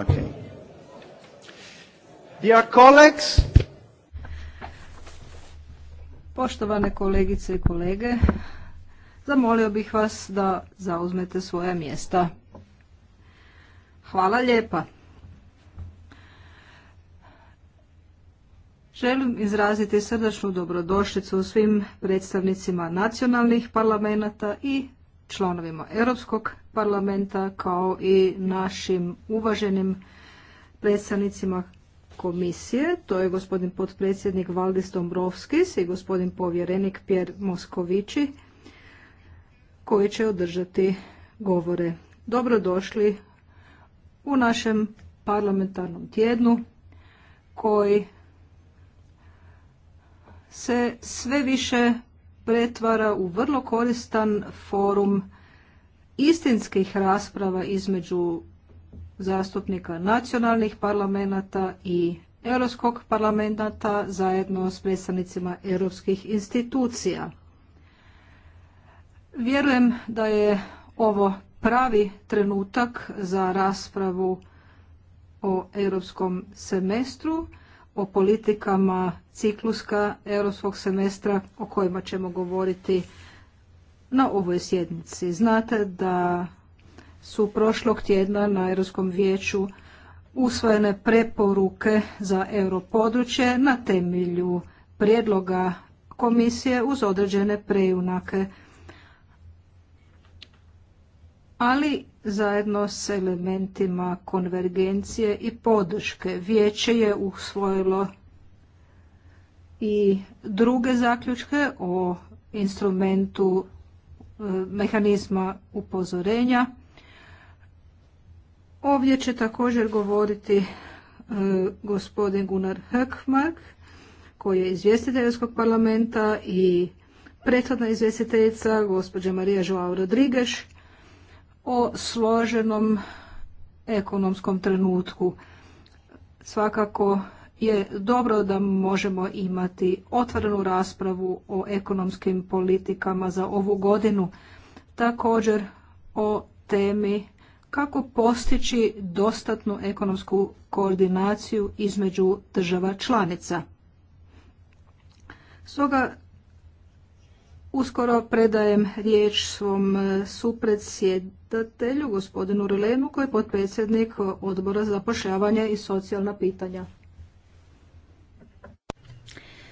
Okay. Dear colleagues. Poštovane kolegice i kolege, zamolio bih vas da zauzmete svoja mjesta. Hvala lijepa. Želim izraziti srdačnu dobrodošlicu svim predstavnicima nacionalnih parlamenta i članovima Europskog parlamenta kao i našim uvaženim predstavnicima komisije. To je gospodin potpredsjednik Valdis Dombrovskis i gospodin povjerenik Pjer Moskovići koji će održati govore. Dobrodošli u našem parlamentarnom tjednu koji se sve više pretvara u vrlo koristan forum istinskih rasprava između zastupnika nacionalnih parlamenta i Europskog parlamenta zajedno s predstavnicima europskih institucija. Vjerujem da je ovo pravi trenutak za raspravu o europskom semestru o politikama cikluska europskog semestra o kojima ćemo govoriti na ovoj sjednici. Znate da su prošlog tjedna na Europskom vijeću usvojene preporuke za europodručje na temelju prijedloga komisije uz određene prejunake. Ali zajedno s elementima konvergencije i podrške. Vijeće je usvojilo i druge zaključke o instrumentu e, mehanizma upozorenja. Ovdje će također govoriti e, gospodin Gunnar Höckmark koji je izvjestitelj Europskog parlamenta i prethodna izvjestiteljica gospođa Marija Joao Rodrigues, o složenom ekonomskom trenutku. Svakako je dobro da možemo imati otvorenu raspravu o ekonomskim politikama za ovu godinu, također o temi kako postići dostatnu ekonomsku koordinaciju između država članica. Stoga uskoro predajem riječ svom supredsjed predlagatelju, gospodinu Rilenu, koji je potpredsjednik odbora za zapošljavanje i socijalna pitanja.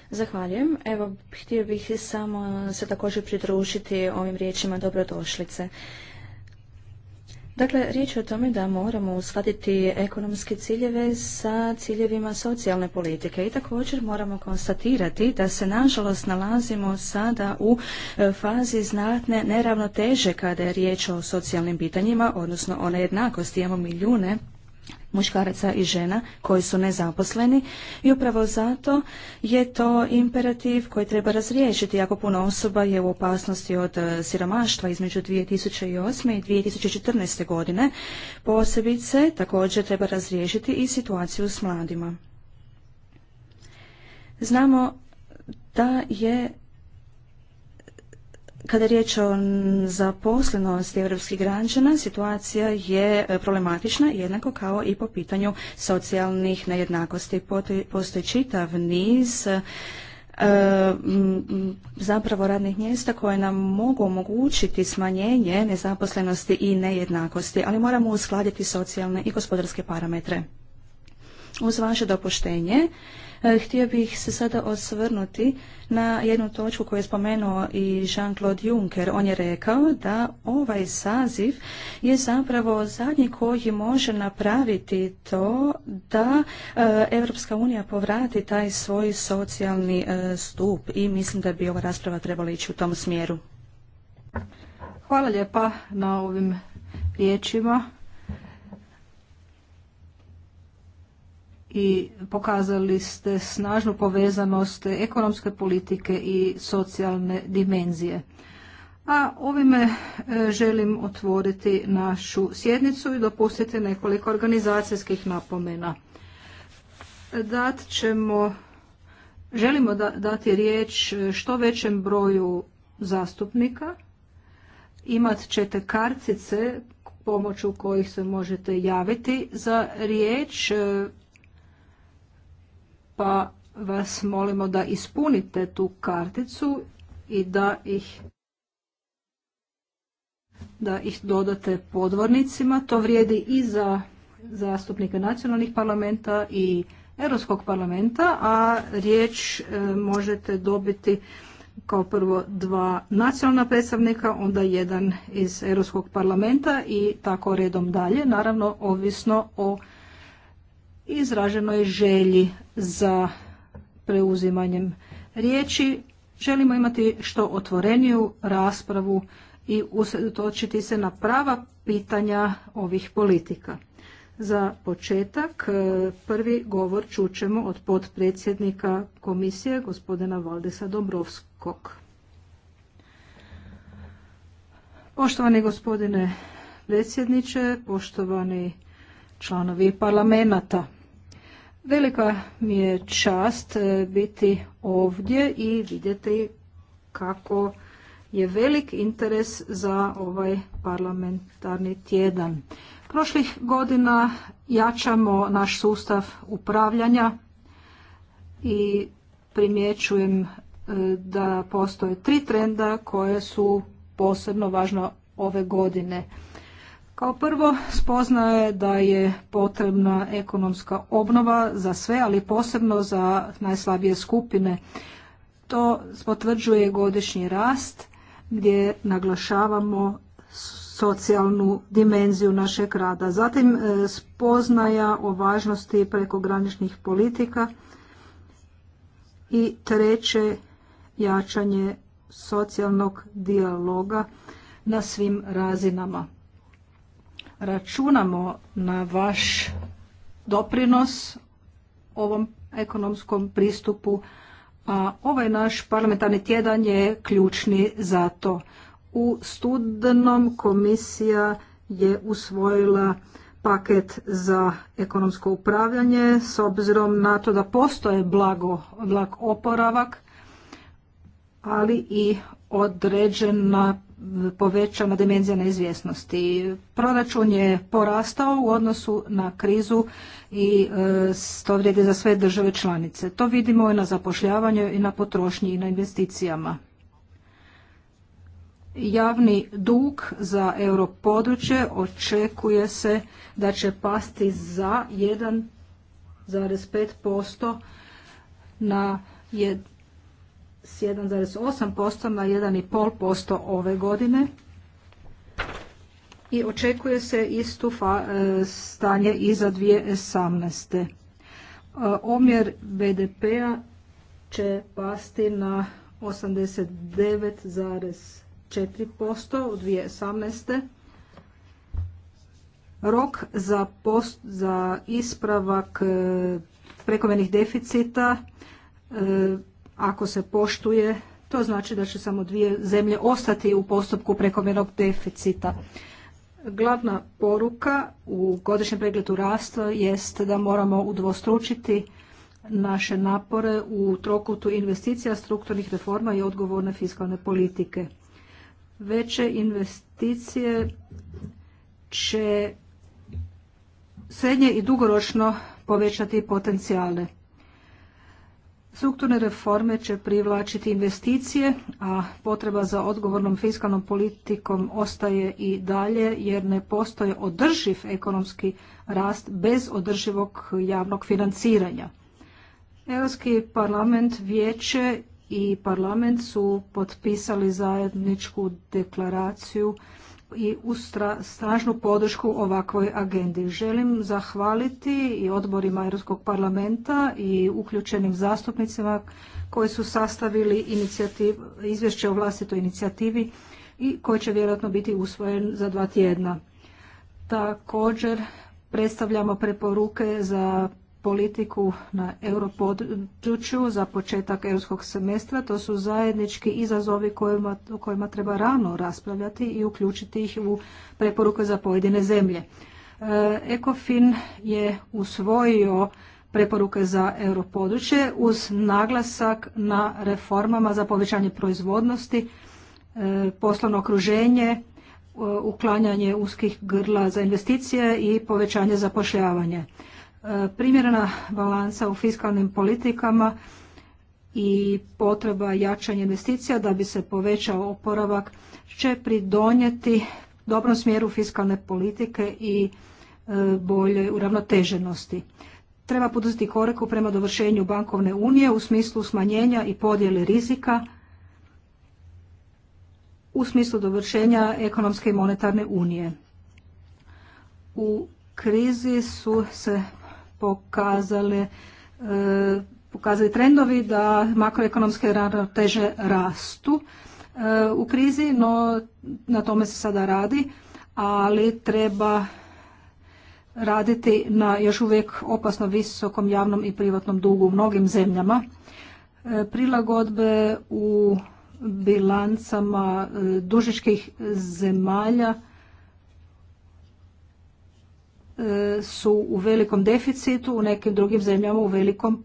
Zahvaljujem. Evo, htio bih samo se također pridružiti ovim riječima dobrodošlice. Dakle, riječ je o tome da moramo uskladiti ekonomske ciljeve sa ciljevima socijalne politike i također moramo konstatirati da se nažalost nalazimo sada u e, fazi znatne neravnoteže kada je riječ o socijalnim pitanjima, odnosno o nejednakosti. Imamo milijune muškaraca i žena koji su nezaposleni i upravo zato je to imperativ koji treba razriješiti. Jako puno osoba je u opasnosti od e, siromaštva između 2008. i 2014. godine. Posebice također treba razriješiti i situaciju s mladima. Znamo da je kada je riječ o zaposlenosti europskih građana, situacija je problematična jednako kao i po pitanju socijalnih nejednakosti. Postoji čitav niz e, zapravo radnih mjesta koje nam mogu omogućiti smanjenje nezaposlenosti i nejednakosti, ali moramo uskladiti socijalne i gospodarske parametre. Uz vaše dopuštenje, E, htio bih se sada osvrnuti na jednu točku koju je spomenuo i Jean-Claude Juncker. On je rekao da ovaj saziv je zapravo zadnji koji može napraviti to da Europska unija povrati taj svoj socijalni e, stup i mislim da bi ova rasprava trebala ići u tom smjeru. Hvala lijepa na ovim riječima i pokazali ste snažnu povezanost ekonomske politike i socijalne dimenzije. A ovime e, želim otvoriti našu sjednicu i dopustiti nekoliko organizacijskih napomena. Dat želimo da, dati riječ što većem broju zastupnika. Imat ćete kartice pomoću kojih se možete javiti za riječ pa vas molimo da ispunite tu karticu i da ih da ih dodate podvornicima. To vrijedi i za zastupnike nacionalnih parlamenta i Europskog parlamenta, a riječ e, možete dobiti kao prvo dva nacionalna predstavnika, onda jedan iz Europskog parlamenta i tako redom dalje, naravno ovisno o izraženo je želji za preuzimanjem riječi. Želimo imati što otvoreniju raspravu i usredotočiti se na prava pitanja ovih politika. Za početak e, prvi govor čućemo od potpredsjednika komisije gospodina Valdesa Dobrovskog. Poštovani gospodine predsjedniče, poštovani članovi parlamenta. Velika mi je čast e, biti ovdje i vidjeti kako je velik interes za ovaj parlamentarni tjedan. Prošlih godina jačamo naš sustav upravljanja i primjećujem e, da postoje tri trenda koje su posebno važna ove godine. Kao prvo, spoznaje je da je potrebna ekonomska obnova za sve, ali posebno za najslabije skupine. To potvrđuje godišnji rast gdje naglašavamo socijalnu dimenziju našeg rada. Zatim e, spoznaja o važnosti prekograničnih politika i treće jačanje socijalnog dijaloga na svim razinama računamo na vaš doprinos ovom ekonomskom pristupu, a ovaj naš parlamentarni tjedan je ključni za to. U studenom komisija je usvojila paket za ekonomsko upravljanje s obzirom na to da postoje blago, blag oporavak, ali i određena povećana dimenzija neizvjesnosti. Proračun je porastao u odnosu na krizu i e, to vrijedi za sve države članice. To vidimo i na zapošljavanju i na potrošnji i na investicijama. Javni dug za europodručje očekuje se da će pasti za 1,5% na 1 s 1,8% na 1,5% ove godine i očekuje se istu e, stanje i za 2018. E, omjer BDP-a će pasti na 89,4% u 2018. Rok za, post, za ispravak e, prekomjernih deficita ako se poštuje, to znači da će samo dvije zemlje ostati u postupku prekomjernog deficita. Glavna poruka u godišnjem pregledu rasta jest da moramo udvostručiti naše napore u trokutu investicija, strukturnih reforma i odgovorne fiskalne politike. Veće investicije će srednje i dugoročno povećati potencijale. Strukturne reforme će privlačiti investicije, a potreba za odgovornom fiskalnom politikom ostaje i dalje jer ne postoje održiv ekonomski rast bez održivog javnog financiranja. Europski parlament, vijeće i parlament su potpisali zajedničku deklaraciju i ustra, stražnu podršku ovakvoj agendi. Želim zahvaliti i odborima Europskog parlamenta i uključenim zastupnicima koji su sastavili izvješće o vlastitoj inicijativi i koji će vjerojatno biti usvojen za dva tjedna. Također predstavljamo preporuke za politiku na europodručju za početak europskog semestra. To su zajednički izazovi o kojima treba rano raspravljati i uključiti ih u preporuke za pojedine zemlje. E, ECOFIN je usvojio preporuke za europodručje uz naglasak na reformama za povećanje proizvodnosti, e, poslovno okruženje, e, uklanjanje uskih grla za investicije i povećanje zapošljavanja primjerena balansa u fiskalnim politikama i potreba jačanja investicija da bi se povećao oporavak će pridonijeti dobrom smjeru fiskalne politike i e, boljoj uravnoteženosti. Treba poduzeti koreku prema dovršenju bankovne unije u smislu smanjenja i podjele rizika u smislu dovršenja ekonomske i monetarne unije. U krizi su se pokazale pokazali trendovi da makroekonomske ravnoteže rastu e, u krizi, no na tome se sada radi, ali treba raditi na još uvijek opasno visokom javnom i privatnom dugu u mnogim zemljama. E, prilagodbe u bilancama e, dužičkih zemalja E, su u velikom deficitu, u nekim drugim zemljama u velikom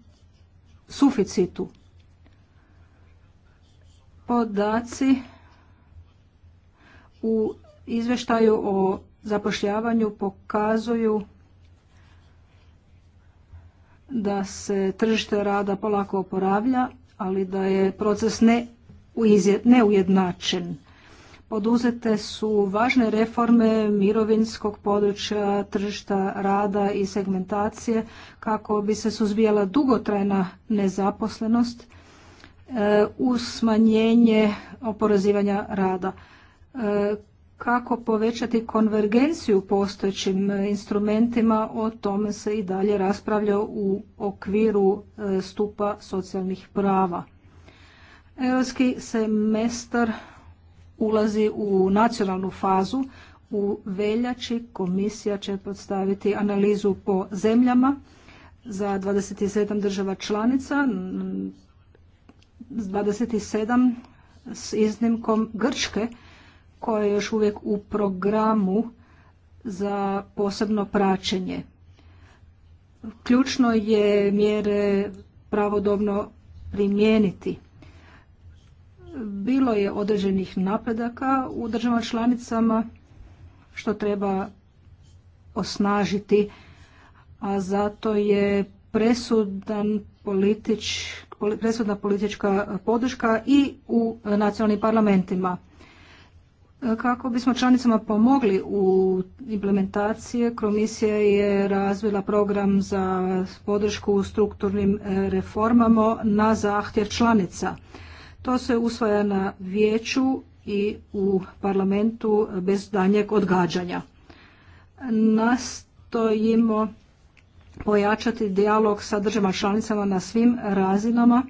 suficitu. Podaci u izveštaju o zapošljavanju pokazuju da se tržište rada polako oporavlja, ali da je proces neujednačen poduzete su važne reforme mirovinskog područja, tržišta rada i segmentacije kako bi se suzbijala dugotrajna nezaposlenost e, uz smanjenje oporezivanja rada. E, kako povećati konvergenciju postojećim instrumentima, o tome se i dalje raspravlja u okviru e, stupa socijalnih prava. Europski semestar ulazi u nacionalnu fazu. U veljači komisija će podstaviti analizu po zemljama za 27 država članica, 27 s iznimkom Grčke koja je još uvijek u programu za posebno praćenje. Ključno je mjere pravodobno primijeniti. Bilo je određenih napredaka u državama članicama što treba osnažiti, a zato je presudan politič, presudna politička podrška i u nacionalnim parlamentima. Kako bismo članicama pomogli u implementacije, komisija je razvila program za podršku strukturnim reformama na zahtjev članica. To se usvaja na vijeću i u parlamentu bez danjeg odgađanja. Nastojimo pojačati dijalog sa državama članicama na svim razinama,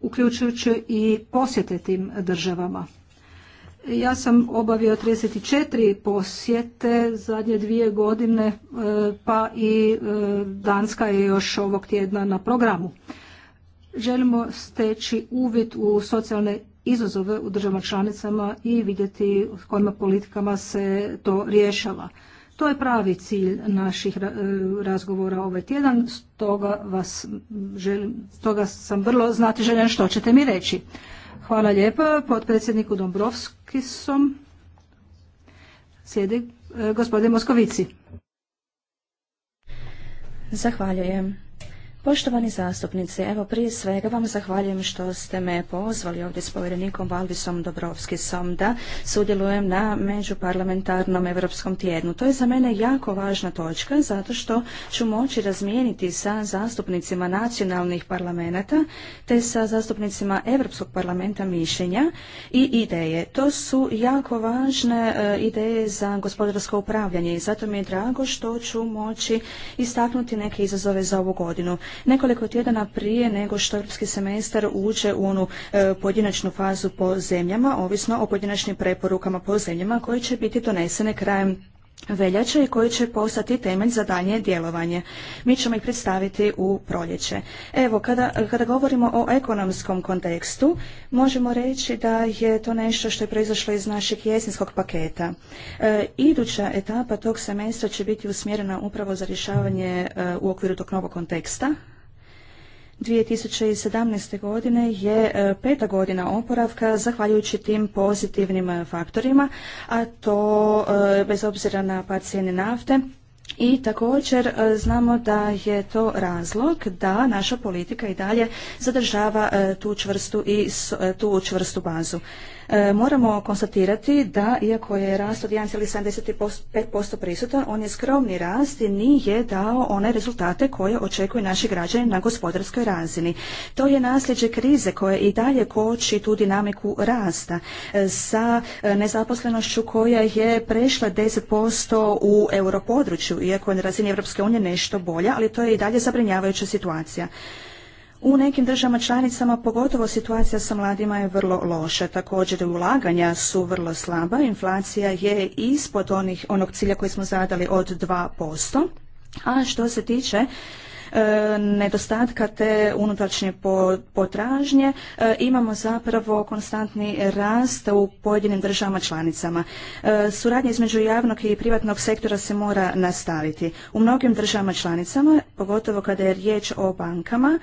uključujući i posjete tim državama. Ja sam obavio 34 posjete zadnje dvije godine, e, pa i e, Danska je još ovog tjedna na programu želimo steći uvid u socijalne izazove u državama članicama i vidjeti s kojima politikama se to rješava. To je pravi cilj naših e, razgovora ovaj tjedan, stoga, vas želim, stoga sam vrlo znati željen što ćete mi reći. Hvala lijepa potpredsjedniku Dombrovskisom. Sjedi e, gospodin Moskovici. Zahvaljujem. Poštovani zastupnici, evo prije svega vam zahvaljujem što ste me pozvali ovdje s povjerenikom Valvisom Dobrovskisom da sudjelujem na međuparlamentarnom europskom tjednu. To je za mene jako važna točka zato što ću moći razmijeniti sa zastupnicima nacionalnih parlamenta te sa zastupnicima Europskog parlamenta mišljenja i ideje. To su jako važne e, ideje za gospodarsko upravljanje i zato mi je drago što ću moći istaknuti neke izazove za ovu godinu nekoliko tjedana prije nego što europski semestar uđe u onu e, pojedinačnu fazu po zemljama, ovisno o pojedinačnim preporukama po zemljama koje će biti donesene krajem veljače i koji će postati temelj za daljnje djelovanje. Mi ćemo ih predstaviti u proljeće. Evo, kada, kada govorimo o ekonomskom kontekstu, možemo reći da je to nešto što je proizašlo iz našeg jesenskog paketa. E, iduća etapa tog semestra će biti usmjerena upravo za rješavanje e, u okviru tog novog konteksta 2017. godine je e, peta godina oporavka zahvaljujući tim pozitivnim e, faktorima, a to e, bez obzira na pad cijene nafte, i također znamo da je to razlog da naša politika i dalje zadržava tu čvrstu i tu čvrstu bazu. E, moramo konstatirati da, iako je rast od 1,75% prisutan, on je skromni rast i nije dao one rezultate koje očekuju naši građani na gospodarskoj razini. To je nasljeđe krize koje i dalje koči tu dinamiku rasta e, sa e, nezaposlenošću koja je prešla 10% u europodručju, iako je na razini Europske unije nešto bolja, ali to je i dalje zabrinjavajuća situacija. U nekim državama članicama pogotovo situacija sa mladima je vrlo loša. Također ulaganja su vrlo slaba, inflacija je ispod onih, onog cilja koji smo zadali od 2%. A što se tiče e, nedostatka te unutrašnje potražnje e, imamo zapravo konstantni rast u pojedinim državama članicama. Suradnje suradnja između javnog i privatnog sektora se mora nastaviti. U mnogim državama članicama, pogotovo kada je riječ o bankama,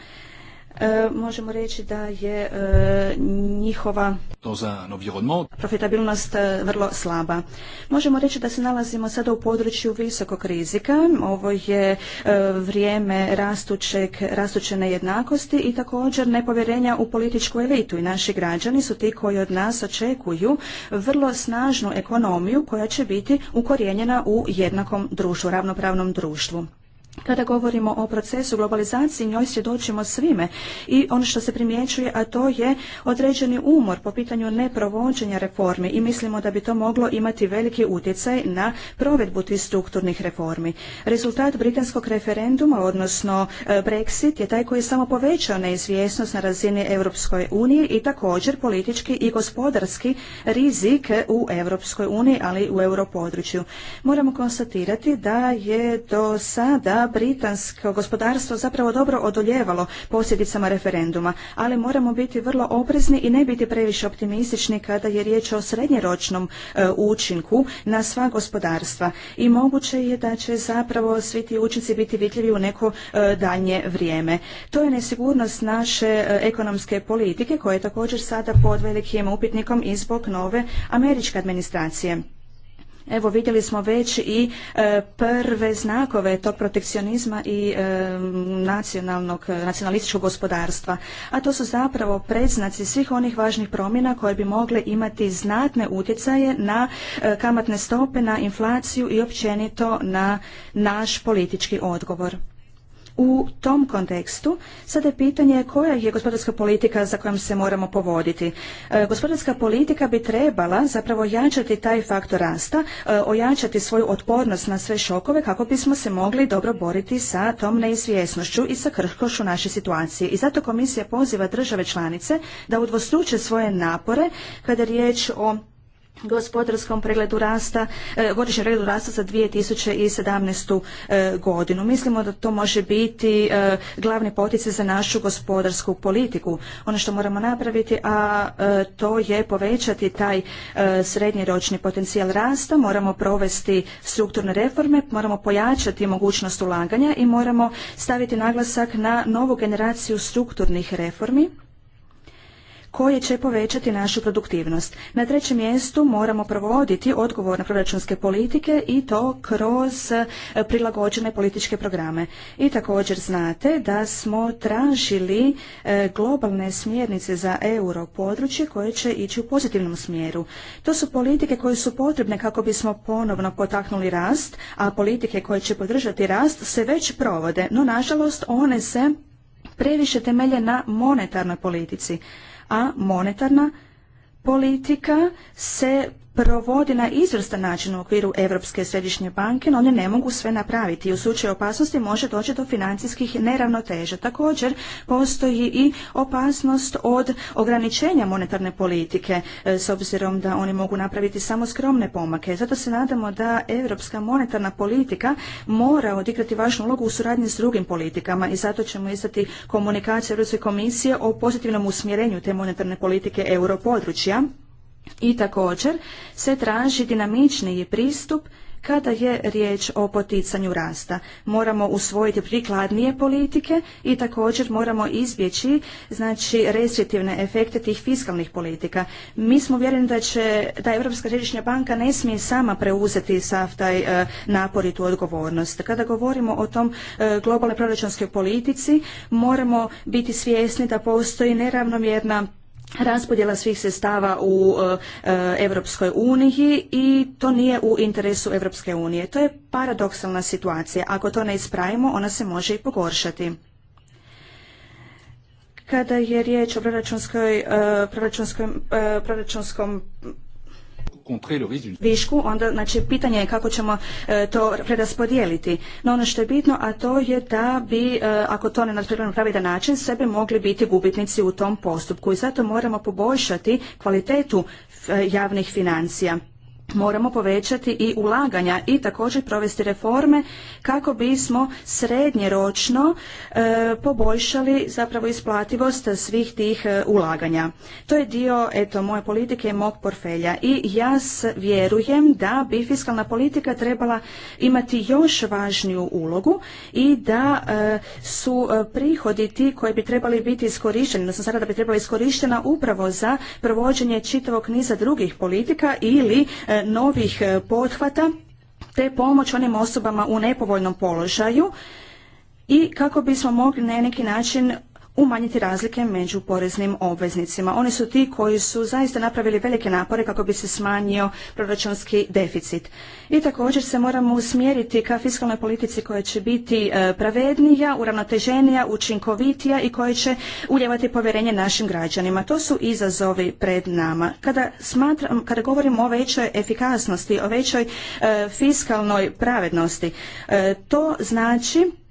E, možemo reći da je e, njihova profitabilnost e, vrlo slaba. Možemo reći da se nalazimo sada u području visokog rizika. Ovo je e, vrijeme rastućeg, rastuće nejednakosti i također nepovjerenja u političku elitu. I naši građani su ti koji od nas očekuju vrlo snažnu ekonomiju koja će biti ukorijenjena u jednakom društvu, ravnopravnom društvu. Kada govorimo o procesu globalizacije, njoj svjedočimo svime i ono što se primjećuje, a to je određeni umor po pitanju neprovođenja reformi i mislimo da bi to moglo imati veliki utjecaj na provedbu tih strukturnih reformi. Rezultat britanskog referenduma, odnosno e, Brexit, je taj koji je samo povećao neizvjesnost na razini Europskoj unije i također politički i gospodarski rizik u Europskoj uniji, ali i u europodručju. Moramo konstatirati da je do sada britansko gospodarstvo zapravo dobro odoljevalo posljedicama referenduma, ali moramo biti vrlo oprezni i ne biti previše optimistični kada je riječ o srednjeročnom e, učinku na sva gospodarstva i moguće je da će zapravo svi ti učinci biti vidljivi u neko e, dalje vrijeme. To je nesigurnost naše e, ekonomske politike koja je također sada pod velikim upitnikom i zbog nove američke administracije. Evo vidjeli smo već i e, prve znakove tog protekcionizma i e, nacionalnog, nacionalističkog gospodarstva, a to su zapravo predznaci svih onih važnih promjena koje bi mogle imati znatne utjecaje na e, kamatne stope, na inflaciju i općenito na naš politički odgovor u tom kontekstu sada je pitanje koja je gospodarska politika za kojom se moramo povoditi. E, gospodarska politika bi trebala zapravo jačati taj faktor rasta, e, ojačati svoju otpornost na sve šokove kako bismo se mogli dobro boriti sa tom neizvjesnošću i sa krhkošu naše situacije. I zato komisija poziva države članice da udvostruče svoje napore kada je riječ o gospodarskom pregledu rasta, e, godišnjem pregledu rasta za 2017. E, godinu. Mislimo da to može biti e, glavni potice za našu gospodarsku politiku. Ono što moramo napraviti, a to je povećati taj ročni potencijal rasta, moramo provesti strukturne reforme, moramo pojačati mogućnost ulaganja i moramo staviti naglasak na novu generaciju strukturnih reformi koje će povećati našu produktivnost. Na trećem mjestu moramo provoditi odgovorne proračunske politike i to kroz e, prilagođene političke programe. I također znate da smo tražili e, globalne smjernice za euro područje koje će ići u pozitivnom smjeru. To su politike koje su potrebne kako bismo ponovno potaknuli rast, a politike koje će podržati rast se već provode, no nažalost one se previše temelje na monetarnoj politici a monetarna politika se provodi na izvrstan način u okviru Europske središnje banke, no one ne mogu sve napraviti i u slučaju opasnosti može doći do financijskih neravnoteža. Također postoji i opasnost od ograničenja monetarne politike e, s obzirom da oni mogu napraviti samo skromne pomake. Zato se nadamo da Europska monetarna politika mora odigrati važnu ulogu u suradnji s drugim politikama i zato ćemo izdati komunikaciju Europske komisije o pozitivnom usmjerenju te monetarne politike europodručja i također se traži dinamičniji pristup kada je riječ o poticanju rasta. Moramo usvojiti prikladnije politike i također moramo izbjeći znači, restriktivne efekte tih fiskalnih politika. Mi smo uvjereni da će da Europska središnja banka ne smije sama preuzeti sav taj e, napor i tu odgovornost. Kada govorimo o tom e, globalnoj proračunskoj politici, moramo biti svjesni da postoji neravnomjerna raspodjela svih sredstava u Europskoj e, uniji i to nije u interesu Europske unije. To je paradoksalna situacija. Ako to ne ispravimo, ona se može i pogoršati. Kada je riječ o e, e, proračunskom višku, onda znači pitanje je kako ćemo e, to preraspodijeliti. No ono što je bitno, a to je da bi, e, ako to ne napravimo na pravi način, sebe mogli biti gubitnici u tom postupku i zato moramo poboljšati kvalitetu e, javnih financija moramo povećati i ulaganja i također provesti reforme kako bismo srednjeročno e, poboljšali zapravo isplativost svih tih e, ulaganja. To je dio eto moje politike i mog portfelja i ja vjerujem da bi fiskalna politika trebala imati još važniju ulogu i da e, su e, prihodi ti koji bi trebali biti iskorišteni, odnosno sada da bi trebala iskorištena upravo za provođenje čitavog niza drugih politika ili novih e, pothvata te pomoć onim osobama u nepovoljnom položaju i kako bismo mogli na neki način umanjiti razlike među poreznim obveznicima. Oni su ti koji su zaista napravili velike napore kako bi se smanjio proračunski deficit. I također se moramo usmjeriti ka fiskalnoj politici koja će biti e, pravednija, uravnoteženija, učinkovitija i koja će uljevati povjerenje našim građanima. To su izazovi pred nama. Kada, govorimo o većoj efikasnosti, o većoj e, fiskalnoj pravednosti, e, to znači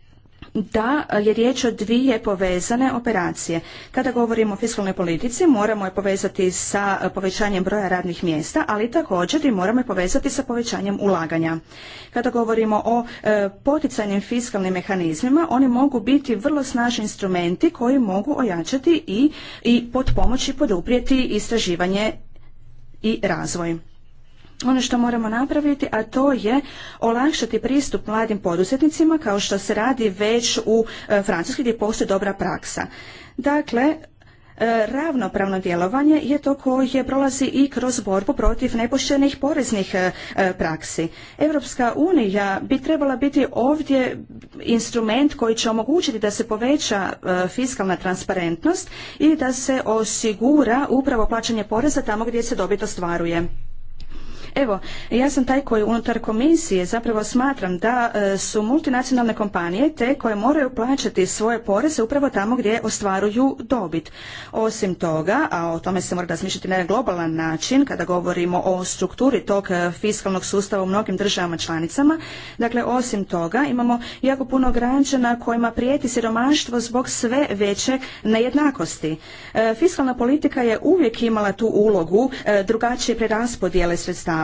da je riječ o dvije povezane operacije. Kada govorimo o fiskalnoj politici, moramo je povezati sa povećanjem broja radnih mjesta, ali također i moramo je povezati sa povećanjem ulaganja. Kada govorimo o e, poticanjem fiskalnim mehanizmima, oni mogu biti vrlo snažni instrumenti koji mogu ojačati i, i pod pomoći poduprijeti istraživanje i razvoj ono što moramo napraviti, a to je olakšati pristup mladim poduzetnicima kao što se radi već u e, Francuskoj gdje postoji dobra praksa. Dakle, e, ravnopravno djelovanje je to koje prolazi i kroz borbu protiv nepoštenih poreznih e, praksi. Europska unija bi trebala biti ovdje instrument koji će omogućiti da se poveća fiskalna transparentnost i da se osigura upravo plaćanje poreza tamo gdje se dobit ostvaruje. Evo, ja sam taj koji unutar komisije zapravo smatram da e, su multinacionalne kompanije te koje moraju plaćati svoje poreze upravo tamo gdje ostvaruju dobit. Osim toga, a o tome se mora razmišljati na globalan način kada govorimo o strukturi tog e, fiskalnog sustava u mnogim državama članicama, dakle osim toga imamo jako puno građana kojima prijeti siromaštvo zbog sve veće nejednakosti. E, fiskalna politika je uvijek imala tu ulogu drugačije preraspodjele sredstava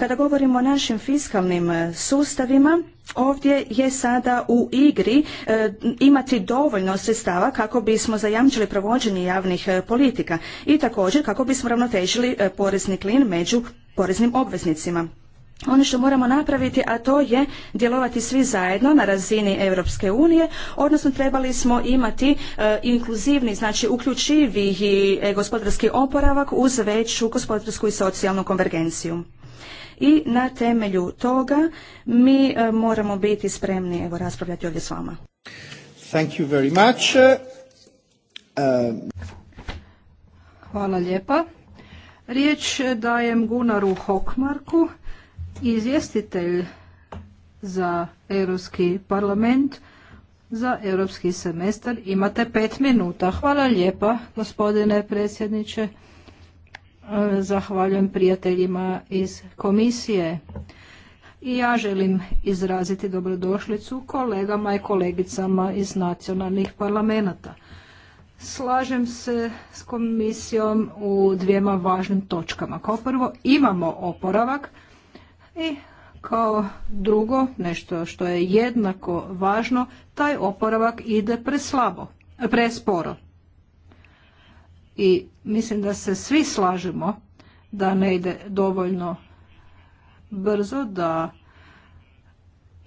kada govorimo o našim fiskalnim e, sustavima, ovdje je sada u igri e, imati dovoljno sredstava kako bismo zajamčili provođenje javnih e, politika i također kako bismo ravnotežili porezni klin među poreznim obveznicima ono što moramo napraviti, a to je djelovati svi zajedno na razini Europske unije, odnosno trebali smo imati e, inkluzivni, znači uključiviji e, gospodarski oporavak uz veću gospodarsku i socijalnu konvergenciju. I na temelju toga mi e, moramo biti spremni evo, raspravljati ovdje s vama. Thank you very much. Hvala lijepa. Riječ dajem Gunaru Hokmarku izvjestitelj za Europski parlament za europski semestar imate pet minuta. Hvala lijepa gospodine predsjedniče. E, zahvaljujem prijateljima iz komisije. I ja želim izraziti dobrodošlicu kolegama i kolegicama iz nacionalnih parlamenta. Slažem se s komisijom u dvijema važnim točkama. Kao prvo imamo oporavak, i kao drugo, nešto što je jednako važno, taj oporavak ide preslabo, presporo. I mislim da se svi slažemo da ne ide dovoljno brzo, da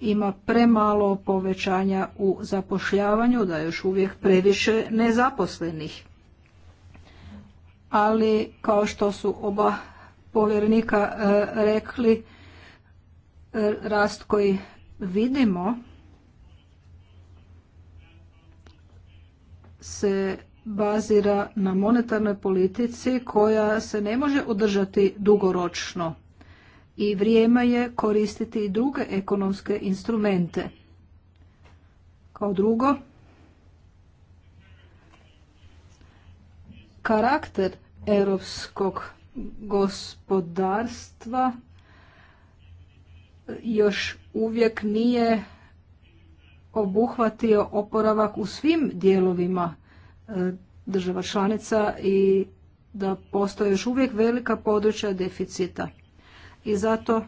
ima premalo povećanja u zapošljavanju, da je još uvijek previše nezaposlenih. Ali, kao što su oba povjernika e, rekli, rast koji vidimo se bazira na monetarnoj politici koja se ne može održati dugoročno i vrijeme je koristiti i druge ekonomske instrumente. Kao drugo, karakter europskog gospodarstva još uvijek nije obuhvatio oporavak u svim dijelovima e, država članica i da postoje još uvijek velika područja deficita. I zato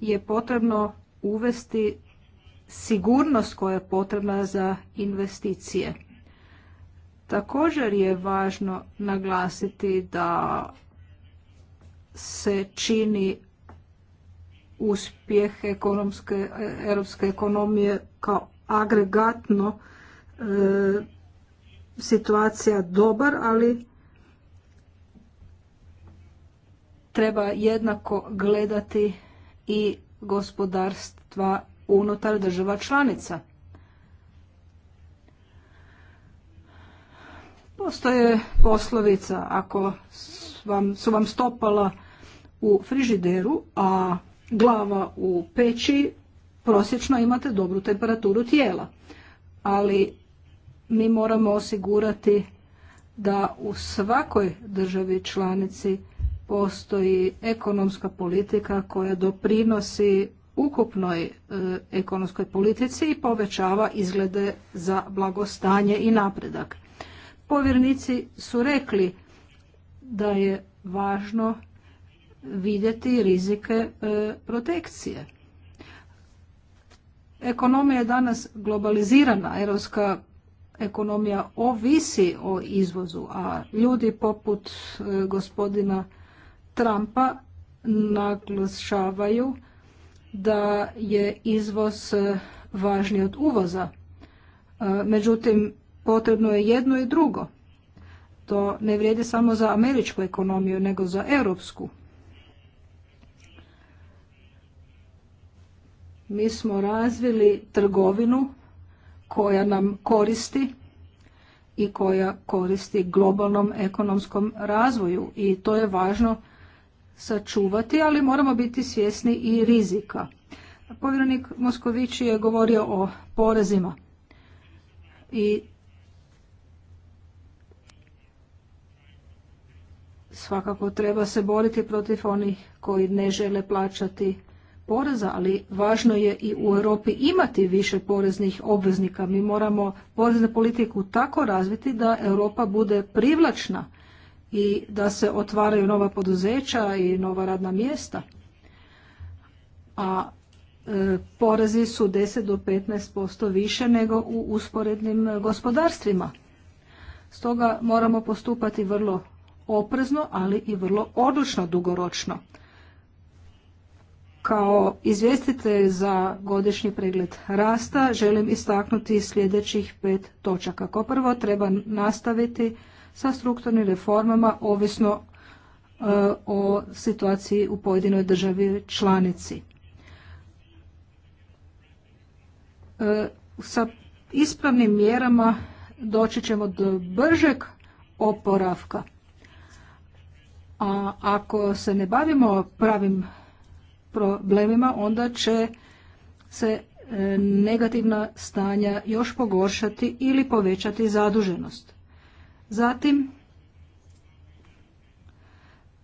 je potrebno uvesti sigurnost koja je potrebna za investicije. Također je važno naglasiti da se čini uspjeh ekonomske, europske ekonomije kao agregatno e, situacija dobar, ali treba jednako gledati i gospodarstva unutar država članica. Postoje poslovica, ako su vam stopala u frižideru, a glava u peći, prosječno imate dobru temperaturu tijela. Ali mi moramo osigurati da u svakoj državi članici postoji ekonomska politika koja doprinosi ukupnoj e, ekonomskoj politici i povećava izglede za blagostanje i napredak. Povjernici su rekli da je važno vidjeti rizike e, protekcije. Ekonomija je danas globalizirana, europska ekonomija ovisi o izvozu, a ljudi poput e, gospodina Trumpa naglašavaju da je izvoz e, važniji od uvoza. Međutim, potrebno je jedno i drugo. To ne vrijedi samo za američku ekonomiju, nego za europsku. mi smo razvili trgovinu koja nam koristi i koja koristi globalnom ekonomskom razvoju i to je važno sačuvati, ali moramo biti svjesni i rizika. Povjerenik Moskovići je govorio o porezima i svakako treba se boriti protiv onih koji ne žele plaćati poreza, ali važno je i u Europi imati više poreznih obveznika. Mi moramo poreznu politiku tako razviti da Europa bude privlačna i da se otvaraju nova poduzeća i nova radna mjesta. A e, porezi su 10 do 15% više nego u usporednim gospodarstvima. Stoga moramo postupati vrlo oprezno, ali i vrlo odlučno dugoročno. Kao izvjestitelj za godišnji pregled rasta želim istaknuti sljedećih pet točaka. Kao prvo treba nastaviti sa strukturnim reformama ovisno e, o situaciji u pojedinoj državi članici. E, sa ispravnim mjerama doći ćemo do bržeg oporavka. A ako se ne bavimo pravim problemima, onda će se e, negativna stanja još pogoršati ili povećati zaduženost. Zatim,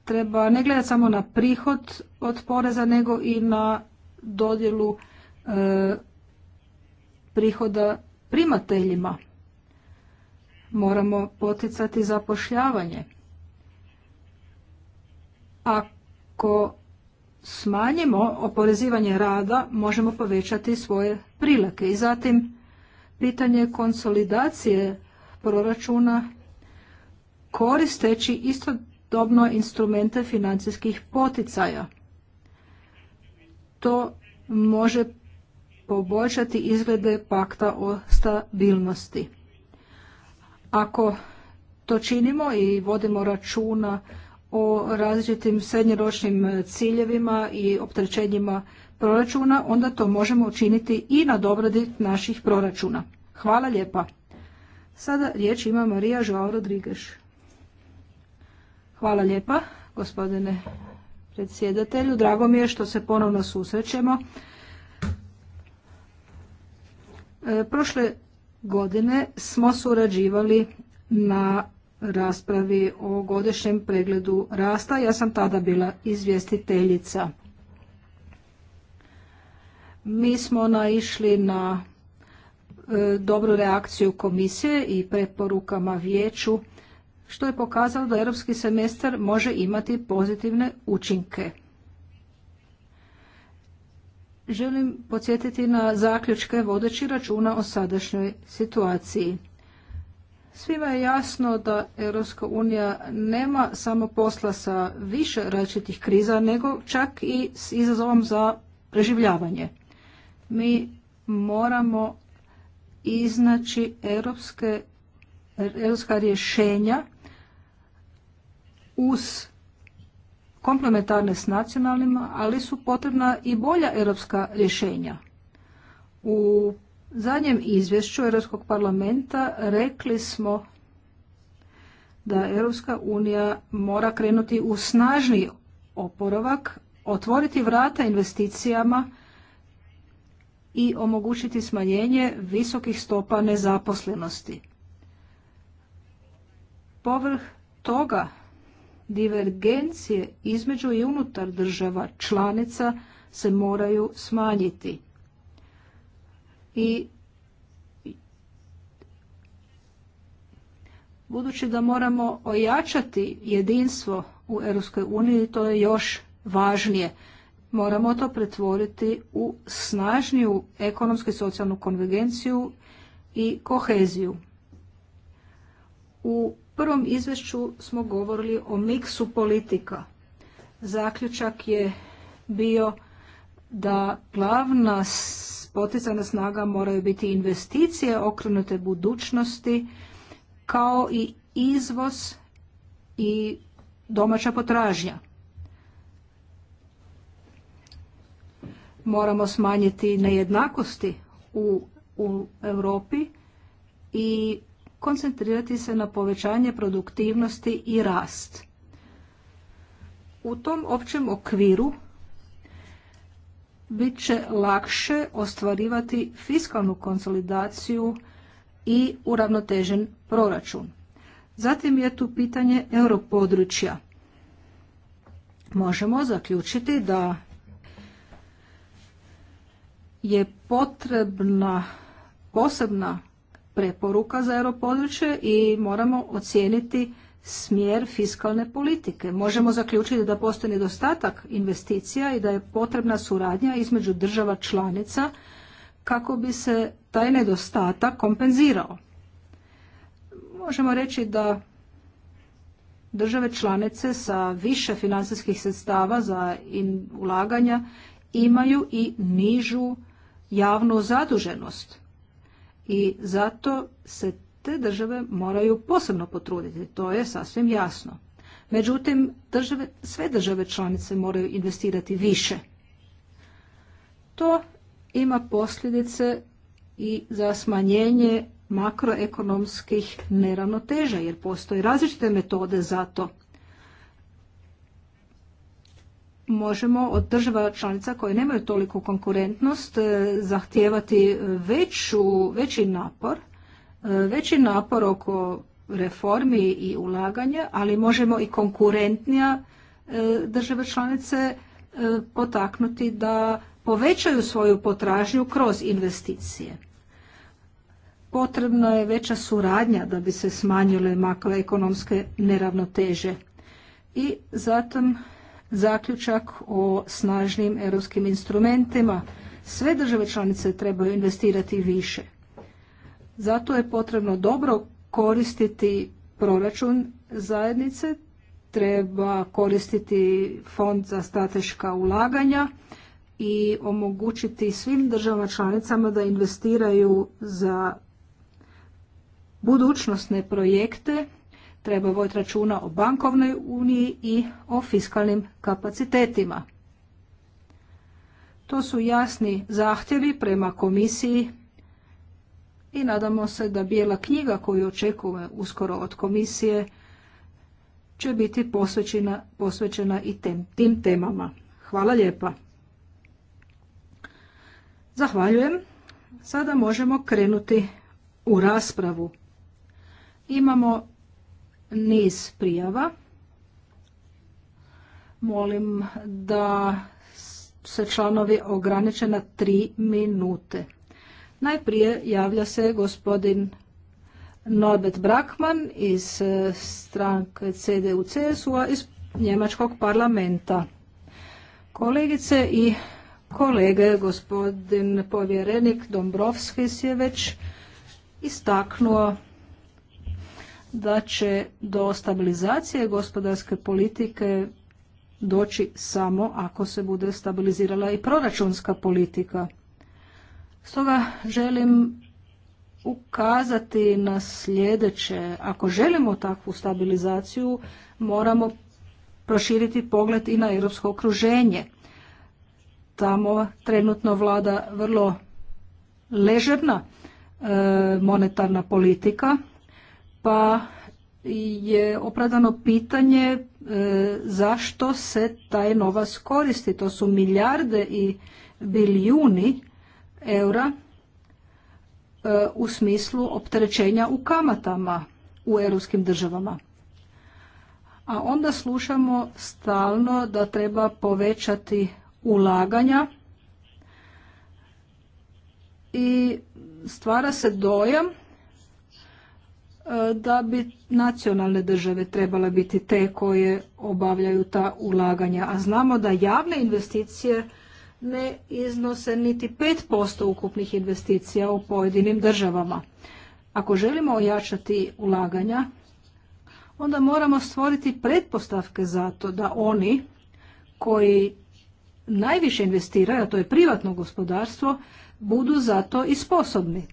treba ne gledati samo na prihod od poreza, nego i na dodjelu e, prihoda primateljima. Moramo poticati zapošljavanje. Ako smanjimo oporezivanje rada, možemo povećati svoje prilike. I zatim pitanje konsolidacije proračuna koristeći istodobno instrumente financijskih poticaja. To može poboljšati izglede pakta o stabilnosti. Ako to činimo i vodimo računa o različitim srednjoročnim ciljevima i opterećenjima proračuna, onda to možemo učiniti i na dobrobit naših proračuna. Hvala lijepa. Sada riječ ima Marija žao Rodriguez. Hvala lijepa, gospodine predsjedatelju. Drago mi je što se ponovno susrećemo. E, prošle godine smo surađivali na raspravi o godišnjem pregledu rasta. Ja sam tada bila izvjestiteljica. Mi smo naišli na e, dobru reakciju komisije i preporukama vijeću, što je pokazalo da europski semestar može imati pozitivne učinke. Želim podsjetiti na zaključke vodeći računa o sadašnjoj situaciji. Svima je jasno da Europska unija nema samo posla sa više različitih kriza, nego čak i s izazovom za preživljavanje. Mi moramo iznaći europska rješenja uz komplementarne s nacionalnima, ali su potrebna i bolja europska rješenja. U zadnjem izvješću Europskog parlamenta rekli smo da Europska unija mora krenuti u snažni oporavak, otvoriti vrata investicijama i omogućiti smanjenje visokih stopa nezaposlenosti. Povrh toga divergencije između i unutar država članica se moraju smanjiti i budući da moramo ojačati jedinstvo u Europskoj uniji, to je još važnije. Moramo to pretvoriti u snažniju ekonomsku i socijalnu konvergenciju i koheziju. U prvom izvješću smo govorili o miksu politika. Zaključak je bio da glavna poticana snaga moraju biti investicije okrenute budućnosti kao i izvoz i domaća potražnja. Moramo smanjiti nejednakosti u, u Europi i koncentrirati se na povećanje produktivnosti i rast. U tom općem okviru bit će lakše ostvarivati fiskalnu konsolidaciju i uravnotežen proračun. Zatim je tu pitanje europodručja. Možemo zaključiti da je potrebna posebna preporuka za europodručje i moramo ocijeniti smjer fiskalne politike. Možemo zaključiti da postoji nedostatak investicija i da je potrebna suradnja između država članica kako bi se taj nedostatak kompenzirao. Možemo reći da države članice sa više financijskih sredstava za ulaganja imaju i nižu javnu zaduženost i zato se te države moraju posebno potruditi, to je sasvim jasno. Međutim, države, sve države članice moraju investirati više. To ima posljedice i za smanjenje makroekonomskih neravnoteža, jer postoje različite metode za to. Možemo od država članica koje nemaju toliku konkurentnost eh, zahtijevati veću, veći napor, veći napor oko reformi i ulaganja, ali možemo i konkurentnija e, države članice e, potaknuti da povećaju svoju potražnju kroz investicije. Potrebna je veća suradnja da bi se smanjile makroekonomske neravnoteže. I zatim zaključak o snažnim europskim instrumentima. Sve države članice trebaju investirati više zato je potrebno dobro koristiti proračun zajednice, treba koristiti fond za strateška ulaganja i omogućiti svim državama članicama da investiraju za budućnostne projekte, treba voditi računa o bankovnoj uniji i o fiskalnim kapacitetima. To su jasni zahtjevi prema komisiji i nadamo se da bijela knjiga koju očekuje uskoro od komisije će biti posvećena, posvećena i tem, tim temama. Hvala lijepa. Zahvaljujem. Sada možemo krenuti u raspravu. Imamo niz prijava. Molim da se članovi ograniče na tri minute. Najprije javlja se gospodin Norbert Brakman iz e, stranke CDU-CSU-a iz Njemačkog parlamenta. Kolegice i kolege, gospodin povjerenik Dombrovskis je već istaknuo da će do stabilizacije gospodarske politike doći samo ako se bude stabilizirala i proračunska politika. Stoga želim ukazati na sljedeće. Ako želimo takvu stabilizaciju, moramo proširiti pogled i na europsko okruženje. Tamo trenutno vlada vrlo ležerna e, monetarna politika, pa je opravdano pitanje e, zašto se taj novac koristi. To su milijarde i bilijuni eura e, u smislu opterećenja u kamatama u europskim državama. A onda slušamo stalno da treba povećati ulaganja i stvara se dojam e, da bi nacionalne države trebale biti te koje obavljaju ta ulaganja. A znamo da javne investicije ne iznose niti 5% ukupnih investicija u pojedinim državama. Ako želimo ojačati ulaganja, onda moramo stvoriti pretpostavke za to da oni koji najviše investiraju, a to je privatno gospodarstvo, budu za to i sposobni.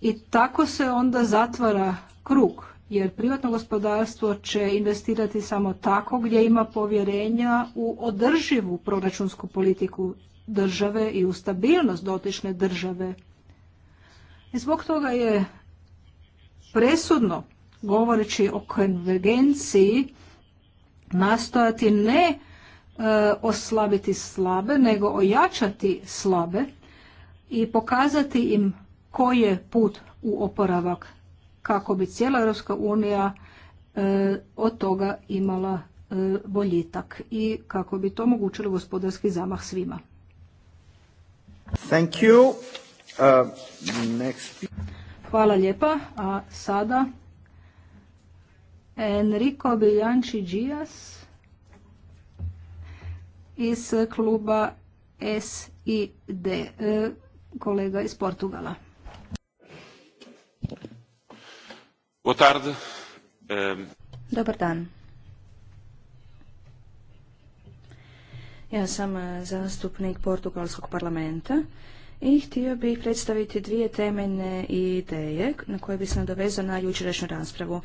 I tako se onda zatvara krug, jer privatno gospodarstvo će investirati samo tako gdje ima povjerenja u održivu proračunsku politiku države i u stabilnost dotične države. I zbog toga je presudno, govoreći o konvergenciji, nastojati ne e, oslabiti slabe, nego ojačati slabe i pokazati im koji je put u oporavak kako bi cijela Europska unija e, od toga imala e, boljitak i kako bi to omogućilo gospodarski zamah svima. Thank uh, Hvala lijepa. A sada Enrico Biljanči Gijas iz kluba SID, e, kolega iz Portugala. Boa tarde. Dobar dan. Ja sam e, zastupnik Portugalskog parlamenta i htio bih predstaviti dvije temeljne ideje na koje bi se nadovezao na jučerašnju raspravu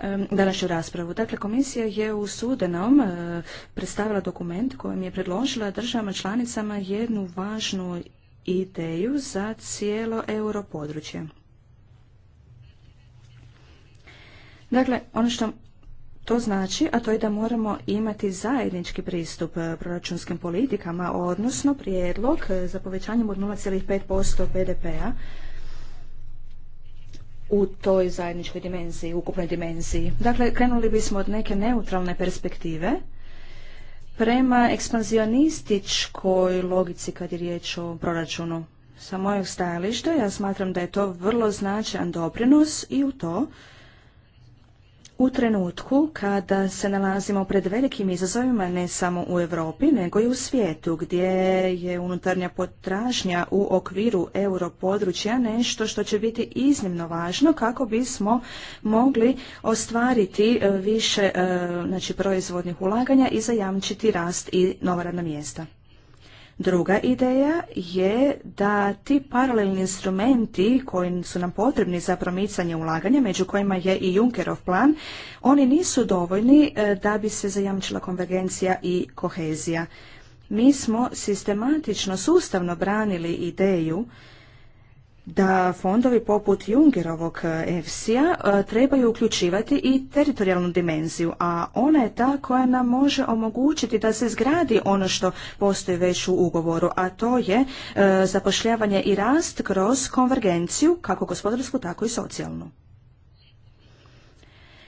e, današnju raspravu. Dakle, komisija je u sudenom e, predstavila dokument kojim je predložila državama članicama jednu važnu ideju za cijelo euro područje. Dakle, ono što to znači, a to je da moramo imati zajednički pristup e, proračunskim politikama, odnosno prijedlog e, za povećanjem od 0,5% BDP-a u toj zajedničkoj dimenziji, ukupnoj dimenziji. Dakle, krenuli bismo od neke neutralne perspektive prema ekspanzionističkoj logici kad je riječ o proračunu. Sa mojeg stajališta ja smatram da je to vrlo značajan doprinos i u to u trenutku kada se nalazimo pred velikim izazovima ne samo u Europi nego i u svijetu gdje je unutarnja potražnja u okviru europodručja nešto što će biti iznimno važno kako bismo mogli ostvariti e, više e, znači proizvodnih ulaganja i zajamčiti rast i nova radna mjesta. Druga ideja je da ti paralelni instrumenti koji su nam potrebni za promicanje ulaganja, među kojima je i Junckerov plan, oni nisu dovoljni e, da bi se zajamčila konvergencija i kohezija. Mi smo sistematično, sustavno branili ideju da fondovi poput Jungerovog EFSI-a eh, eh, trebaju uključivati i teritorijalnu dimenziju, a ona je ta koja nam može omogućiti da se zgradi ono što postoji već u ugovoru, a to je eh, zapošljavanje i rast kroz konvergenciju, kako gospodarsku, tako i socijalnu.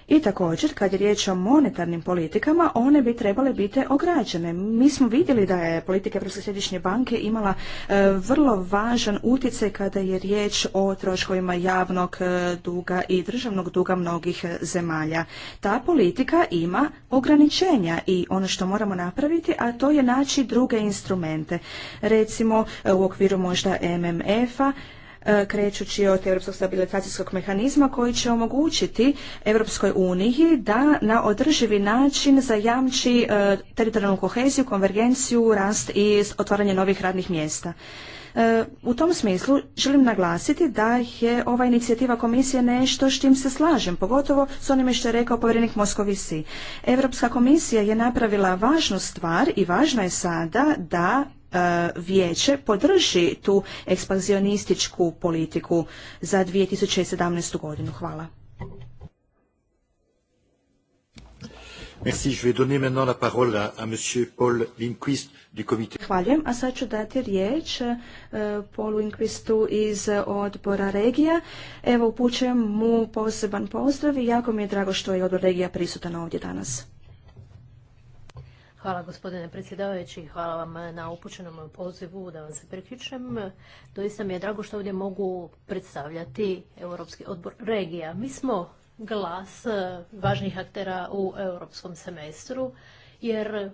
I također, kad je riječ o monetarnim politikama, one bi trebale biti ograđene. Mi smo vidjeli da je politika Europske središnje banke imala e, vrlo važan utjecaj kada je riječ o troškovima javnog e, duga i državnog duga mnogih e, zemalja. Ta politika ima ograničenja i ono što moramo napraviti, a to je naći druge instrumente. Recimo, u okviru možda MMF-a E, krećući od Europskog stabilizacijskog mehanizma koji će omogućiti Europskoj uniji da na održivi način zajamči e, teritorijalnu koheziju, konvergenciju, rast i otvaranje novih radnih mjesta. E, u tom smislu želim naglasiti da je ova inicijativa komisije nešto s čim se slažem, pogotovo s onime što je rekao povjerenik Moskovisi. Europska komisija je napravila važnu stvar i važno je sada da E, vijeće podrži tu ekspanzionističku politiku za 2017. godinu. Hvala. Merci. Je vais donner maintenant la parole à, Monsieur Paul du comité. a sad ću dati riječ uh, e, Paulu Lindquistu iz odbora regija. Evo, upućujem mu poseban pozdrav i jako mi je drago što je odbor regija prisutan ovdje danas. Hvala gospodine predsjedavajući, hvala vam na upućenom pozivu da vam se priključem. Doista mi je drago što ovdje mogu predstavljati Europski odbor regija. Mi smo glas eh, važnih aktera u europskom semestru jer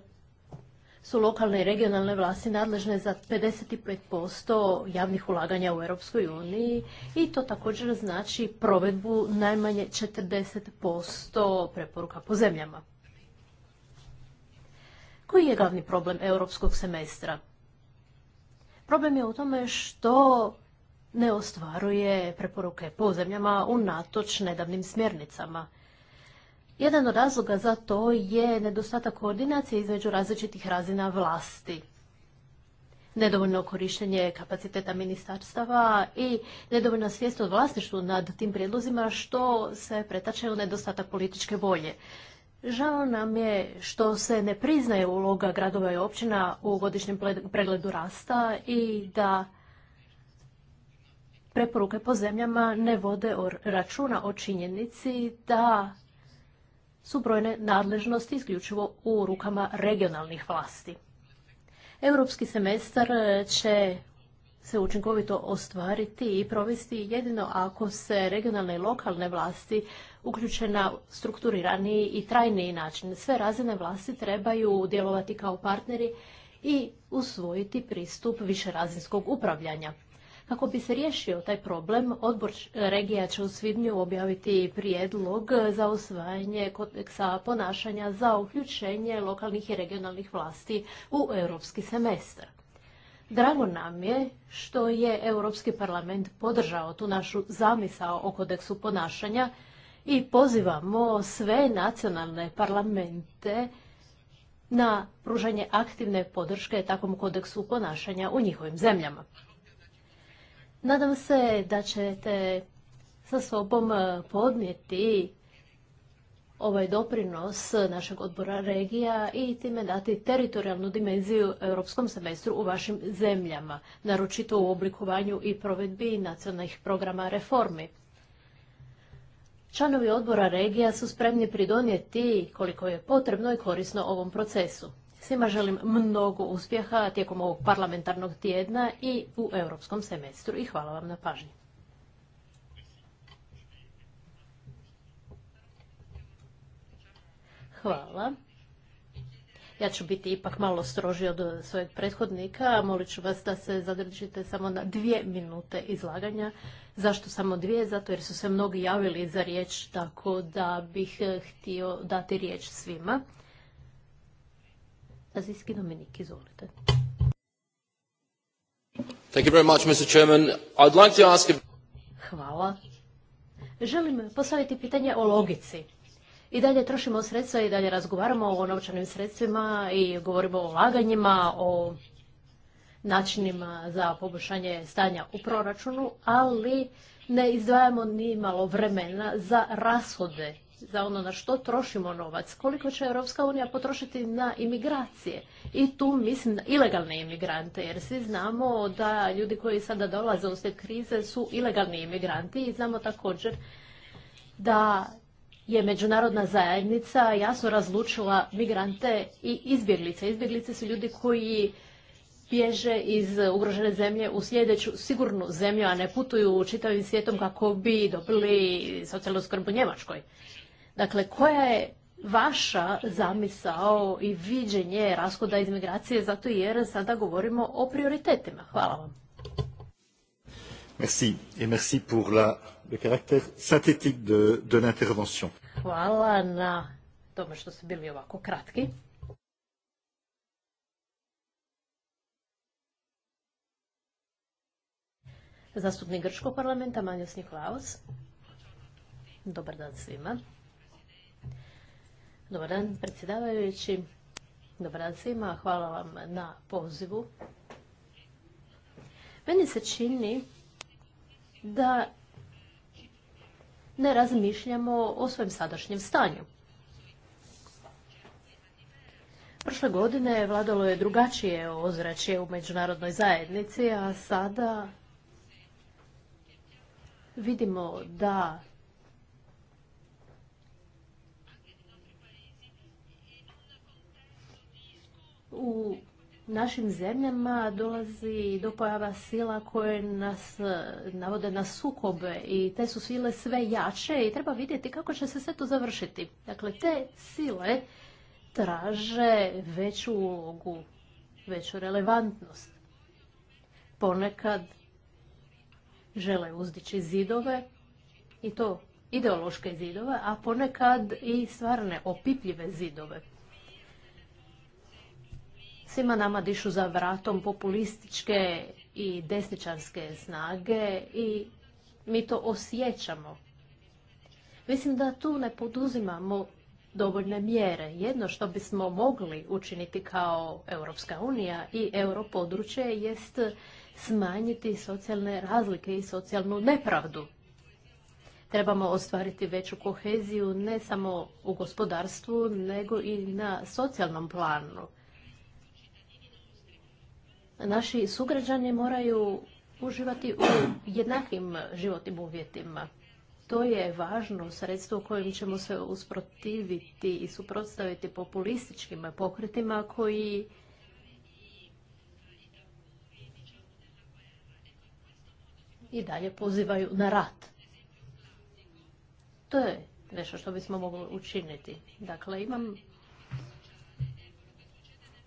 su lokalne i regionalne vlasti nadležne za 55% javnih ulaganja u Europskoj uniji i to također znači provedbu najmanje 40% preporuka po zemljama. Koji je glavni problem europskog semestra? Problem je u tome što ne ostvaruje preporuke po zemljama unatoč nedavnim smjernicama. Jedan od razloga za to je nedostatak koordinacije između različitih razina vlasti nedovoljno korištenje kapaciteta ministarstava i nedovoljna svijest o vlasništvu nad tim prijedlozima što se pretače u nedostatak političke volje. Žao nam je što se ne priznaje uloga gradova i općina u godišnjem pregledu rasta i da preporuke po zemljama ne vode računa o činjenici da su brojne nadležnosti isključivo u rukama regionalnih vlasti. Europski semestar će se učinkovito ostvariti i provesti jedino ako se regionalne i lokalne vlasti uključe na strukturiraniji i trajniji način. Sve razine vlasti trebaju djelovati kao partneri i usvojiti pristup višerazinskog upravljanja. Kako bi se riješio taj problem, odbor regija će u svibnju objaviti prijedlog za osvajanje kodeksa ponašanja za uključenje lokalnih i regionalnih vlasti u europski semestar. Drago nam je što je Europski parlament podržao tu našu zamisao o kodeksu ponašanja i pozivamo sve nacionalne parlamente na pružanje aktivne podrške takvom kodeksu ponašanja u njihovim zemljama. Nadam se da ćete sa sobom podnijeti ovaj doprinos našeg odbora regija i time dati teritorijalnu dimenziju europskom semestru u vašim zemljama, naročito u oblikovanju i provedbi nacionalnih programa reformi. Članovi odbora regija su spremni pridonijeti koliko je potrebno i korisno ovom procesu. Svima želim mnogo uspjeha tijekom ovog parlamentarnog tjedna i u europskom semestru i hvala vam na pažnji. Hvala. Ja ću biti ipak malo stroži od svojeg prethodnika. Molit ću vas da se zadržite samo na dvije minute izlaganja. Zašto samo dvije? Zato jer su se mnogi javili za riječ, tako da bih eh, htio dati riječ svima. Azijski Dominik, izvolite. Thank you Hvala. Želim postaviti pitanje o logici i dalje trošimo sredstva i dalje razgovaramo o novčanim sredstvima i govorimo o ulaganjima, o načinima za poboljšanje stanja u proračunu, ali ne izdvajamo ni malo vremena za rashode, za ono na što trošimo novac, koliko će Europska unija potrošiti na imigracije i tu mislim na ilegalne imigrante, jer svi znamo da ljudi koji sada dolaze uslijed krize su ilegalni imigranti i znamo također da je međunarodna zajednica jasno razlučila migrante i izbjeglice. Izbjeglice su ljudi koji bježe iz ugrožene zemlje u sljedeću sigurnu zemlju, a ne putuju čitavim svijetom kako bi dobili socijalnu skrbu Njemačkoj. Dakle, koja je vaša zamisao i viđenje raskoda iz migracije, zato jer sada govorimo o prioritetima. Hvala vam. Merci. Et merci pour la le de, de l'intervention. Hvala na tome što ste bili ovako kratki. Zastupnik Grčkog parlamenta, Manjos Niklaus. Dobar dan svima. Dobar dan, predsjedavajući. Dobar dan svima. Hvala vam na pozivu. Meni se čini da ne razmišljamo o svojem sadašnjem stanju. Prošle godine vladalo je drugačije ozračje u međunarodnoj zajednici, a sada vidimo da u našim zemljama dolazi do pojava sila koje nas eh, navode na sukobe i te su sile sve jače i treba vidjeti kako će se sve to završiti. Dakle, te sile traže veću ulogu, veću relevantnost. Ponekad žele uzdići zidove i to ideološke zidove, a ponekad i stvarne opipljive zidove. Svima nama dišu za vratom populističke i desničarske snage i mi to osjećamo. Mislim da tu ne poduzimamo dovoljne mjere. Jedno što bismo mogli učiniti kao Europska unija i europodručje jest smanjiti socijalne razlike i socijalnu nepravdu. Trebamo ostvariti veću koheziju ne samo u gospodarstvu, nego i na socijalnom planu naši sugrađani moraju uživati u jednakim životnim uvjetima. To je važno sredstvo kojim ćemo se usprotiviti i suprotstaviti populističkim pokretima koji i dalje pozivaju na rat. To je nešto što bismo mogli učiniti. Dakle, imam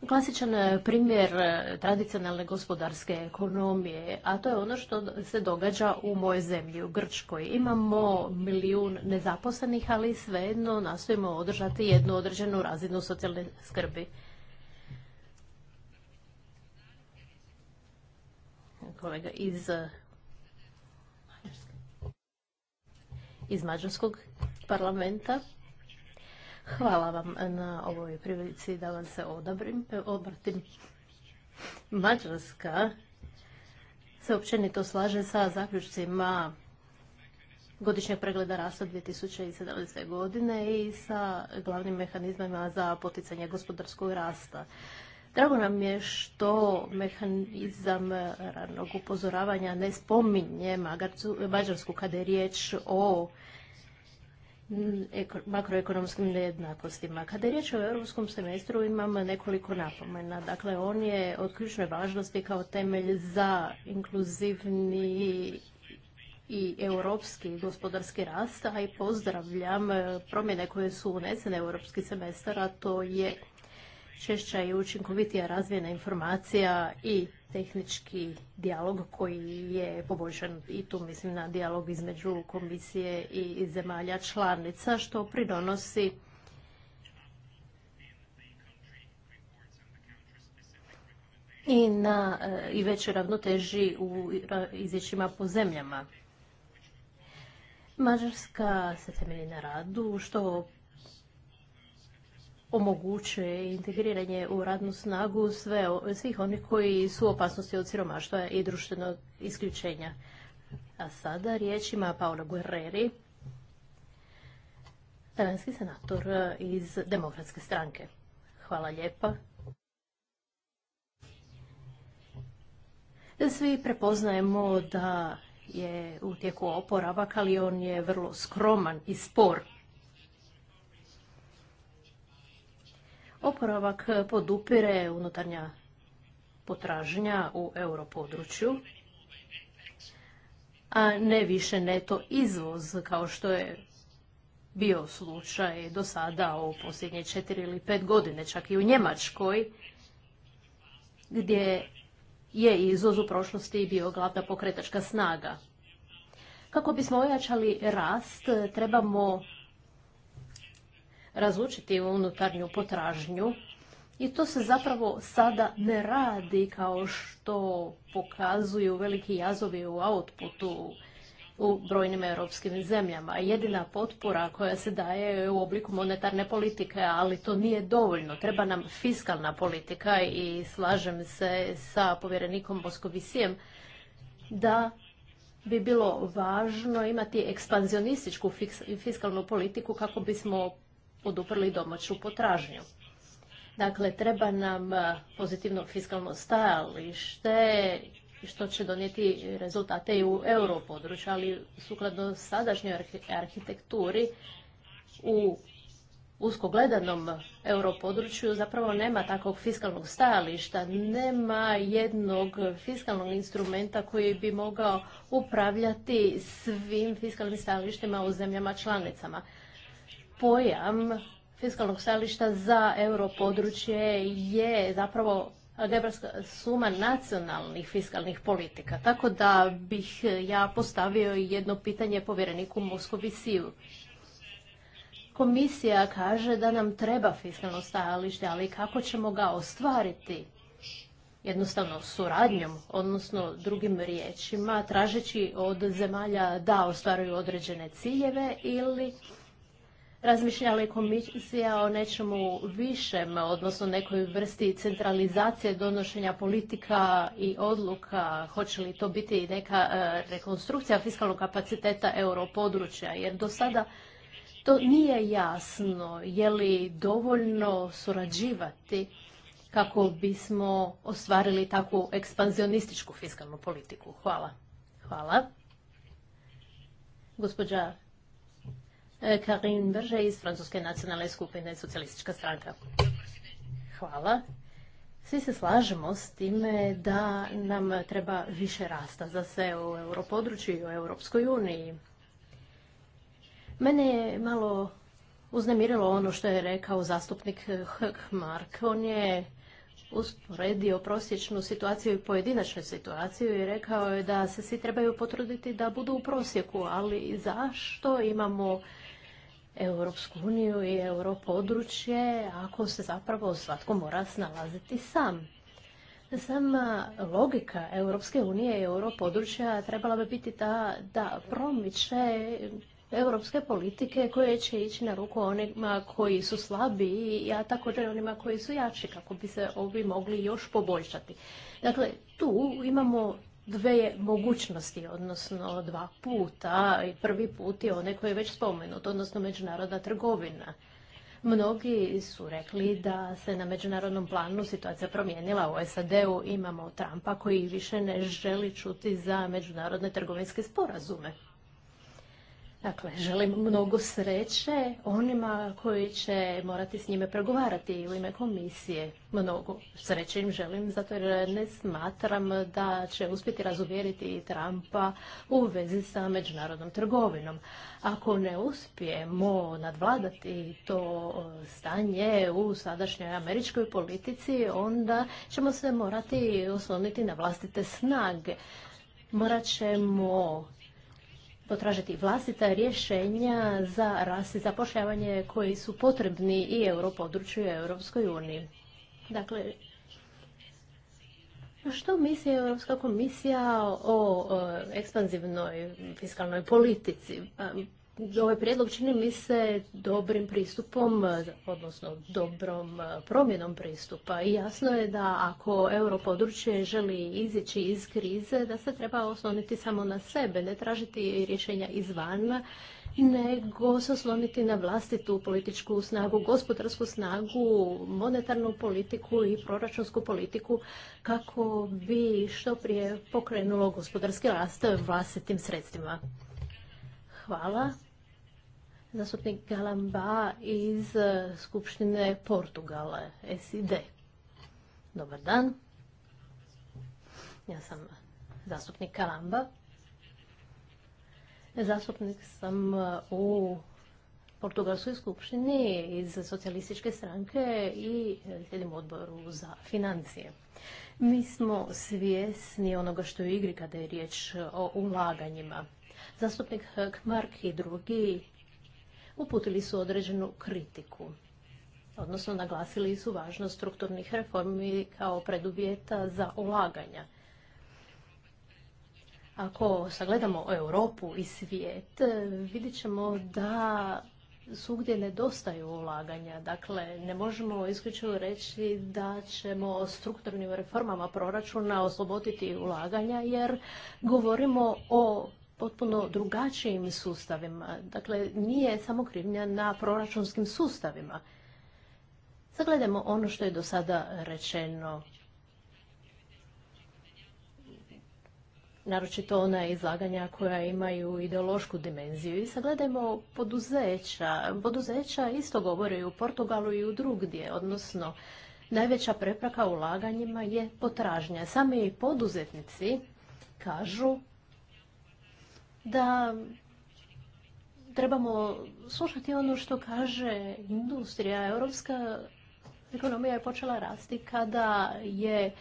klasičan e, primjer e, tradicionalne gospodarske ekonomije, a to je ono što se događa u mojoj zemlji, u Grčkoj. Imamo milijun nezaposlenih, ali svejedno nastojimo održati jednu određenu razinu socijalne skrbi. Kolega iz e, iz Mađarskog parlamenta. Hvala vam na ovoj prilici da vam se odabrim, obratim. Mađarska se općenito slaže sa zaključcima godišnjeg pregleda rasta 2017. godine i sa glavnim mehanizmima za poticanje gospodarskog rasta. Drago nam je što mehanizam ranog upozoravanja ne spominje Mađarsku kada je riječ o makroekonomskim nejednakostima. Kada je riječ o europskom semestru imam nekoliko napomena. Dakle, on je od ključne važnosti kao temelj za inkluzivni i europski gospodarski rast, a i pozdravljam e, promjene koje su unesene u europski semestar, a to je češća i učinkovitija razmjena informacija i tehnički dijalog koji je poboljšan i tu mislim na dijalog između komisije i zemalja članica što pridonosi i na e, i većoj ravnoteži u izvješćima po zemljama. Mađarska se temelji na radu, što ...omogućuje integriranje u radnu snagu sve, svih onih koji su u opasnosti od siromaštva i društvenog isključenja. A sada riječ ima Paolo Guerreri, talijanski senator e, iz Demokratske stranke. Hvala lijepa. Svi prepoznajemo da je u tijeku oporavak, ali on je vrlo skroman i spor. Oporavak podupire unutarnja potražnja u europodručju, a ne više neto izvoz kao što je bio slučaj do sada u posljednje četiri ili pet godine, čak i u Njemačkoj, gdje je izvoz u prošlosti bio glavna pokretačka snaga. Kako bismo ojačali rast, trebamo razlučiti unutarnju potražnju i to se zapravo sada ne radi kao što pokazuju veliki jazovi u outputu u brojnim europskim zemljama. Jedina potpora koja se daje je u obliku monetarne politike, ali to nije dovoljno. Treba nam fiskalna politika i slažem se sa povjerenikom Moskovisijem da bi bilo važno imati ekspanzionističku fiskalnu politiku kako bismo poduprli domaću potražnju. Dakle, treba nam e, pozitivno fiskalno stajalište što će donijeti rezultate i u europodručju, ali sukladno sadašnjoj arhitekturi u uskogledanom europodručju zapravo nema takvog fiskalnog stajališta, nema jednog fiskalnog instrumenta koji bi mogao upravljati svim fiskalnim stajalištima u zemljama članicama pojam fiskalnog stajališta za europodručje je zapravo suma nacionalnih fiskalnih politika. Tako da bih ja postavio jedno pitanje povjereniku Moskovisiju. Komisija kaže da nam treba fiskalno stajalište, ali kako ćemo ga ostvariti? Jednostavno suradnjom, odnosno drugim riječima, tražeći od zemalja da ostvaruju određene ciljeve ili Razmišljali komisija o nečemu višem, odnosno nekoj vrsti centralizacije donošenja politika i odluka, hoće li to biti neka e, rekonstrukcija fiskalnog kapaciteta europodručja, jer do sada to nije jasno je li dovoljno surađivati kako bismo ostvarili takvu ekspanzionističku fiskalnu politiku. Hvala. Hvala. Gospođa E, Karin Brže iz Francuske nacionalne skupine Socialistička stranka. Hvala. Svi se slažemo s time da nam treba više rasta za sve u europodručju i u Europskoj uniji. Mene je malo uznemirilo ono što je rekao zastupnik Mark. On je usporedio prosječnu situaciju i pojedinačnu situaciju i rekao je da se svi trebaju potruditi da budu u prosjeku, ali zašto imamo Europsku uniju i područje ako se zapravo svatko mora snalaziti sam. Sama logika Europske unije i područja trebala bi biti ta da promiče europske politike koje će ići na ruku onima koji su slabi, a također onima koji su jači kako bi se ovi mogli još poboljšati. Dakle, tu imamo dve mogućnosti, odnosno dva puta. prvi put je onaj koji je već spomenut, odnosno međunarodna trgovina. Mnogi su rekli da se na međunarodnom planu situacija promijenila. U SAD-u imamo Trumpa koji više ne želi čuti za međunarodne trgovinske sporazume. Dakle, želim mnogo sreće onima koji će morati s njime pregovarati u ime komisije. Mnogo sreće im želim, zato jer ne smatram da će uspjeti razuvjeriti Trumpa u vezi sa međunarodnom trgovinom. Ako ne uspijemo nadvladati to e, stanje u sadašnjoj američkoj politici, onda ćemo se morati osloniti na vlastite snage. Morat ćemo potražiti vlastita rješenja za rast i zapošljavanje koji su potrebni i europodručju i Europskoj uniji. Dakle, što misli Europska komisija o, o ekspanzivnoj fiskalnoj politici? Pa, ovaj prijedlog čini mi se dobrim pristupom, odnosno dobrom promjenom pristupa. I jasno je da ako europodručje želi izići iz krize, da se treba osloniti samo na sebe, ne tražiti rješenja izvana, nego se osloniti na vlastitu političku snagu, gospodarsku snagu, monetarnu politiku i proračunsku politiku kako bi što prije pokrenulo gospodarski rast vlastitim sredstvima. Hvala zastupnik Galamba iz e, Skupštine Portugale, SID. Dobar dan. Ja sam zastupnik Kalamba. Zastupnik sam e, u Portugalskoj skupštini iz socijalističke stranke i sljedim odboru za financije. Mi smo svjesni onoga što je igri kada je riječ o ulaganjima. Zastupnik Mark i drugi uputili su određenu kritiku odnosno naglasili su važnost strukturnih reformi kao preduvjeta za ulaganja. Ako sagledamo Europu i svijet, vidjet ćemo da svugdje nedostaju ulaganja. Dakle, ne možemo isključivo reći da ćemo strukturnim reformama proračuna osloboditi ulaganja jer govorimo o potpuno drugačijim sustavima. Dakle, nije samo krivnja na proračunskim sustavima. Zagledajmo ono što je do sada rečeno. naročito ona izlaganja koja imaju ideološku dimenziju. I sagledajmo poduzeća. Poduzeća isto govore i u Portugalu i u drugdje, odnosno najveća prepraka ulaganjima je potražnja. Sami poduzetnici kažu da trebamo slušati ono što kaže industrija. Europska ekonomija je počela rasti kada je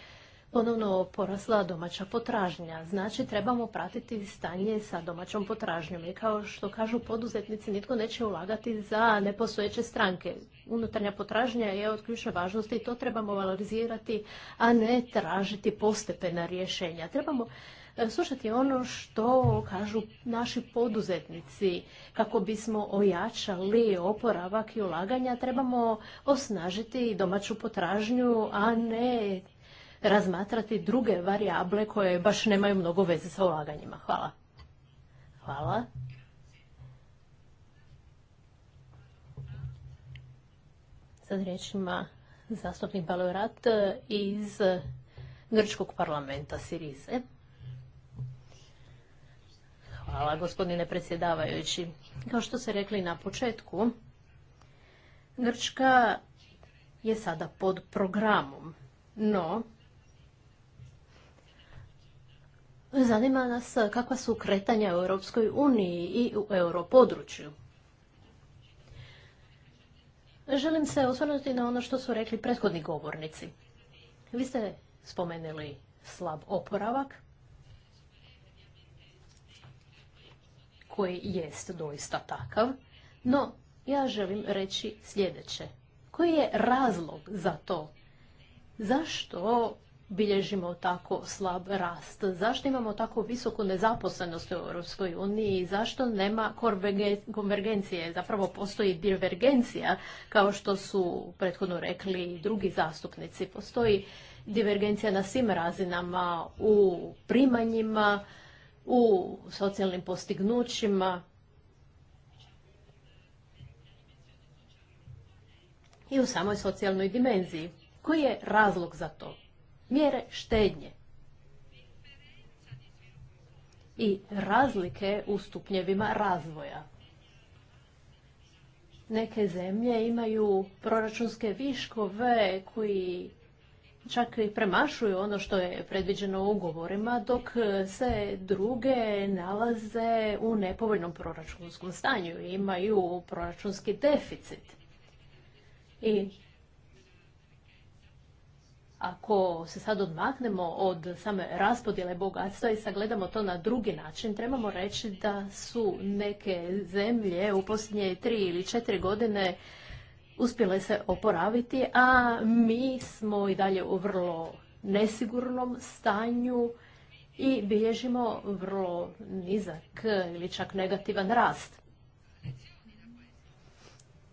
ponovno porasla domaća potražnja. Znači trebamo pratiti stanje sa domaćom potražnjom. I kao što kažu poduzetnici, nitko neće ulagati za nepostojeće stranke. Unutarnja potražnja je od ključne važnosti i to trebamo valorizirati, a ne tražiti postepena rješenja. Trebamo Dakle, slušati ono što kažu naši poduzetnici. Kako bismo ojačali oporavak i ulaganja, trebamo osnažiti domaću potražnju, a ne razmatrati druge varijable koje baš nemaju mnogo veze sa ulaganjima. Hvala. Hvala. Sad riječima zastupnik Balorat iz Grčkog parlamenta Sirize. Hvala, gospodine predsjedavajući. Kao što se rekli na početku, Grčka je sada pod programom, no zanima nas kakva su kretanja u Europskoj uniji i u europodručju. Želim se osvrnuti na ono što su rekli prethodni govornici. Vi ste spomenuli slab oporavak, koji jest doista takav, no ja želim reći sljedeće. Koji je razlog za to? Zašto bilježimo tako slab rast? Zašto imamo tako visoku nezaposlenost u Europskoj uniji? Zašto nema konvergencije? Zapravo postoji divergencija, kao što su prethodno rekli drugi zastupnici. Postoji divergencija na svim razinama, u primanjima, u socijalnim postignućima i u samoj socijalnoj dimenziji. Koji je razlog za to? Mjere štednje i razlike u stupnjevima razvoja. Neke zemlje imaju proračunske viškove koji čak i premašuju ono što je predviđeno u ugovorima, dok se druge nalaze u nepovoljnom proračunskom stanju i imaju proračunski deficit. I ako se sad odmaknemo od same raspodjele bogatstva i sagledamo to na drugi način, trebamo reći da su neke zemlje u posljednje tri ili četiri godine uspjele se oporaviti, a mi smo i dalje u vrlo nesigurnom stanju i bilježimo vrlo nizak ili čak negativan rast.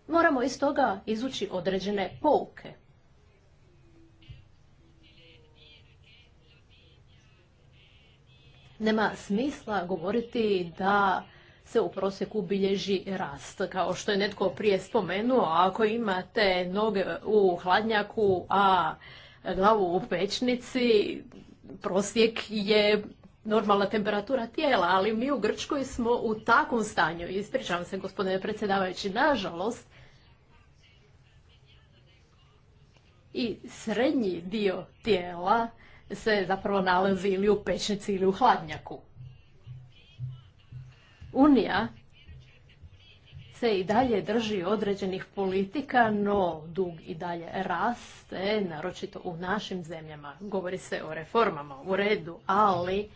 Moramo iz toga izući određene pouke. Nema smisla govoriti da se u prosjeku bilježi rast. Kao što je netko prije spomenuo, ako imate noge u hladnjaku, a glavu u pečnici, prosjek je normalna temperatura tijela, ali mi u Grčkoj smo u takvom stanju. Ispričavam se, gospodine predsjedavajući, nažalost, i srednji dio tijela se zapravo nalazi ili u pečnici ili u hladnjaku. Unija se i dalje drži određenih politika, no dug i dalje raste, naročito u našim zemljama. Govori se o reformama, u redu, ali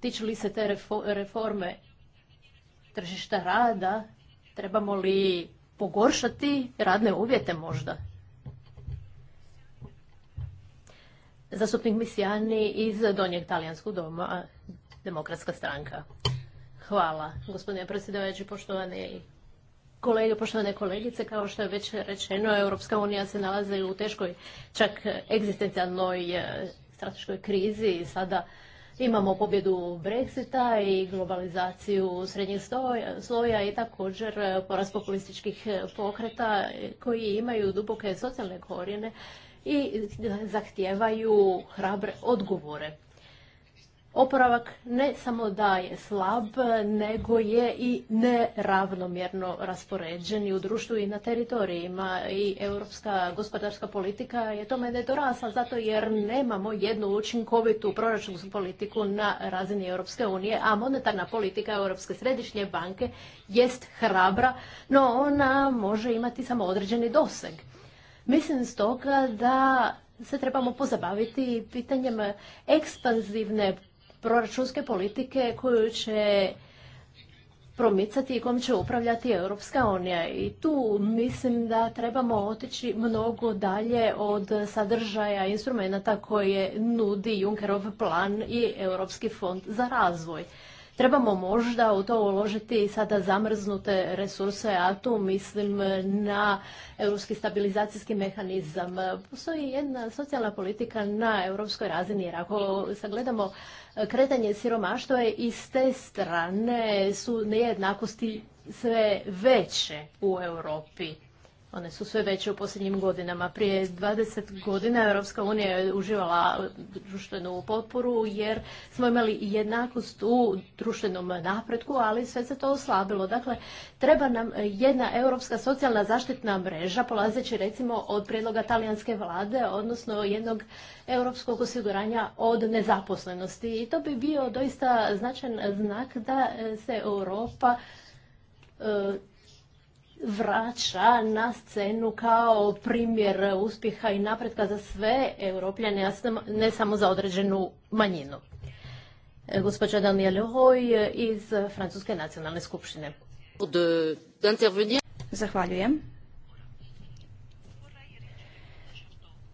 tiču li se te reforme tržišta rada, trebamo li pogoršati radne uvjete možda? Zastupnik Misijani iz Donjeg Talijanskog doma, Demokratska stranka. Hvala, gospodine predsjedavajući, poštovane kolege, poštovane kolegice. Kao što je već rečeno, Europska unija se nalazi u teškoj, čak egzistencijalnoj e, strateškoj krizi. Sada imamo pobjedu Brexita i globalizaciju srednjih sloja i također e, porast populističkih e, pokreta koji imaju duboke socijalne korijene i zahtijevaju hrabre odgovore oporavak ne samo da je slab, nego je i neravnomjerno raspoređen i u društvu i na teritorijima. I europska gospodarska politika je tome dorasla zato jer nemamo jednu učinkovitu proračunsku politiku na razini Europske unije, a monetarna politika Europske središnje banke jest hrabra, no ona može imati samo određeni doseg. Mislim stoga da se trebamo pozabaviti pitanjem ekspanzivne proračunske politike koju će promicati i kom će upravljati Europska unija. I tu mislim da trebamo otići mnogo dalje od sadržaja instrumenta koje nudi Junckerov plan i Europski fond za razvoj. Trebamo možda u to uložiti sada zamrznute resurse, a tu mislim na europski stabilizacijski mehanizam. Postoji jedna socijalna politika na europskoj razini, jer ako sagledamo e, kretanje siromaštva je i s te strane su nejednakosti sve veće u Europi. One su sve veće u posljednjim godinama. Prije 20 godina Europska unija je uživala društvenu potporu jer smo imali jednakost u društvenom napretku, ali sve se to oslabilo. Dakle, treba nam jedna europska socijalna zaštitna mreža, polazeći recimo od prijedloga talijanske vlade, odnosno jednog europskog osiguranja od nezaposlenosti. I to bi bio doista značajan znak da se Europa e, vraća na scenu kao primjer uspjeha i napretka za sve europljane, ne samo za određenu manjinu. E, gospođa Daniel Hoy iz Francuske nacionalne skupštine. Zahvaljujem.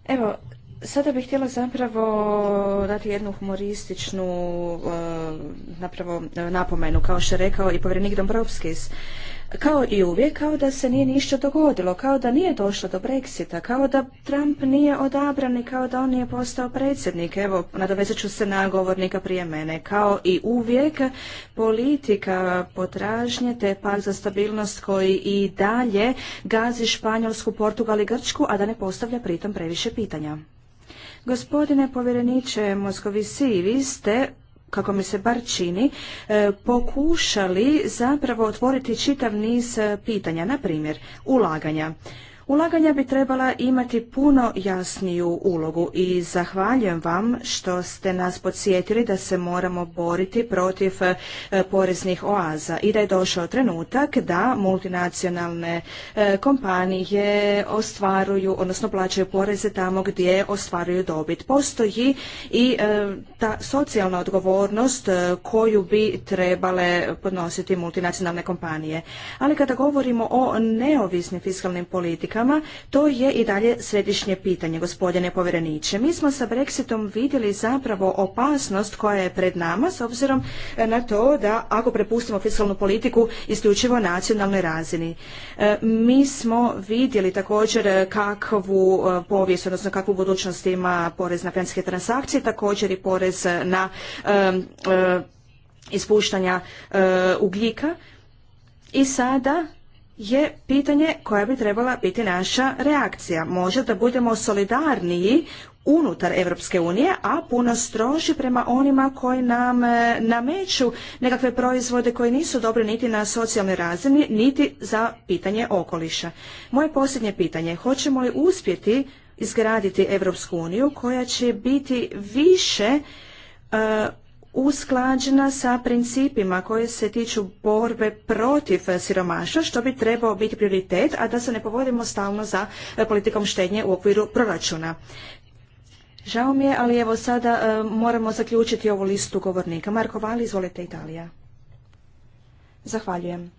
Evo, sada bih htjela zapravo dati jednu humorističnu e, napomenu, kao što je rekao i povjerenik Dombrovskis kao i uvijek, kao da se nije ništa dogodilo, kao da nije došlo do Brexita, kao da Trump nije odabran i kao da on nije postao predsjednik. Evo, nadovezat ću se na govornika prije mene. Kao i uvijek, politika potražnje te pak za stabilnost koji i dalje gazi Španjolsku, Portugal i Grčku, a da ne postavlja pritom previše pitanja. Gospodine povjereniče Moskovici, vi ste kako mi se bar čini, e, pokušali zapravo otvoriti čitav niz e, pitanja, na primjer ulaganja. Ulaganja bi trebala imati puno jasniju ulogu i zahvaljujem vam što ste nas podsjetili da se moramo boriti protiv e, poreznih oaza i da je došao trenutak da multinacionalne e, kompanije ostvaruju, odnosno plaćaju poreze tamo gdje ostvaruju dobit. Postoji i e, ta socijalna odgovornost koju bi trebale podnositi multinacionalne kompanije. Ali kada govorimo o neovisnim fiskalnim politikama, politikama, to je i dalje središnje pitanje, gospodine povjereniče. Mi smo sa Brexitom vidjeli zapravo opasnost koja je pred nama s obzirom e, na to da ako prepustimo fiskalnu politiku isključivo nacionalnoj razini. E, mi smo vidjeli također kakvu e, povijest, odnosno kakvu budućnost ima porez na financijske transakcije, također i porez na ispuštanja ugljika. I sada je pitanje koja bi trebala biti naša reakcija. Može da budemo solidarniji unutar Europske unije, a puno stroži prema onima koji nam e, nameću nekakve proizvode koji nisu dobri niti na socijalnoj razini, niti za pitanje okoliša. Moje posljednje pitanje, hoćemo li uspjeti izgraditi Europsku uniju koja će biti više e, usklađena sa principima koje se tiču borbe protiv siromaštva, što bi trebao biti prioritet, a da se ne povodimo stalno za e, politikom štednje u okviru proračuna. Žao mi je, ali evo sada e, moramo zaključiti ovu listu govornika. Marko Vali, izvolite Italija. Zahvaljujem.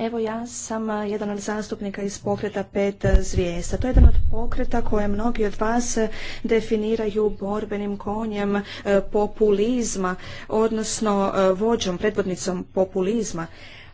Evo ja sam jedan od zastupnika iz pokreta pet zvijesta. To je jedan od pokreta koje mnogi od vas definiraju borbenim konjem populizma, odnosno vođom, predvodnicom populizma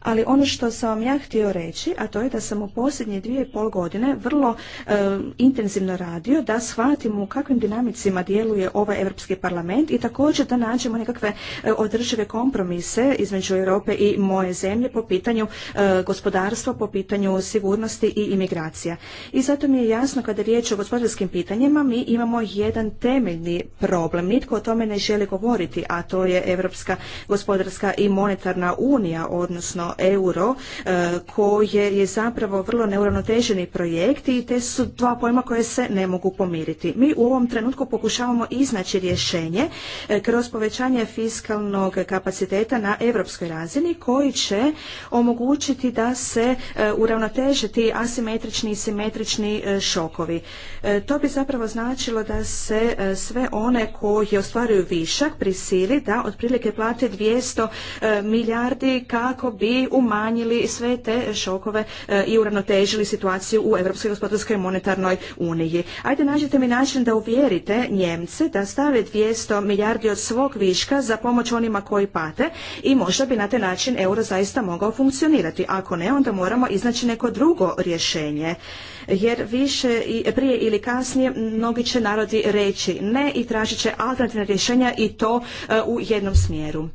ali ono što sam vam ja htio reći, a to je da sam u posljednje dvije i pol godine vrlo e, intenzivno radio da shvatimo u kakvim dinamicima djeluje ovaj Europski parlament i također da nađemo nekakve e, održive kompromise između Europe i moje zemlje po pitanju e, gospodarstva, po pitanju sigurnosti i imigracija. I zato mi je jasno kada je riječ o gospodarskim pitanjima, mi imamo jedan temeljni problem. Nitko o tome ne želi govoriti, a to je Europska gospodarska i monetarna unija, odnosno euro e, koje je zapravo vrlo neuravnoteženi projekt i te su dva pojma koje se ne mogu pomiriti. Mi u ovom trenutku pokušavamo iznaći rješenje e, kroz povećanje fiskalnog kapaciteta na europskoj razini koji će omogućiti da se e, uravnoteže ti asimetrični i simetrični šokovi. To bi zapravo značilo da se sve one koji ostvaruju višak prisili da otprilike plate 200 milijardi kako bi umanjili sve te šokove e, i uravnotežili situaciju u Europskoj gospodarskoj monetarnoj uniji. Ajde nađite mi način da uvjerite Njemce da stave 200 milijardi od svog viška za pomoć onima koji pate i možda bi na taj način euro zaista mogao funkcionirati. Ako ne, onda moramo iznaći neko drugo rješenje. Jer više prije ili kasnije mnogi će narodi reći ne i tražit će alternativna rješenja i to e, u jednom smjeru.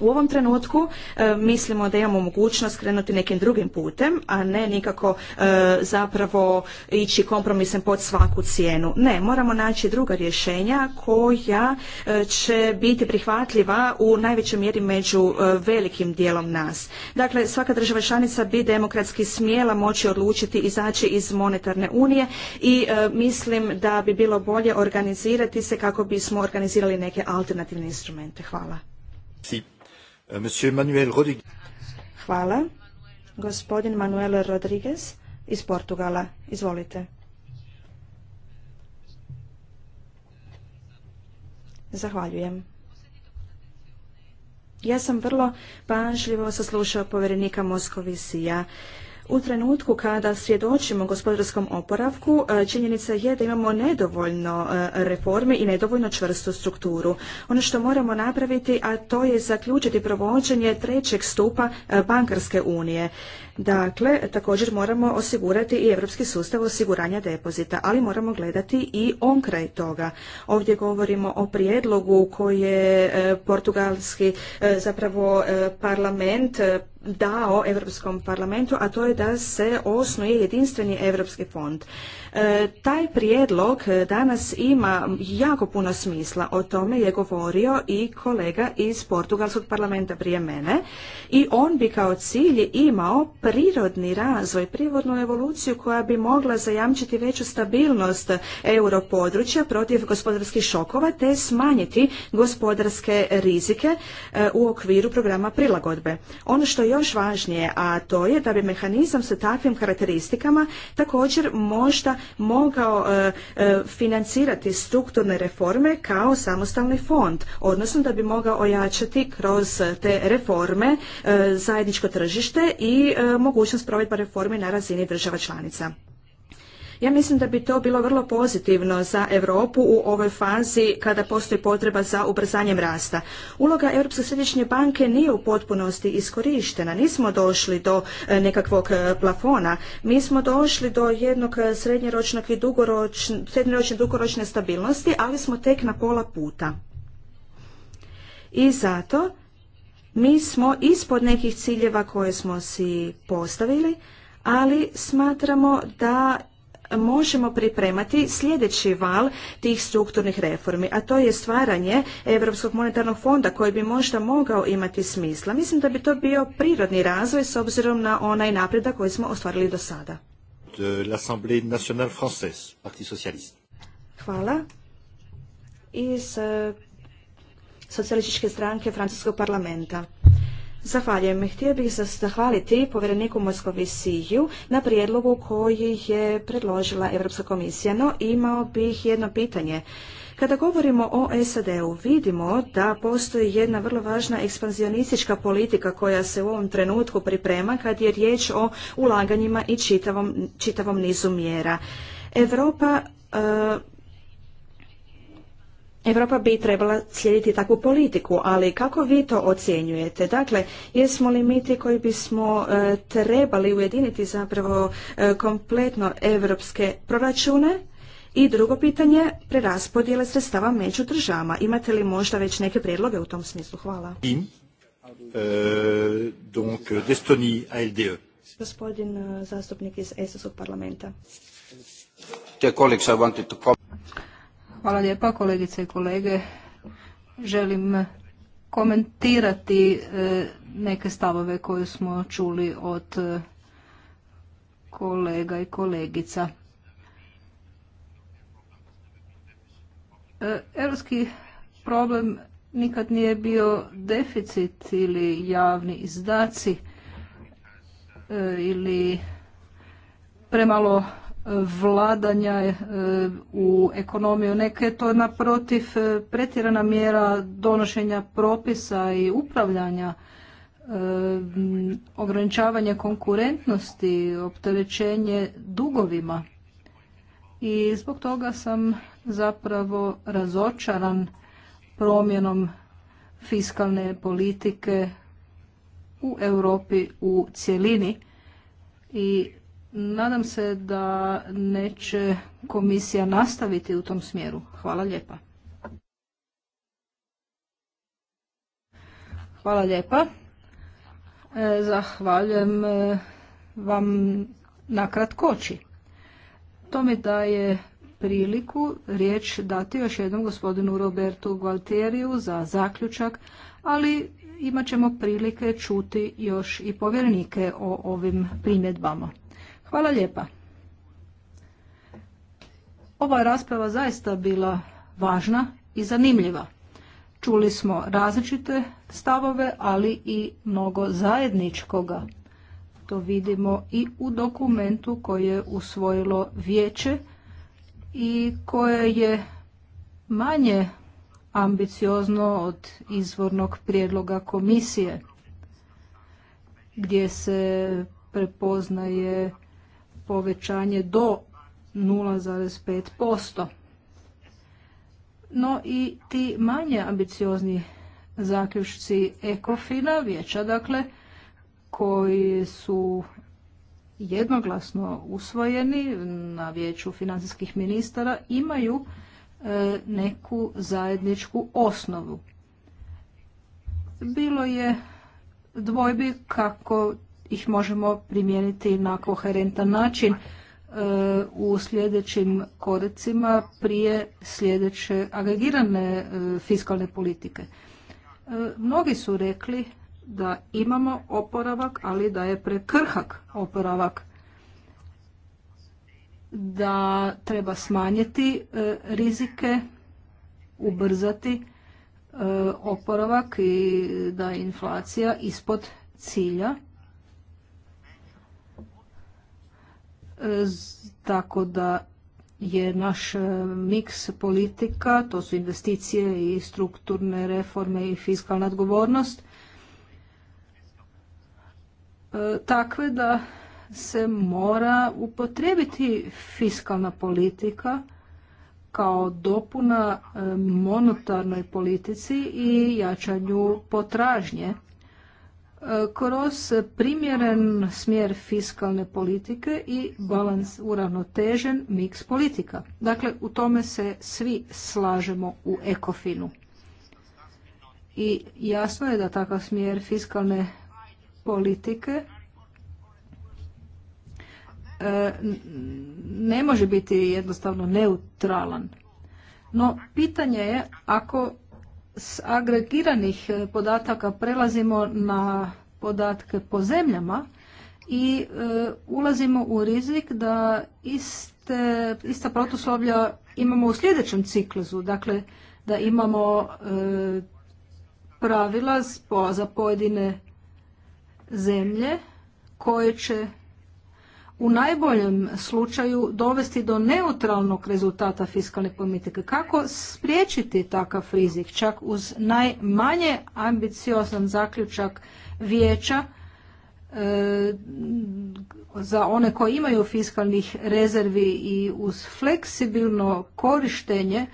U ovom trenutku e, mislimo da imamo mogućnost krenuti nekim drugim putem, a ne nikako e, zapravo ići kompromisem pod svaku cijenu. Ne, moramo naći druga rješenja koja e, će biti prihvatljiva u najvećoj mjeri među velikim dijelom nas. Dakle, svaka država članica bi demokratski smjela moći odlučiti izaći iz monetarne unije i mislim da bi bilo bolje organizirati se kako bismo organizirali neke alternativne instrumente. Hvala. Euh, Hvala. Gospodin Manuel Rodriguez iz Portugala. Izvolite. Zahvaljujem. Ja sam vrlo pažljivo saslušao povjerenika Moskovisija u trenutku kada svjedočimo gospodarskom oporavku, e, činjenica je da imamo nedovoljno e, reformi i nedovoljno čvrstu strukturu. Ono što moramo napraviti, a to je zaključiti provođenje trećeg stupa e, bankarske unije. Dakle, također moramo osigurati i europski sustav osiguranja depozita, ali moramo gledati i on kraj toga. Ovdje govorimo o prijedlogu koji je portugalski zapravo parlament dao Europskom parlamentu, a to je da se osnuje jedinstveni Europski fond. E, taj prijedlog danas ima jako puno smisla. O tome je govorio i kolega iz Portugalskog parlamenta prije mene i on bi kao cilj imao prirodni razvoj, prirodnu evoluciju koja bi mogla zajamčiti veću stabilnost europodručja protiv gospodarskih šokova te smanjiti gospodarske rizike e, u okviru programa prilagodbe. Ono što još važnije, a to je da bi mehanizam sa takvim karakteristikama također možda mogao e, e, financirati strukturne reforme kao samostalni fond, odnosno da bi mogao ojačati kroz te reforme e, zajedničko tržište i mogućnost provedba reformi na razini država članica. Ja mislim da bi to bilo vrlo pozitivno za Europu u ovoj fazi kada postoji potreba za ubrzanjem rasta. Uloga Europske središnje banke nije u potpunosti iskorištena. Nismo došli do e, nekakvog e, plafona. Mi smo došli do jednog e, srednjeročnog i dugoročne, srednjoročne dugoročne stabilnosti, ali smo tek na pola puta. I zato mi smo ispod nekih ciljeva koje smo si postavili, ali smatramo da možemo pripremati sljedeći val tih strukturnih reformi, a to je stvaranje Europskog monetarnog fonda koji bi možda mogao imati smisla. Mislim da bi to bio prirodni razvoj s obzirom na onaj napredak koji smo ostvarili do sada. Hvala. Iz eh, socijalističke stranke Francuskog parlamenta. Zahvaljujem. Htio bih se zahvaliti povjereniku Siju na prijedlogu koji je predložila Europska komisija, no imao bih jedno pitanje. Kada govorimo o SAD-u, vidimo da postoji jedna vrlo važna ekspanzionistička politika koja se u ovom trenutku priprema kad je riječ o ulaganjima i čitavom, nizu mjera. Europa e, Europa bi trebala slijediti takvu politiku, ali kako vi to ocjenjujete? Dakle, jesmo li mi ti koji bismo e, trebali ujediniti zapravo e, kompletno europske proračune? I drugo pitanje, preraspodjele sredstava među državama. Imate li možda već neke prijedloge u tom smislu? Hvala. E, Gospodin zastupnik iz ESOS-ovog parlamenta. Hvala lijepa kolegice i kolege. Želim komentirati e, neke stavove koje smo čuli od e, kolega i kolegica. E, europski problem nikad nije bio deficit ili javni izdaci ili premalo vladanja e, u ekonomiju. Neke je to naprotiv e, pretjerana mjera donošenja propisa i upravljanja, e, ograničavanje konkurentnosti, opterećenje dugovima. I zbog toga sam zapravo razočaran promjenom fiskalne politike u Europi u cjelini i Nadam se da neće komisija nastaviti u tom smjeru. Hvala lijepa. Hvala lijepa. E, zahvaljujem e, vam na kratkoći. To mi daje priliku riječ dati još jednom gospodinu Robertu Gualtieriju za zaključak, ali imat ćemo prilike čuti još i povjernike o ovim primjedbama. Hvala lijepa. Ova je rasprava zaista bila važna i zanimljiva. Čuli smo različite stavove, ali i mnogo zajedničkoga. To vidimo i u dokumentu koje je usvojilo vijeće i koje je manje ambiciozno od izvornog prijedloga komisije gdje se prepoznaje povećanje do 0,5%. No i ti manje ambiciozni zaključci ECOFINA vijeća, dakle, koji su jednoglasno usvojeni na vijeću financijskih ministara, imaju e, neku zajedničku osnovu. Bilo je dvojbi kako ih možemo primijeniti na koherentan način e, u sljedećim koracima prije sljedeće agregirane e, fiskalne politike. E, mnogi su rekli da imamo oporavak, ali da je prekrhak oporavak da treba smanjiti rizike, ubrzati oporavak i da je inflacija ispod cilja. tako da je naš e, miks politika, to su investicije i strukturne reforme i fiskalna odgovornost, e, takve da se mora upotrebiti fiskalna politika kao dopuna e, monetarnoj politici i jačanju potražnje kroz primjeren smjer fiskalne politike i balans uravnotežen miks politika. Dakle, u tome se svi slažemo u ekofinu. I jasno je da takav smjer fiskalne politike e, ne može biti jednostavno neutralan. No, pitanje je ako s agregiranih e, podataka prelazimo na podatke po zemljama i e, ulazimo u rizik da iste, ista protoslovlja imamo u sljedećem ciklusu. Dakle, da imamo e, pravila za pojedine zemlje koje će u najboljem slučaju dovesti do neutralnog rezultata fiskalne politike. Kako spriječiti takav rizik čak uz najmanje ambiciozan zaključak vijeća e, za one koji imaju fiskalnih rezervi i uz fleksibilno korištenje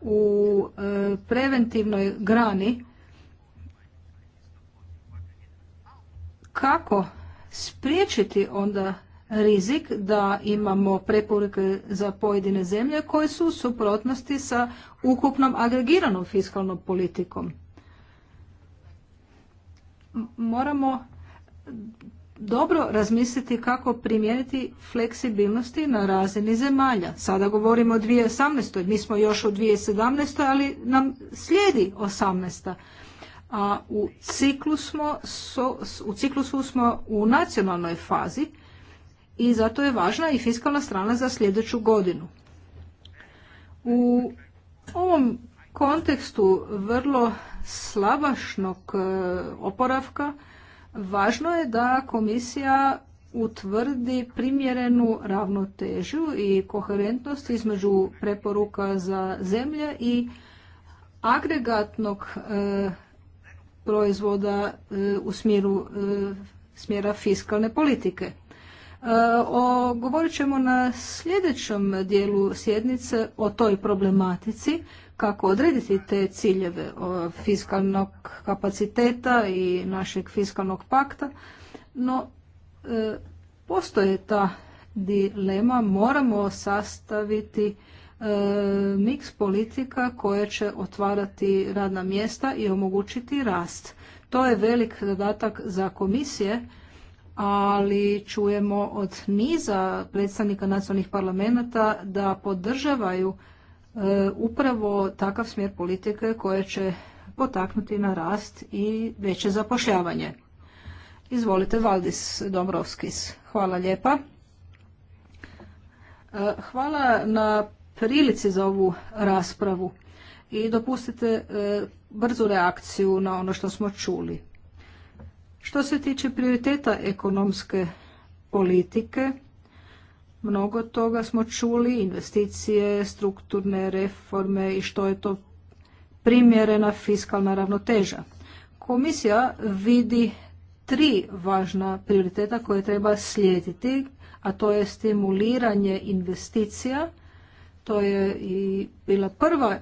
u e, preventivnoj grani kako spriječiti onda rizik da imamo preporuke za pojedine zemlje koje su u suprotnosti sa ukupnom agregiranom fiskalnom politikom. Moramo dobro razmisliti kako primijeniti fleksibilnosti na razini zemalja. Sada govorimo o 2018. Mi smo još u 2017. ali nam slijedi 18 a u ciklusu smo, u ciklusu smo u nacionalnoj fazi i zato je važna i fiskalna strana za sljedeću godinu. U ovom kontekstu vrlo slabašnog e, oporavka važno je da komisija utvrdi primjerenu ravnotežu i koherentnost između preporuka za zemlje i agregatnog e, proizvoda e, u smjeru smjera fiskalne politike. E, o, govorit ćemo na sljedećem dijelu sjednice o toj problematici, kako odrediti te ciljeve e, fiskalnog kapaciteta i našeg fiskalnog pakta, no e, postoje ta dilema, moramo sastaviti miks politika koje će otvarati radna mjesta i omogućiti rast. To je velik zadatak za komisije ali čujemo od niza predstavnika nacionalnih parlamenta da podržavaju e, upravo takav smjer politike koje će potaknuti na rast i veće zapošljavanje. Izvolite, Valdis Dombrovskis. Hvala lijepa. E, hvala na prilici za ovu raspravu i dopustite e, brzu reakciju na ono što smo čuli. Što se tiče prioriteta ekonomske politike, mnogo toga smo čuli, investicije, strukturne reforme i što je to primjerena fiskalna ravnoteža. Komisija vidi tri važna prioriteta koje treba slijediti, a to je stimuliranje investicija. To je i bila prva e,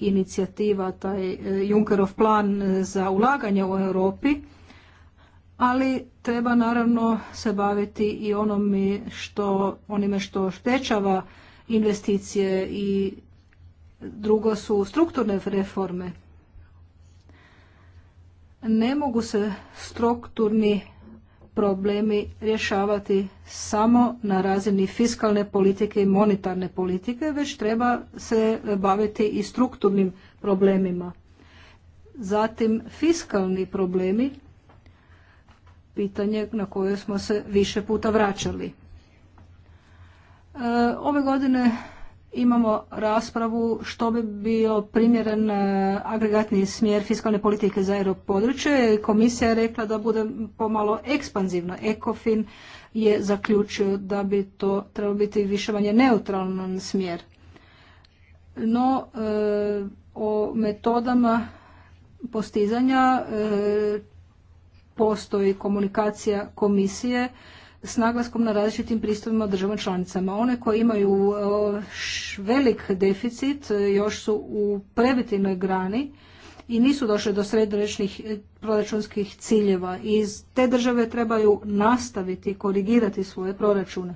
inicijativa, taj e, Junckerov plan za ulaganje u Europi ali treba naravno se baviti i onome što, onime što stečava investicije i drugo su strukturne reforme. Ne mogu se strukturni problemi rješavati samo na razini fiskalne politike i monetarne politike, već treba se baviti i strukturnim problemima. Zatim fiskalni problemi pitanje na koje smo se više puta vraćali. E, ove godine imamo raspravu što bi bio primjeren e, agregatni smjer fiskalne politike za europodručje. Komisija je rekla da bude pomalo ekspanzivna. ECOFIN je zaključio da bi to trebalo biti više manje neutralan smjer. No, e, o metodama postizanja postoji komunikacija komisije s naglaskom na različitim pristupima državama članicama. One koje imaju e, velik deficit e, još su u prebitivnoj grani i nisu došle do srednjoročnih e, proračunskih ciljeva i te države trebaju nastaviti korigirati svoje proračune.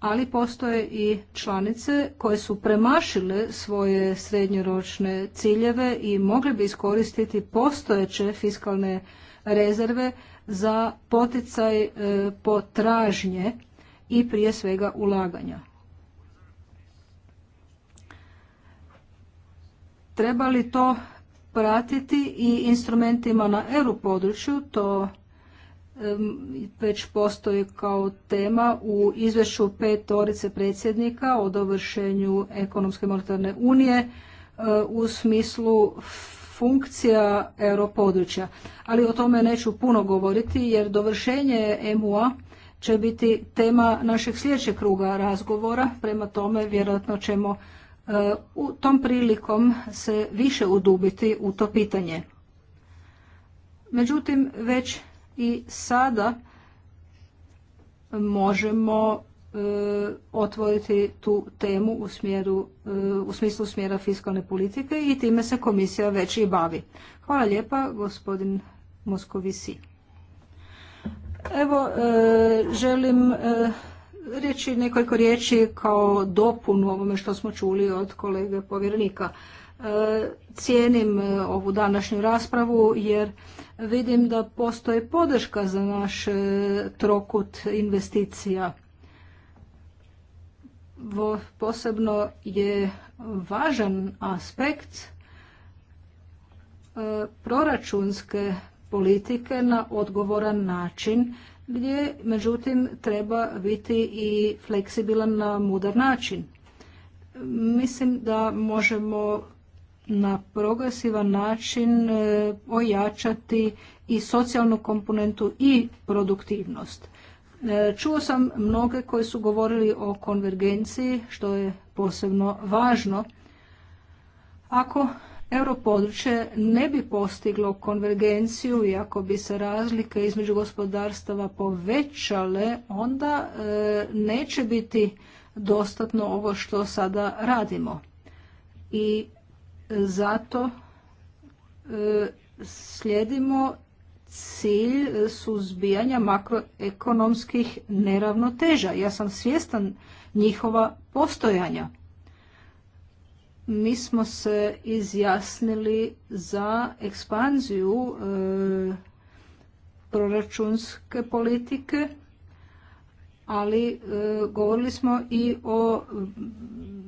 Ali postoje i članice koje su premašile svoje srednjoročne ciljeve i mogli bi iskoristiti postojeće fiskalne rezerve za poticaj e, potražnje i prije svega ulaganja. Treba li to pratiti i instrumentima na EU području, to već postoji kao tema u izvješću torice predsjednika o dovršenju ekonomske monetarne unije e, u smislu funkcija europodručja. Ali o tome neću puno govoriti jer dovršenje MUA će biti tema našeg sljedećeg kruga razgovora. Prema tome vjerojatno ćemo e, u tom prilikom se više udubiti u to pitanje. Međutim, već i sada možemo E, otvoriti tu temu u, smjeru, e, u smislu smjera fiskalne politike i time se komisija već i bavi. Hvala lijepa gospodin Moskovisi. Evo, e, želim reći nekoliko riječi kao dopunu ovome što smo čuli od kolege povjerenika. Cijenim ovu današnju raspravu jer vidim da postoji podrška za naš trokut investicija posebno je važan aspekt e, proračunske politike na odgovoran način gdje međutim treba biti i fleksibilan na mudar način. Mislim da možemo na progresivan način e, ojačati i socijalnu komponentu i produktivnost. E, čuo sam mnoge koji su govorili o konvergenciji, što je posebno važno. Ako europodručje ne bi postiglo konvergenciju i ako bi se razlike između gospodarstava povećale, onda e, neće biti dostatno ovo što sada radimo. I zato e, slijedimo cilj suzbijanja makroekonomskih neravnoteža. Ja sam svjestan njihova postojanja. Mi smo se izjasnili za ekspanziju e, proračunske politike ali e, govorili smo i o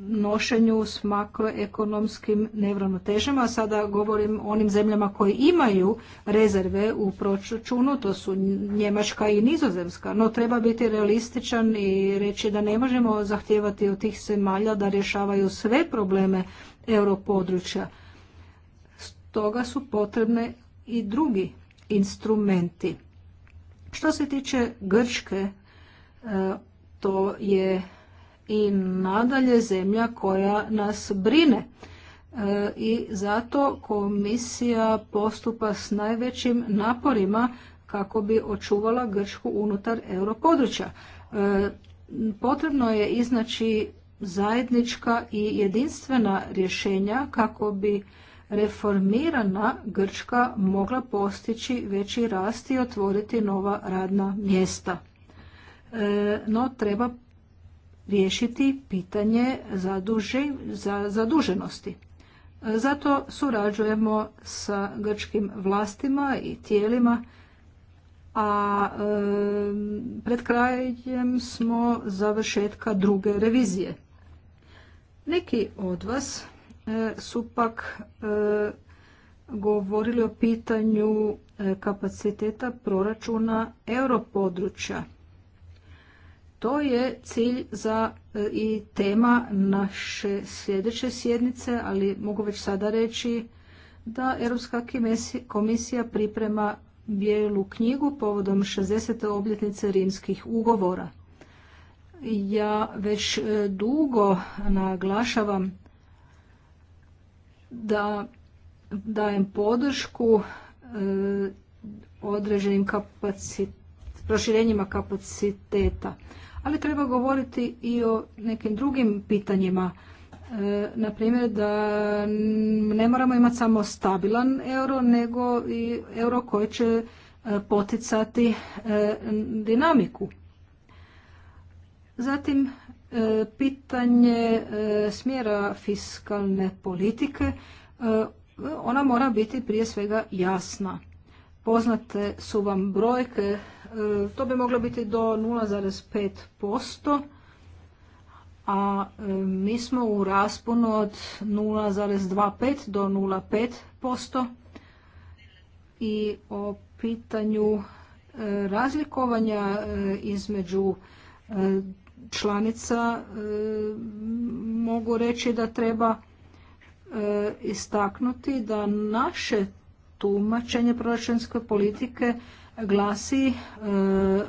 nošenju s makroekonomskim nevravnotežama. sada govorim o onim zemljama koje imaju rezerve u proračunu, to su Njemačka i Nizozemska. No treba biti realističan i reći da ne možemo zahtijevati od tih zemalja da rješavaju sve probleme europodručja. Stoga su potrebne i drugi instrumenti. Što se tiče Grčke, to je i nadalje zemlja koja nas brine. E, I zato komisija postupa s najvećim naporima kako bi očuvala Grčku unutar europodručja. E, potrebno je iznaći zajednička i jedinstvena rješenja kako bi reformirana Grčka mogla postići veći rast i otvoriti nova radna mjesta no treba riješiti pitanje zaduženosti. Zato surađujemo sa grčkim vlastima i tijelima, a pred krajem smo završetka druge revizije. Neki od vas e, su pak e, govorili o pitanju e, kapaciteta proračuna europodručja to je cilj za e, i tema naše sljedeće sjednice, ali mogu već sada reći da Europska komisija priprema bijelu knjigu povodom 60. obljetnice rimskih ugovora. Ja već e, dugo naglašavam da dajem podršku e, određenim proširenjima kapaciteta ali treba govoriti i o nekim drugim pitanjima. E, na primjer da ne moramo imati samo stabilan euro, nego i euro koji će e, poticati e, dinamiku. Zatim e, pitanje smjera fiskalne politike, ona mora biti prije svega jasna. Poznate su vam brojke E, to bi moglo biti do 0,5%, a e, mi smo u rasponu od 0,25 do 0,5% i o pitanju e, razlikovanja između članica mogu reći da treba istaknuti da naše tumačenje proračunske politike glasi e,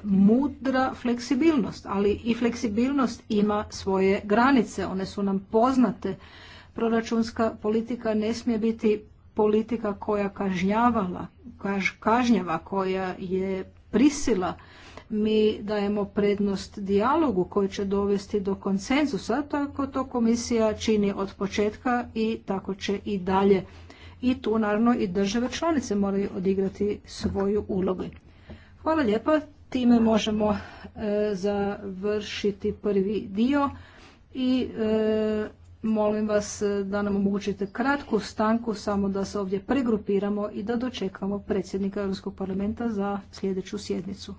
mudra fleksibilnost, ali i fleksibilnost ima svoje granice, one su nam poznate. Proračunska politika ne smije biti politika koja kažnjavala, kažnjava, koja je prisila. Mi dajemo prednost dijalogu koji će dovesti do konsenzusa, tako to komisija čini od početka i tako će i dalje i tu naravno i države članice moraju odigrati svoju ulogu. Hvala lijepa, time možemo e, završiti prvi dio i e, molim vas da nam omogućite kratku stanku samo da se ovdje pregrupiramo i da dočekamo predsjednika Europskog parlamenta za sljedeću sjednicu.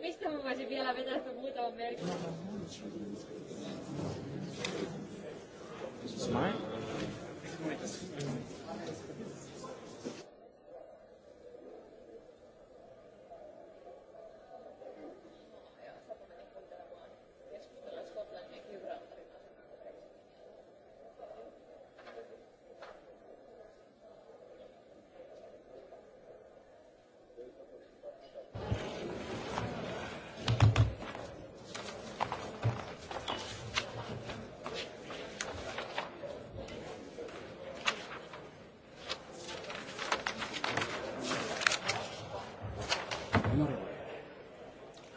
Mistä mä voisin vielä vetää sun muutaman merkin? Smile.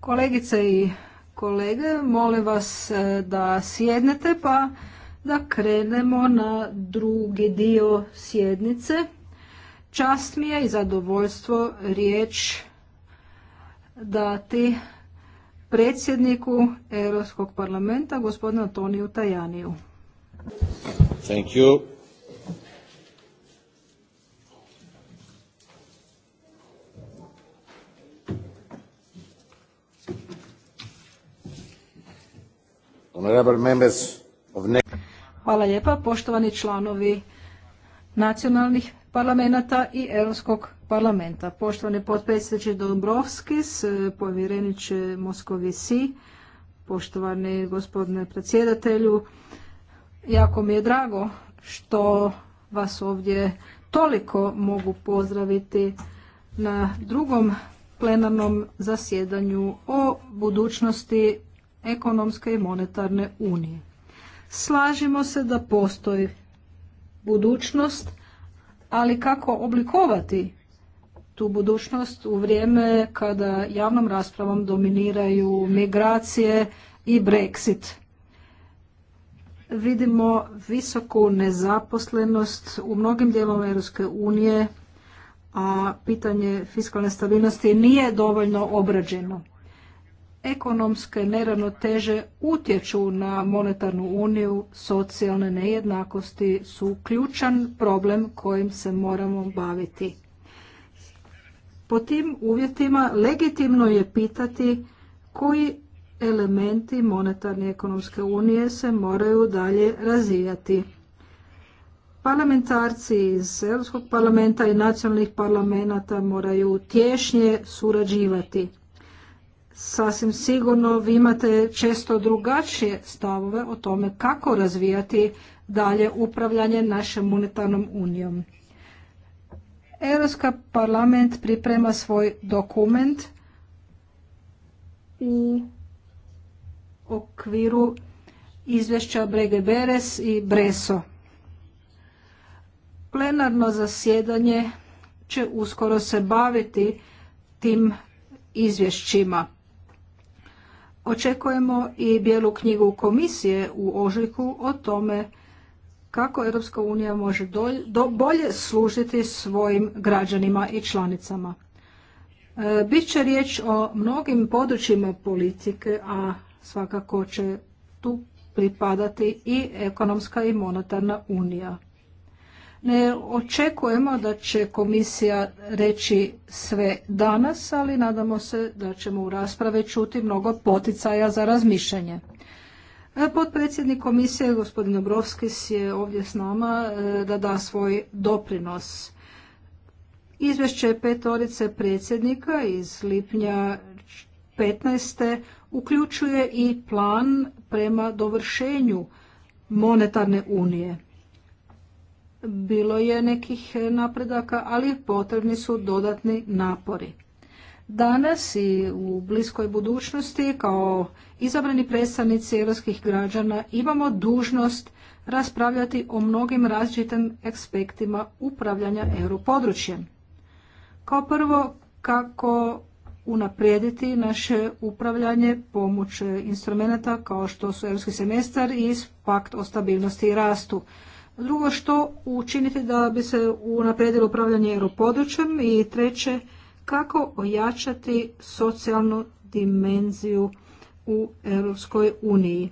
Kolegice i kolege, molim vas e, da sjednete pa da krenemo na drugi dio sjednice. Čast mi je i zadovoljstvo riječ dati predsjedniku Europskog parlamenta, gospodinu Antoniju Tajaniju. Thank you. Hvala lijepa poštovani članovi nacionalnih parlamenta i Europskog parlamenta. Poštovani potpredsjedniče Dombrovskis, povjereniče si, poštovani gospodine predsjedatelju, jako mi je drago što vas ovdje toliko mogu pozdraviti na drugom plenarnom zasjedanju o budućnosti ekonomske i monetarne unije. Slažimo se da postoji budućnost, ali kako oblikovati tu budućnost u vrijeme kada javnom raspravom dominiraju migracije i Brexit. Vidimo visoku nezaposlenost u mnogim dijelovima Europske unije, a pitanje fiskalne stabilnosti nije dovoljno obrađeno ekonomske neravnoteže utječu na monetarnu uniju, socijalne nejednakosti su ključan problem kojim se moramo baviti. Po tim uvjetima legitimno je pitati koji elementi monetarne i ekonomske unije se moraju dalje razvijati. Parlamentarci iz Europskog parlamenta i nacionalnih parlamenta moraju tješnje surađivati sasvim sigurno vi imate često drugačije stavove o tome kako razvijati dalje upravljanje našom monetarnom unijom. Europska parlament priprema svoj dokument u okviru izvješća Brege Beres i Breso. Plenarno zasjedanje će uskoro se baviti tim izvješćima. Očekujemo i bijelu knjigu komisije u ožujku o tome kako Europska unija može bolje služiti svojim građanima i članicama. E, Biće riječ o mnogim područjima politike, a svakako će tu pripadati i ekonomska i monetarna unija. Ne očekujemo da će komisija reći sve danas, ali nadamo se da ćemo u rasprave čuti mnogo poticaja za razmišljanje. E, potpredsjednik komisije gospodin Obrovskis je ovdje s nama e, da da svoj doprinos. Izvješće petorice predsjednika iz lipnja 15. uključuje i plan prema dovršenju monetarne unije bilo je nekih napredaka, ali potrebni su dodatni napori. Danas i u bliskoj budućnosti kao izabrani predstavnici europskih građana imamo dužnost raspravljati o mnogim različitim aspektima upravljanja europodručjem. Kao prvo, kako unaprijediti naše upravljanje pomoć instrumenta kao što su europski semestar i pakt o stabilnosti i rastu. Drugo, što učiniti da bi se unaprijedilo upravljanje europodručjem? I treće, kako ojačati socijalnu dimenziju u Europskoj uniji?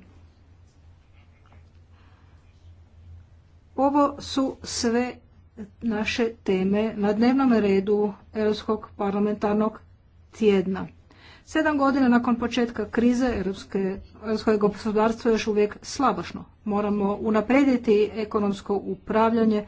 Ovo su sve naše teme na dnevnom redu Europskog parlamentarnog tjedna. Sedam godina nakon početka krize europske, europsko gospodarstvo je još uvijek slabašno. Moramo unaprijediti ekonomsko upravljanje,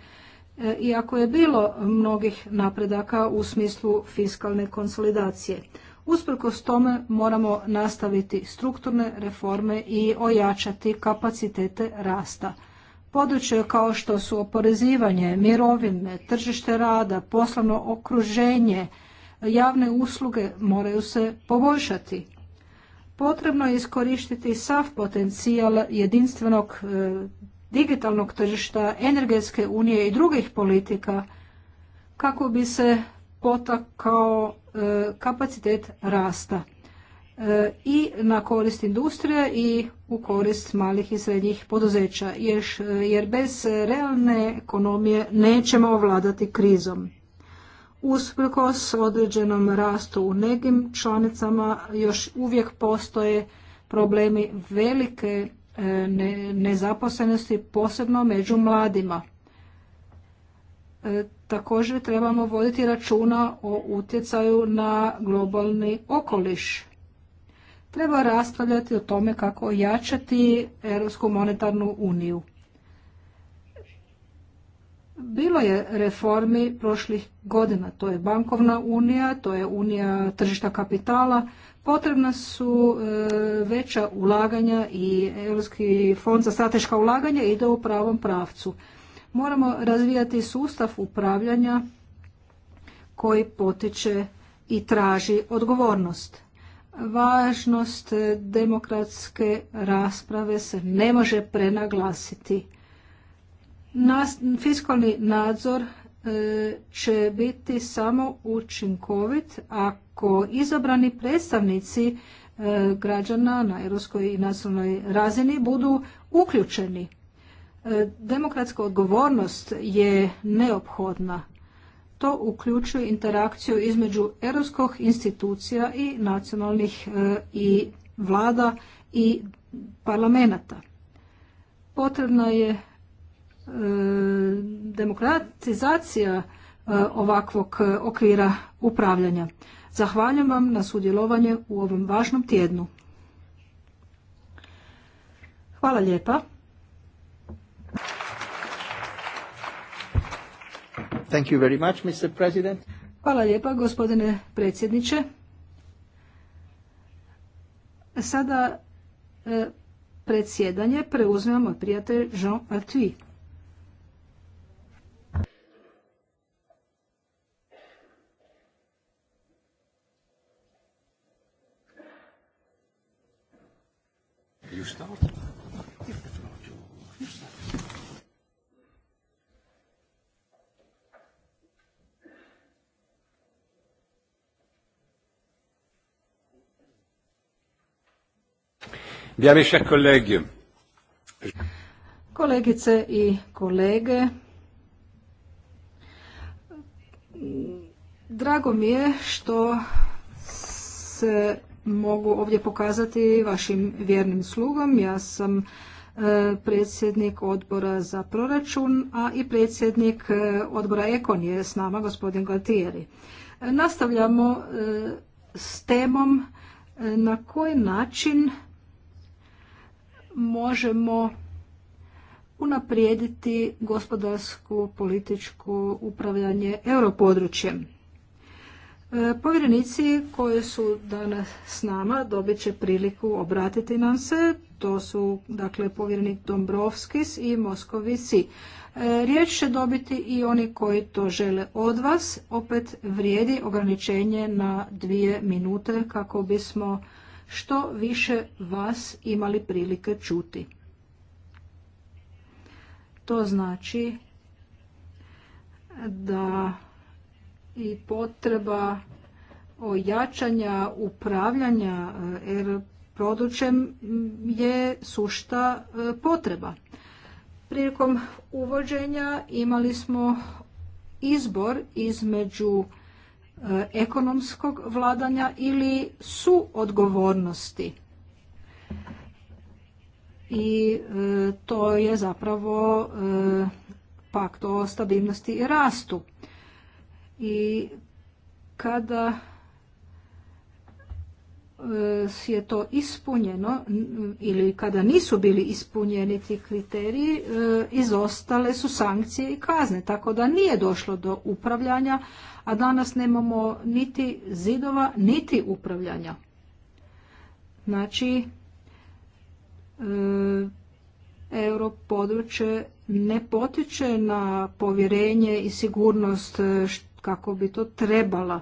e, iako je bilo mnogih napredaka u smislu fiskalne konsolidacije. Usprkos tome moramo nastaviti strukturne reforme i ojačati kapacitete rasta. Područje kao što su oporezivanje, mirovine, tržište rada, poslovno okruženje, javne usluge moraju se poboljšati. Potrebno je iskoristiti sav potencijal jedinstvenog e, digitalnog tržišta, energetske unije i drugih politika kako bi se potakao e, kapacitet rasta e, i na korist industrije i u korist malih i srednjih poduzeća jer bez realne ekonomije nećemo ovladati krizom usprkos određenom rastu u nekim članicama još uvijek postoje problemi velike e, nezaposlenosti, posebno među mladima. E, također trebamo voditi računa o utjecaju na globalni okoliš. Treba raspravljati o tome kako jačati Europsku monetarnu uniju. Bilo je reformi prošlih godina, to je bankovna unija, to je unija tržišta kapitala, potrebna su e, veća ulaganja i Europski fond za strateška ulaganja ide u pravom pravcu. Moramo razvijati sustav upravljanja koji potiče i traži odgovornost. Važnost demokratske rasprave se ne može prenaglasiti fiskalni nadzor e, će biti samo učinkovit ako izabrani predstavnici e, građana na europskoj i nacionalnoj razini budu uključeni. E, demokratska odgovornost je neophodna. To uključuje interakciju između europskog institucija i nacionalnih i vlada i parlamenata. Potrebna je E, demokratizacija e, ovakvog okvira upravljanja. Zahvaljujem vam na sudjelovanje u ovom važnom tjednu. Hvala lijepa. Thank you very much, Mr. President. Hvala lijepa, gospodine predsjedniče. Sada e, predsjedanje preuzmemo prijatelj Jean Arthuis. Kolegice i kolege, drago mi je što se mogu ovdje pokazati vašim vjernim slugom. Ja sam e, predsjednik odbora za proračun, a i predsjednik e, odbora Ekon je s nama, gospodin Galtieri. Nastavljamo e, s temom na koji način možemo unaprijediti gospodarsku, političku upravljanje europodručjem. E, povjerenici koji su danas s nama dobit će priliku obratiti nam se. To su dakle povjerenik Dombrovskis i Moskovici. E, riječ će dobiti i oni koji to žele od vas. Opet vrijedi ograničenje na dvije minute kako bismo što više vas imali prilike čuti. To znači da i potreba ojačanja upravljanja e, er područjem je sušta e, potreba. Prilikom uvođenja imali smo izbor između E, ekonomskog vladanja ili su odgovornosti. I e, to je zapravo e, pakt o stabilnosti i rastu. I kada je to ispunjeno ili kada nisu bili ispunjeni ti kriteriji izostale su sankcije i kazne tako da nije došlo do upravljanja a danas nemamo niti zidova, niti upravljanja. Znači, e, europodručje ne potiče na povjerenje i sigurnost e, kako bi to trebala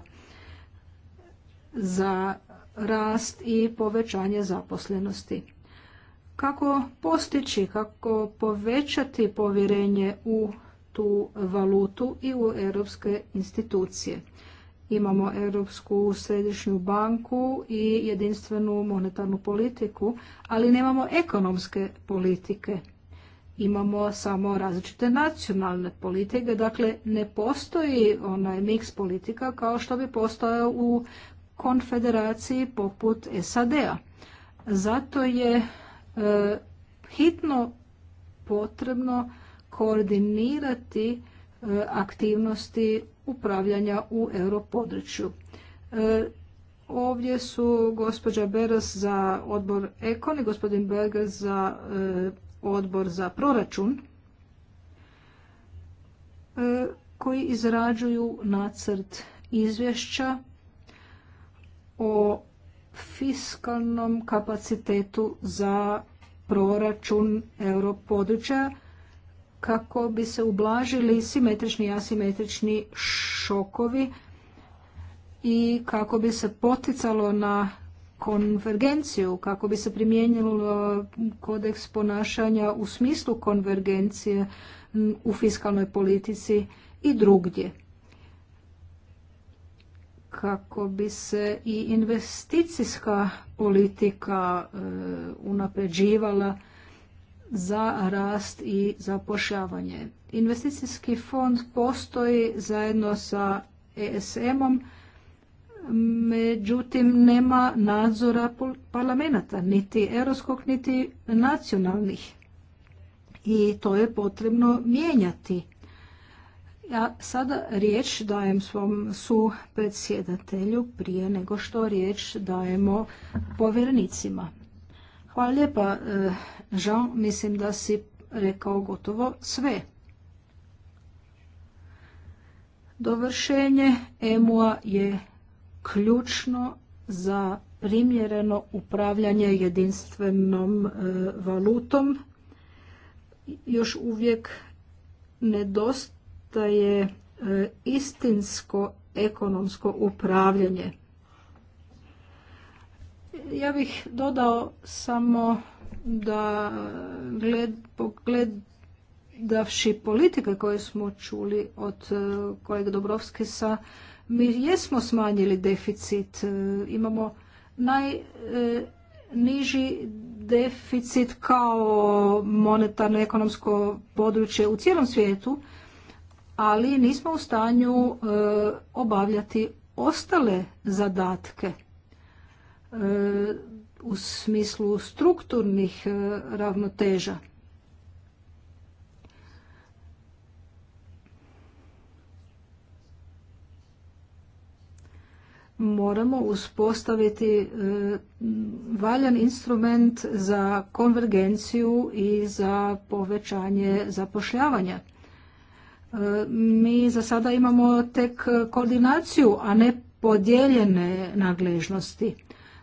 za rast i povećanje zaposlenosti. Kako postići, kako povećati povjerenje u tu valutu i u europske institucije. Imamo Europsku središnju banku i jedinstvenu monetarnu politiku, ali nemamo ekonomske politike. Imamo samo različite nacionalne politike, dakle ne postoji onaj miks politika kao što bi postojao u konfederaciji poput SAD-a. Zato je e, hitno potrebno koordinirati e, aktivnosti upravljanja u europodručju. E, ovdje su gospođa Beres za odbor Ekon i gospodin Berger za e, odbor za proračun koji izrađuju nacrt izvješća o fiskalnom kapacitetu za proračun europodručja kako bi se ublažili simetrični i asimetrični šokovi i kako bi se poticalo na konvergenciju, kako bi se primijenilo e, kodeks ponašanja u smislu konvergencije u fiskalnoj politici i drugdje. Kako bi se i investicijska politika e, unapređivala za rast i zapošljavanje. Investicijski fond postoji zajedno sa ESM-om, međutim nema nadzora parlamenta, niti europskog, niti nacionalnih. I to je potrebno mijenjati. Ja sada riječ dajem svom su predsjedatelju prije nego što riječ dajemo povjernicima. Hvala lijepa, Jean. Mislim da si rekao gotovo sve. Dovršenje EMU-a je ključno za primjereno upravljanje jedinstvenom e, valutom. Još uvijek nedostaje e, istinsko ekonomsko upravljanje ja bih dodao samo da gled, politike koje smo čuli od e, kolege Dobrovskisa, mi jesmo smanjili deficit. E, imamo najniži e, deficit kao monetarno ekonomsko područje u cijelom svijetu, ali nismo u stanju obavljati ostale zadatke u smislu strukturnih e, ravnoteža. moramo uspostaviti e, valjan instrument za konvergenciju i za povećanje zapošljavanja. E, mi za sada imamo tek koordinaciju, a ne podijeljene nagležnosti.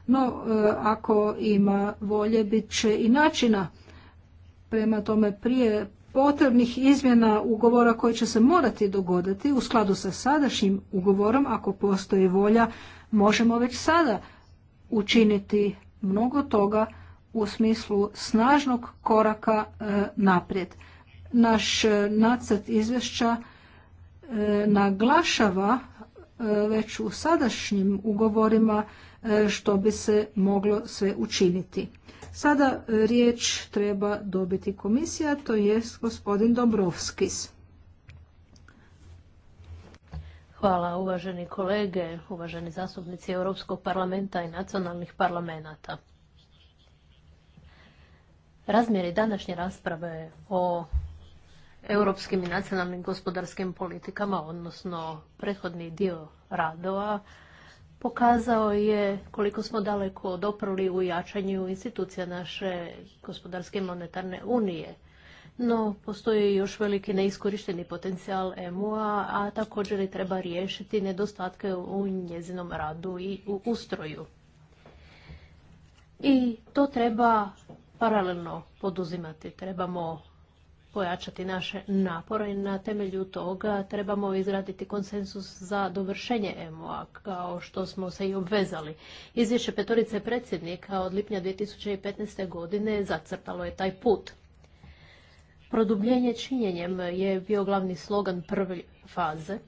No, e, ako ima volje, bit će i načina. Prema tome, prije potrebnih izmjena ugovora koje će se morati dogoditi u skladu sa sadašnjim ugovorom, ako postoji volja, možemo već sada učiniti mnogo toga u smislu snažnog koraka e, naprijed. Naš e, nacrt izvješća naglašava već u sadašnjim ugovorima što bi se moglo sve učiniti. Sada e, riječ treba dobiti komisija, to jest gospodin Dobrovskis. Hvala uvaženi kolege, uvaženi zastupnici Europskog parlamenta i nacionalnih parlamenta. Razmjeri današnje rasprave o europskim i nacionalnim gospodarskim politikama, odnosno prethodni dio radova, pokazao je koliko smo daleko odoprli u jačanju institucija naše gospodarske i monetarne unije. No, postoji još veliki neiskorišteni potencijal EMU-a, a također i treba riješiti nedostatke u njezinom radu i u ustroju. I to treba paralelno poduzimati. Trebamo pojačati naše napore i na temelju toga trebamo izraditi konsensus za dovršenje emoa kao što smo se i obvezali. Izvješće petorice predsjednika od lipnja 2015. godine zacrtalo je taj put. Produbljenje činjenjem je bio glavni slogan prve faze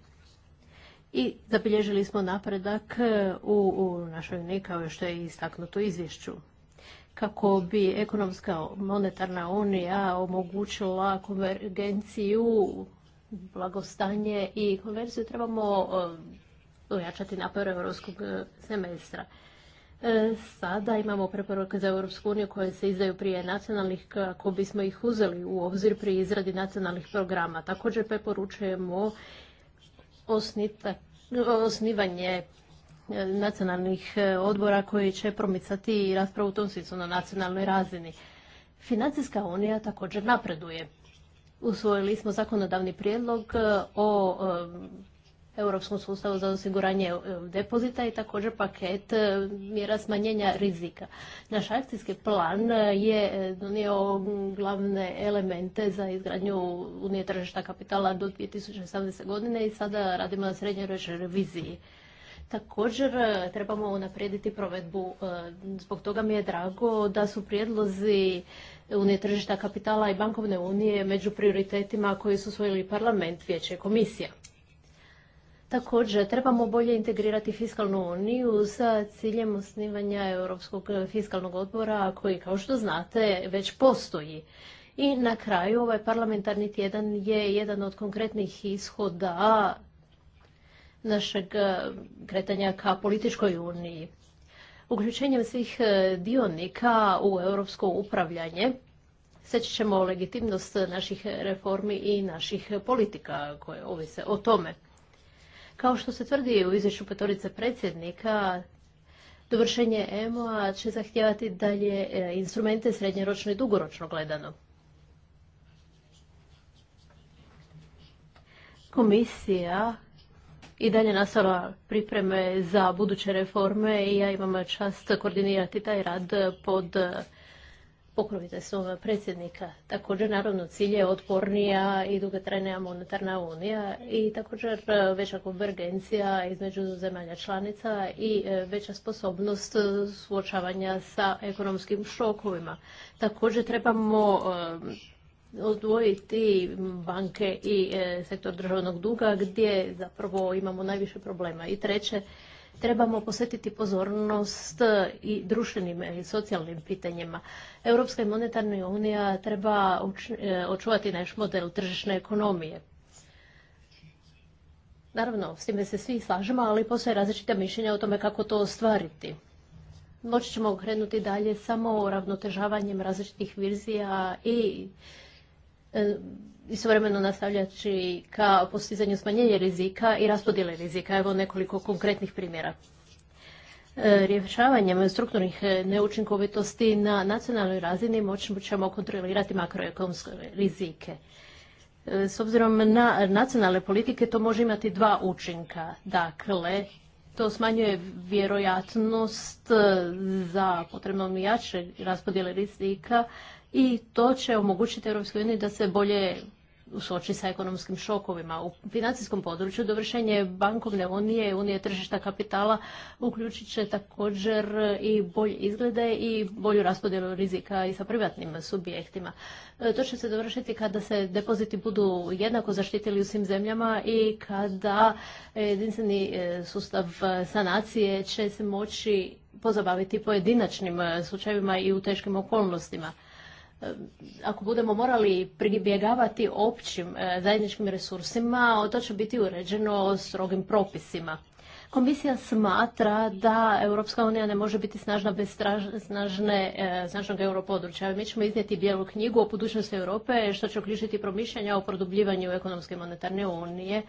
i zabilježili smo napredak u, u našoj kao što je istaknuto izvješću kako bi ekonomska monetarna unija omogućila konvergenciju, blagostanje i konverziju, trebamo eh, ojačati napor europskog eh, semestra. Eh, sada imamo preporuke za Europsku uniju koje se izdaju prije nacionalnih kako bismo ih uzeli u obzir pri izradi nacionalnih programa. Također preporučujemo osnivanje nacionalnih e, odbora koji će promicati raspravu u tom na nacionalnoj razini. Financijska unija također napreduje. Usvojili smo zakonodavni prijedlog e, o e, europskom sustavu za osiguranje depozita i također paket mjera smanjenja rizika. Naš akcijski plan je donio glavne elemente za izgradnju unije tržišta kapitala do 2018. godine i sada radimo na srednjoj reviziji. Također e, trebamo unaprijediti provedbu. E, zbog toga mi je drago da su prijedlozi Unije tržišta kapitala i bankovne unije među prioritetima koji su usvojili parlament, vijeće i komisija. Također, trebamo bolje integrirati fiskalnu uniju sa ciljem osnivanja Europskog fiskalnog odbora koji, kao što znate, već postoji. I na kraju, ovaj parlamentarni tjedan je jedan od konkretnih ishoda našeg e, kretanja ka političkoj uniji. Uključenjem svih e, dionika u europsko upravljanje steći ćemo legitimnost naših reformi i naših politika koje ovise o tome. Kao što se tvrdi u izvješću petorice predsjednika, dovršenje EMO-a će zahtijevati dalje e, instrumente srednjeročno i dugoročno gledano. Komisija i dalje nastala pripreme za buduće reforme i ja imam čast koordinirati taj rad pod pokroviteljstvom predsjednika. Također, naravno, cilj je otpornija i dugotrajnija monetarna unija i također veća konvergencija između zemalja članica i e, veća sposobnost suočavanja sa ekonomskim šokovima. Također, trebamo e, odvojiti banke i e, sektor državnog duga gdje zapravo imamo najviše problema. I treće, trebamo posvetiti pozornost i društvenim i socijalnim pitanjima. Europska i monetarna unija treba e, očuvati naš model tržišne ekonomije. Naravno, s time se svi slažemo, ali postoje različita mišljenja o tome kako to ostvariti. Moći ćemo krenuti dalje samo ravnotežavanjem različitih vizija i E, istovremeno nastavljači ka postizanju smanjenja rizika i raspodjele rizika. Evo nekoliko konkretnih primjera. E, rješavanjem strukturnih neučinkovitosti na nacionalnoj razini moći ćemo kontrolirati makroekonomske rizike. E, s obzirom na nacionalne politike to može imati dva učinka. Dakle, to smanjuje vjerojatnost za potrebno jače raspodjele rizika, i to će omogućiti Europskoj uniji da se bolje suoči sa ekonomskim šokovima. U financijskom području dovršenje bankovne unije, unije tržišta kapitala uključit će također i bolje izglede i bolju raspodjelu rizika i sa privatnim subjektima. E, to će se dovršiti kada se depoziti budu jednako zaštitili u svim zemljama i kada jedinstveni e, sustav e, sanacije će se moći pozabaviti pojedinačnim slučajevima i u teškim okolnostima. Eh, ako budemo morali pribjegavati općim eh, zajedničkim resursima, to će biti uređeno strogim propisima. Komisija smatra da Europska unija ne može biti snažna bez snažne, eh, snažnog europodručja. Mi ćemo iznijeti bijelu knjigu o budućnosti Europe, što će uključiti promišljanja o produbljivanju ekonomske monetarne unije,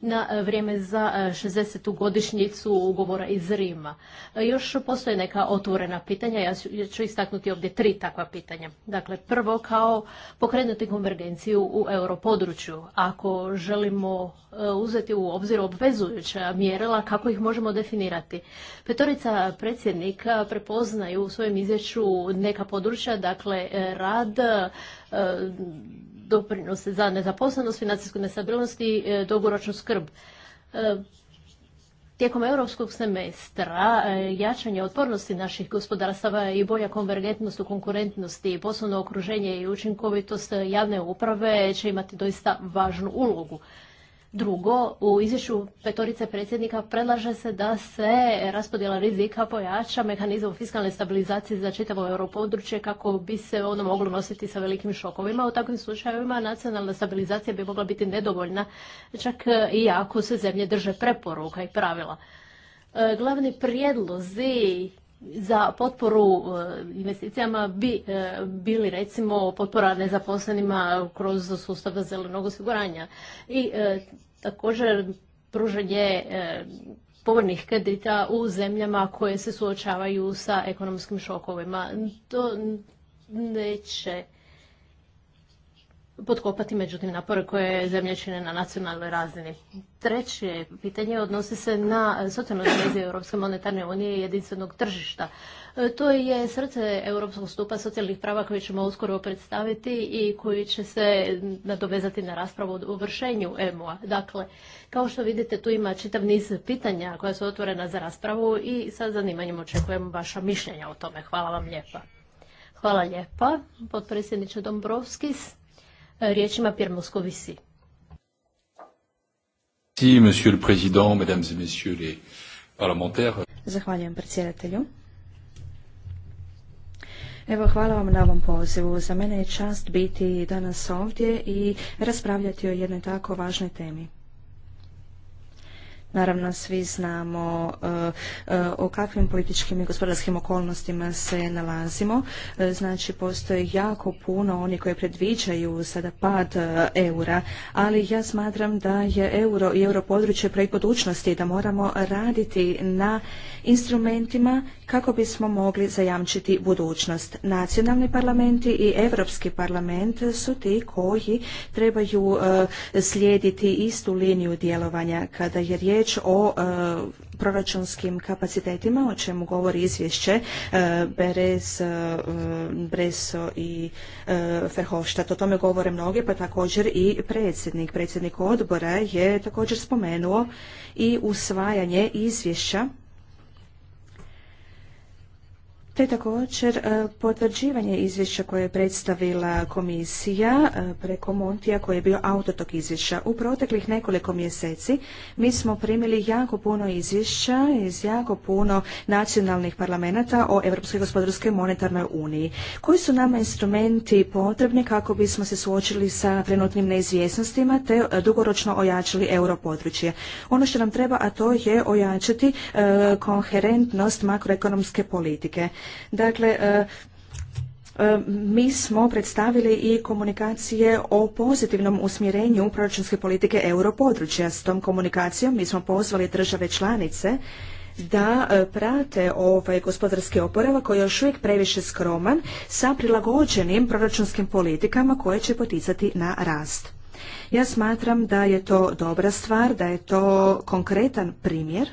na e, vrijeme za 60. E, godišnjicu ugovora iz Rima. E, još postoje neka otvorena pitanja, ja ću istaknuti ovdje tri takva pitanja. Dakle, prvo kao pokrenuti konvergenciju u europodručju. Ako želimo uzeti u obzir obvezujuća mjerila, kako ih možemo definirati? Petorica predsjednika prepoznaju u svojem izvješću neka područja, dakle rad, doprinose za nezaposlenost, financijsku nestabilnost i e, dugoročnu skrb. E, tijekom europskog semestra e, jačanje otpornosti naših gospodarstava i bolja konvergentnost u konkurentnosti, poslovno okruženje i učinkovitost javne uprave će imati doista važnu ulogu. Drugo, u izvješću petorice predsjednika predlaže se da se raspodjela rizika pojača mehanizam fiskalne stabilizacije za čitavo europodručje kako bi se ono moglo nositi sa velikim šokovima. U takvim slučajevima nacionalna stabilizacija bi mogla biti nedovoljna čak i ako se zemlje drže preporuka i pravila. E, glavni prijedlozi za potporu e, investicijama bi e, bili recimo potpora nezaposlenima kroz sustav zelenog osiguranja i e, također pružanje povrnih kredita u zemljama koje se suočavaju sa ekonomskim šokovima. To neće potkopati međutim napore koje zemlje čine na nacionalnoj razini. Treće pitanje odnosi se na socijalnu dimenziju Europske monetarne unije i jedinstvenog tržišta. E, to je srce Europskog stupa socijalnih prava koje ćemo uskoro predstaviti i koji će se nadovezati na raspravu o vršenju emo a Dakle, kao što vidite, tu ima čitav niz pitanja koja su otvorena za raspravu i sa zanimanjem očekujemo vaša mišljenja o tome. Hvala vam lijepa. Hvala lijepa, potpredsjedniče Dombrovskis riječima Pierre Moscovici. monsieur le président, mesdames et messieurs les parlementaires. Zahvaljujem predsjedatelju. Evo, hvala vam na ovom pozivu. Za mene je čast biti danas ovdje i raspravljati o jednoj tako važnoj temi. Naravno, svi znamo e, e, o kakvim političkim i gospodarskim okolnostima se nalazimo. E, znači, postoji jako puno oni koji predviđaju sada pad eura, ali ja smatram da je euro i europodručje projekt budućnosti, da moramo raditi na instrumentima kako bismo mogli zajamčiti budućnost. Nacionalni parlamenti i Europski parlament su ti koji trebaju e, slijediti istu liniju djelovanja kada je riječ o e, proračunskim kapacitetima, o čemu govori izvješće e, Beres, Breso i Ferhošta. O tome govore mnogi, pa također i predsjednik. Predsjednik odbora je također spomenuo i usvajanje izvješća te također e, potvrđivanje izvješća koje je predstavila komisija e, preko Montija koji je bio autor tog izvješća. U proteklih nekoliko mjeseci mi smo primili jako puno izvješća iz jako puno nacionalnih parlamenta o Europskoj gospodarskoj monetarnoj uniji. Koji su nama instrumenti potrebni kako bismo se suočili sa trenutnim neizvjesnostima te e, dugoročno ojačali područje Ono što nam treba, a to je ojačati koherentnost makroekonomske politike Dakle, e, e, mi smo predstavili i komunikacije o pozitivnom usmjerenju proračunske politike europodručja. S tom komunikacijom mi smo pozvali države članice da e, prate ovaj gospodarski oporavak koji je još uvijek previše skroman sa prilagođenim proračunskim politikama koje će poticati na rast. Ja smatram da je to dobra stvar, da je to konkretan primjer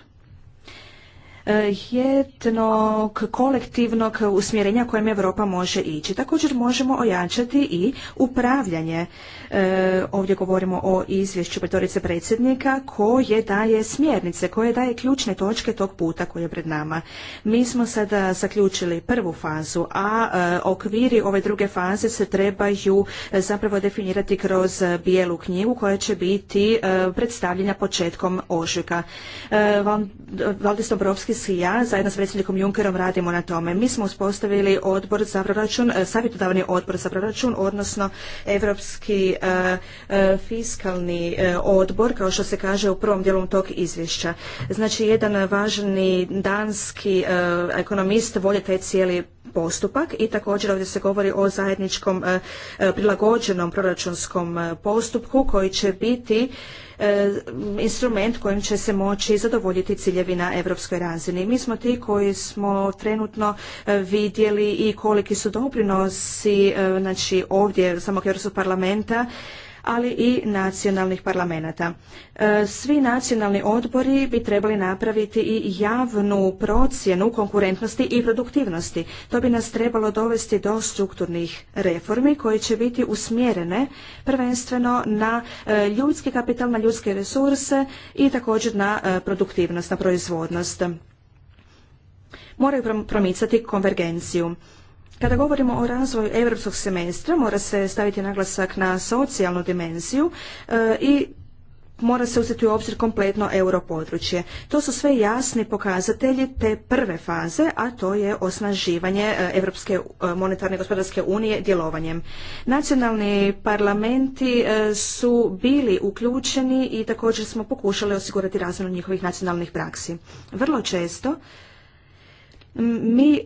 E, jednog kolektivnog usmjerenja kojem Europa može ići. Također možemo ojačati i upravljanje. E, ovdje govorimo o izvješću petorice predsjednika koje daje smjernice, koje daje ključne točke tog puta koji je pred nama. Mi smo sada zaključili prvu fazu, a e, okviri ove druge faze se trebaju zapravo definirati kroz bijelu knjigu koja će biti predstavljena početkom ožujka. Valdis Dobrovski i ja zajedno s predsjednikom Junckerom radimo na tome. Mi smo uspostavili odbor za proračun, e, savjetodavni odbor za proračun, odnosno Europski e, e, fiskalni odbor, kao što se kaže u prvom dijelu tog izvješća. Znači, jedan važni danski ekonomist volje taj cijeli postupak i također ovdje se govori o zajedničkom prilagođenom proračunskom postupku koji će biti E, instrument kojim će se moći zadovoljiti ciljevi na europskoj razini. Mi smo ti koji smo trenutno e, vidjeli i koliki su doprinosi e, znači ovdje samog Europskog parlamenta ali i nacionalnih parlamenata. E, svi nacionalni odbori bi trebali napraviti i javnu procjenu konkurentnosti i produktivnosti. To bi nas trebalo dovesti do strukturnih reformi koje će biti usmjerene prvenstveno na e, ljudski kapital, na ljudske resurse i također na e, produktivnost, na proizvodnost. Moraju promicati konvergenciju. Kada govorimo o razvoju europskog semestra, mora se staviti naglasak na socijalnu dimenziju eh, i mora se uzeti u obzir kompletno europodručje. To su sve jasni pokazatelji te prve faze, a to je osnaživanje eh, Europske eh, monetarne gospodarske unije djelovanjem. Nacionalni parlamenti su bili uključeni i također smo pokušali osigurati razvoj njihovih nacionalnih praksi. Vrlo često mi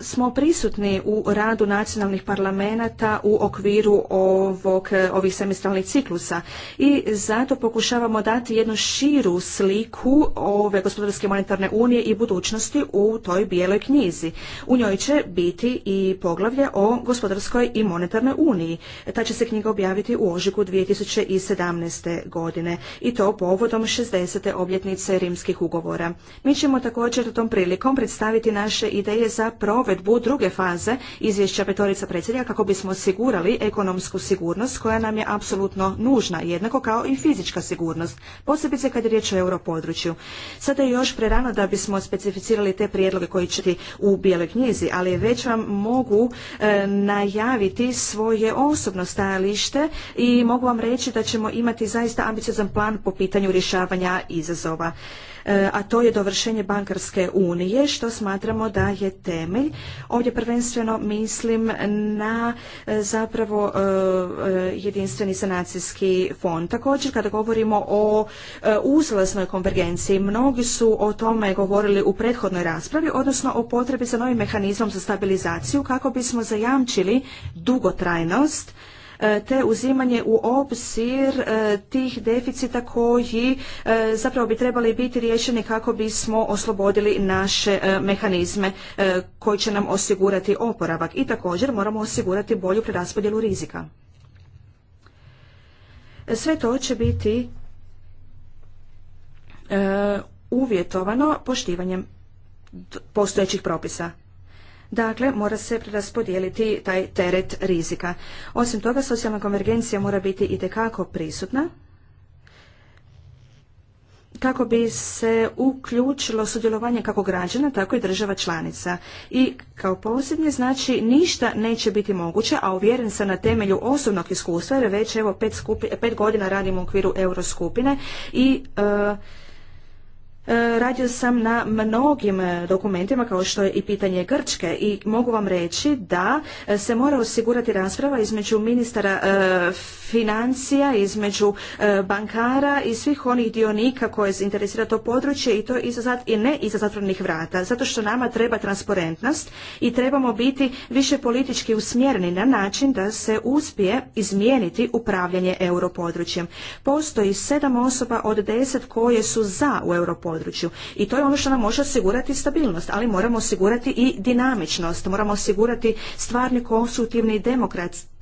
smo prisutni u radu nacionalnih parlamenata u okviru ovog, eh, ovih semestralnih ciklusa i zato pokušavamo dati jednu širu sliku ove gospodarske monetarne unije i budućnosti u toj bijeloj knjizi. U njoj će biti i poglavlje o gospodarskoj i monetarnoj uniji. Ta će se knjiga objaviti u ožiku 2017. godine i to povodom 60. obljetnice rimskih ugovora. Mi ćemo također tom prilikom predstaviti naše ideje za provedbu druge faze izvješća petorica predsjednika kako bismo osigurali ekonomsku sigurnost koja nam je apsolutno nužna, jednako kao i fizička sigurnost, posebice kad je riječ o europodručju. Sada je još prerano da bismo specificirali te prijedloge koji će u bijeloj knjizi, ali već vam mogu e, najaviti svoje osobno stajalište i mogu vam reći da ćemo imati zaista ambiciozan plan po pitanju rješavanja izazova. E, a to je dovršenje bankarske unije, što smatramo da je temelj. Ovdje prvenstveno mislim na e, zapravo e, jedinstveni sanacijski fond. Također kada govorimo o uzlaznoj konvergenciji, mnogi su o tome govorili u prethodnoj raspravi, odnosno o potrebi za novim mehanizmom za stabilizaciju kako bismo zajamčili dugotrajnost E, te uzimanje u obzir e, tih deficita koji e, zapravo bi trebali biti riješeni kako bismo oslobodili naše mehanizme koji će nam osigurati oporavak i također moramo osigurati bolju preraspodjelu rizika. Sve to će biti uvjetovano poštivanjem postojećih propisa. Dakle, mora se preraspodijeliti taj teret rizika. Osim toga, socijalna konvergencija mora biti itekako prisutna kako bi se uključilo sudjelovanje kako građana, tako i država članica. I kao posljednje, znači, ništa neće biti moguće, a uvjeren sam na temelju osobnog iskustva, jer već evo pet, godina radim u okviru euroskupine i e, E, radio sam na mnogim e, dokumentima kao što je i pitanje Grčke i mogu vam reći da e, se mora osigurati rasprava između ministara financija, između e, bankara i svih onih dionika koje zainteresira to područje i to i ne iza zatvorenih vrata. Zato što nama treba transparentnost i trebamo biti više politički usmjereni na način da se uspije izmijeniti upravljanje europodručjem. Postoji sedam osoba od deset koje su za u europodručju i to je ono što nam može osigurati stabilnost, ali moramo osigurati i dinamičnost, moramo osigurati stvarni konsultivni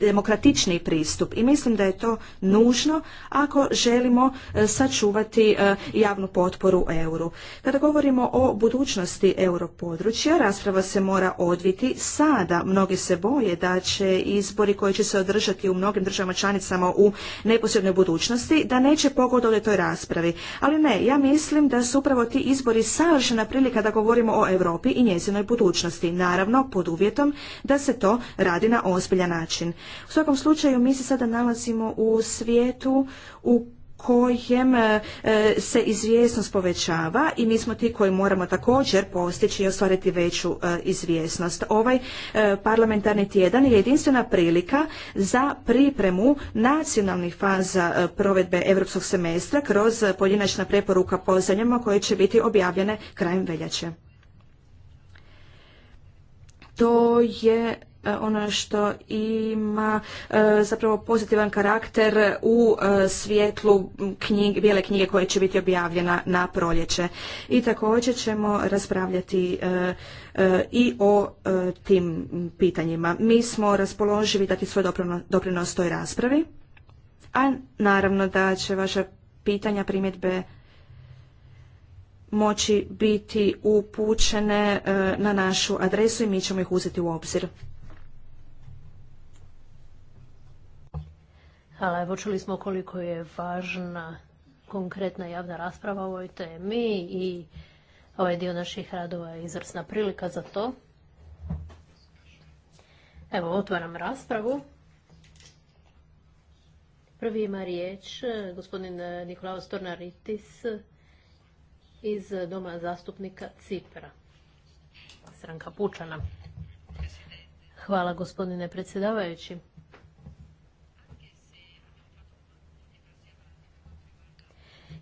demokratični pristup i mislim da je to nužno ako želimo e, sačuvati e, javnu potporu euru. Kada govorimo o budućnosti europodručja, rasprava se mora odviti sada. Mnogi se boje da će izbori koji će se održati u mnogim državama članicama u neposrednoj budućnosti, da neće pogodovati toj raspravi. Ali ne, ja mislim da su upravo ti izbori savršena prilika da govorimo o Europi i njezinoj budućnosti. Naravno, pod uvjetom da se to radi na ozbiljan način. U svakom slučaju, mi se sada nalazimo nalazimo u svijetu u kojem e, se izvjesnost povećava i mi smo ti koji moramo također postići i ostvariti veću e, izvjesnost. Ovaj e, parlamentarni tjedan je jedinstvena prilika za pripremu nacionalnih faza provedbe europskog semestra kroz pojedinačna preporuka po koje će biti objavljene krajem veljače. To je E, ono što ima e, zapravo pozitivan karakter u e, svijetlu knjig, bijele knjige koje će biti objavljena na proljeće. I također ćemo raspravljati i o tim pitanjima. Mi smo raspoloživi dati svoj doprinos toj raspravi, a naravno da će vaša pitanja, primjedbe moći biti upućene na našu adresu i mi ćemo ih uzeti u obzir. Hvala, evo čuli smo koliko je važna konkretna javna rasprava o ovoj temi i ovaj dio naših radova je izvrsna prilika za to. Evo, otvaram raspravu. Prvi ima riječ e, gospodin e, Nikolaos Tornaritis iz Doma zastupnika Cipra, Sranka Pučana. Hvala gospodine predsjedavajući.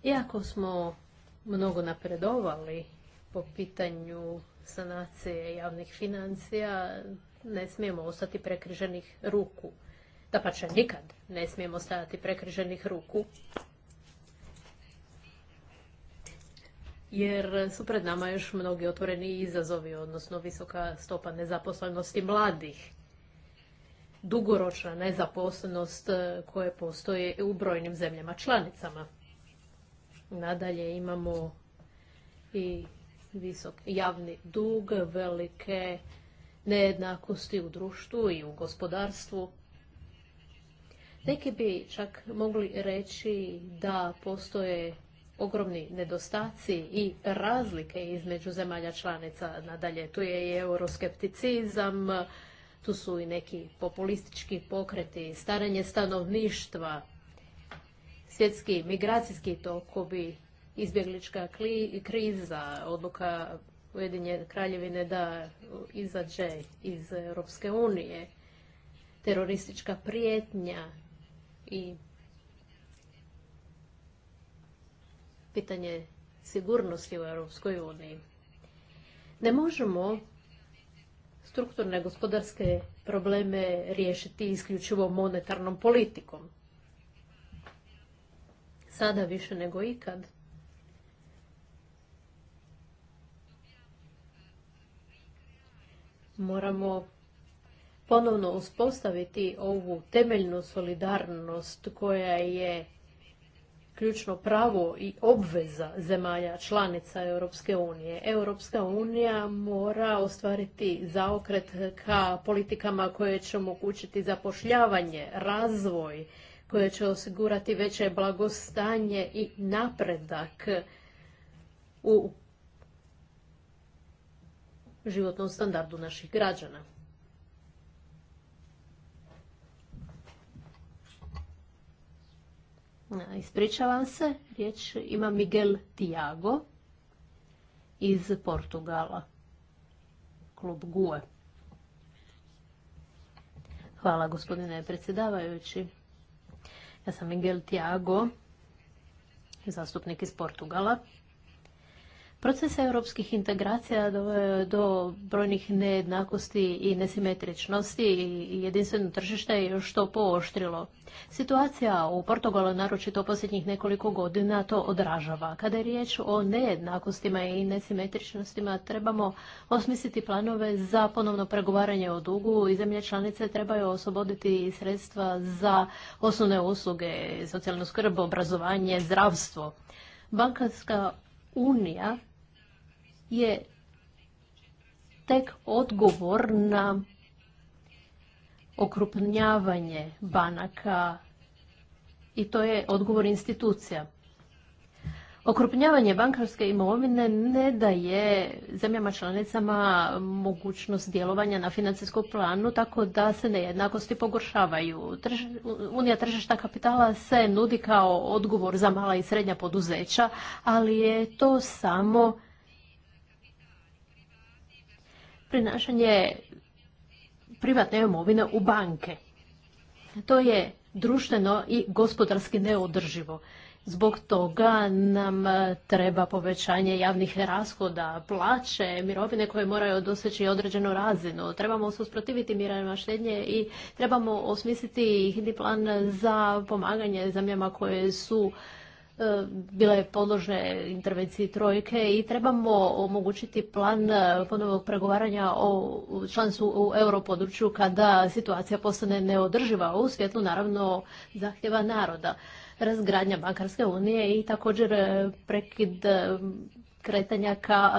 Iako smo mnogo napredovali po pitanju sanacije javnih financija, ne smijemo ostati prekriženih ruku. Da pa će nikad ne smijemo ostati prekriženih ruku. Jer su pred nama još mnogi otvoreni izazovi, odnosno visoka stopa nezaposlenosti mladih, dugoročna nezaposlenost eh, koje postoje u brojnim zemljama članicama. Nadalje imamo i visok javni dug, velike nejednakosti u društvu i u gospodarstvu. Neki bi čak mogli reći da postoje ogromni nedostaci i razlike između zemalja članica. Nadalje, tu je i euroskepticizam, tu su i neki populistički pokreti, starenje stanovništva, svjetski migracijski tokovi, izbjeglička kriza, odluka Ujedinje kraljevine da izađe iz Europske unije, teroristička prijetnja i pitanje sigurnosti u Europskoj uniji. Ne možemo strukturne gospodarske probleme riješiti isključivo monetarnom politikom sada više nego ikad. Moramo ponovno uspostaviti ovu temeljnu solidarnost koja je ključno pravo i obveza zemalja članica Europske unije. Europska unija mora ostvariti zaokret ka politikama koje će omogućiti zapošljavanje, razvoj, koje će osigurati veće blagostanje i napredak u životnom standardu naših građana. Ispričavam se, riječ ima Miguel Tiago iz Portugala, klub GUE. Hvala gospodine predsjedavajući. Ja sam Miguel Tiago, zastupnik iz Portugala. Proces europskih integracija doveo do brojnih nejednakosti i nesimetričnosti i jedinstveno tržište je još to pooštrilo. Situacija u Portugalu, naročito posljednjih nekoliko godina, to odražava. Kada je riječ o nejednakostima i nesimetričnostima, trebamo osmisliti planove za ponovno pregovaranje o dugu i zemlje članice trebaju osloboditi sredstva za osnovne usluge, socijalnu skrb, obrazovanje, zdravstvo. Bankarska unija je tek odgovor na okrupnjavanje banaka i to je odgovor institucija. Okrupnjavanje bankarske imovine ne daje zemljama članicama mogućnost djelovanja na financijskom planu, tako da se nejednakosti pogoršavaju. Unija tržišta kapitala se nudi kao odgovor za mala i srednja poduzeća, ali je to samo prinašanje privatne imovine u banke. To je društveno i gospodarski neodrživo. Zbog toga nam e, treba povećanje javnih rashoda, plaće, mirovine koje moraju doseći određenu razinu. Trebamo se usprotiviti mjerama štednje i trebamo osmisliti hitni plan za pomaganje zemljama koje su E, bile podložne intervenciji trojke i trebamo omogućiti plan e, ponovnog pregovaranja o članstvu u europodručju kada situacija postane neodrživa u svjetlu naravno zahtjeva naroda. Razgradnja bankarske unije i također e, prekid kretanja ka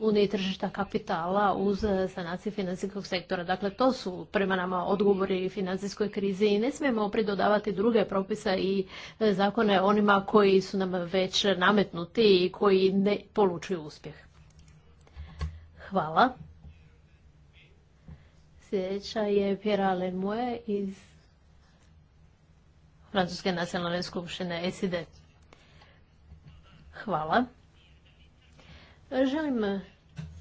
uniji tržišta kapitala uz e, sanaciju financijskog sektora. Dakle, to su prema nama odgovori financijskoj krizi i ne smijemo pridodavati druge propise i e, zakone onima koji su nam već nametnuti i koji ne polučuju uspjeh. Hvala. Sljedeća je Pjera Lenmoje iz Francuske nacionalne skupštine SID. Hvala. Želim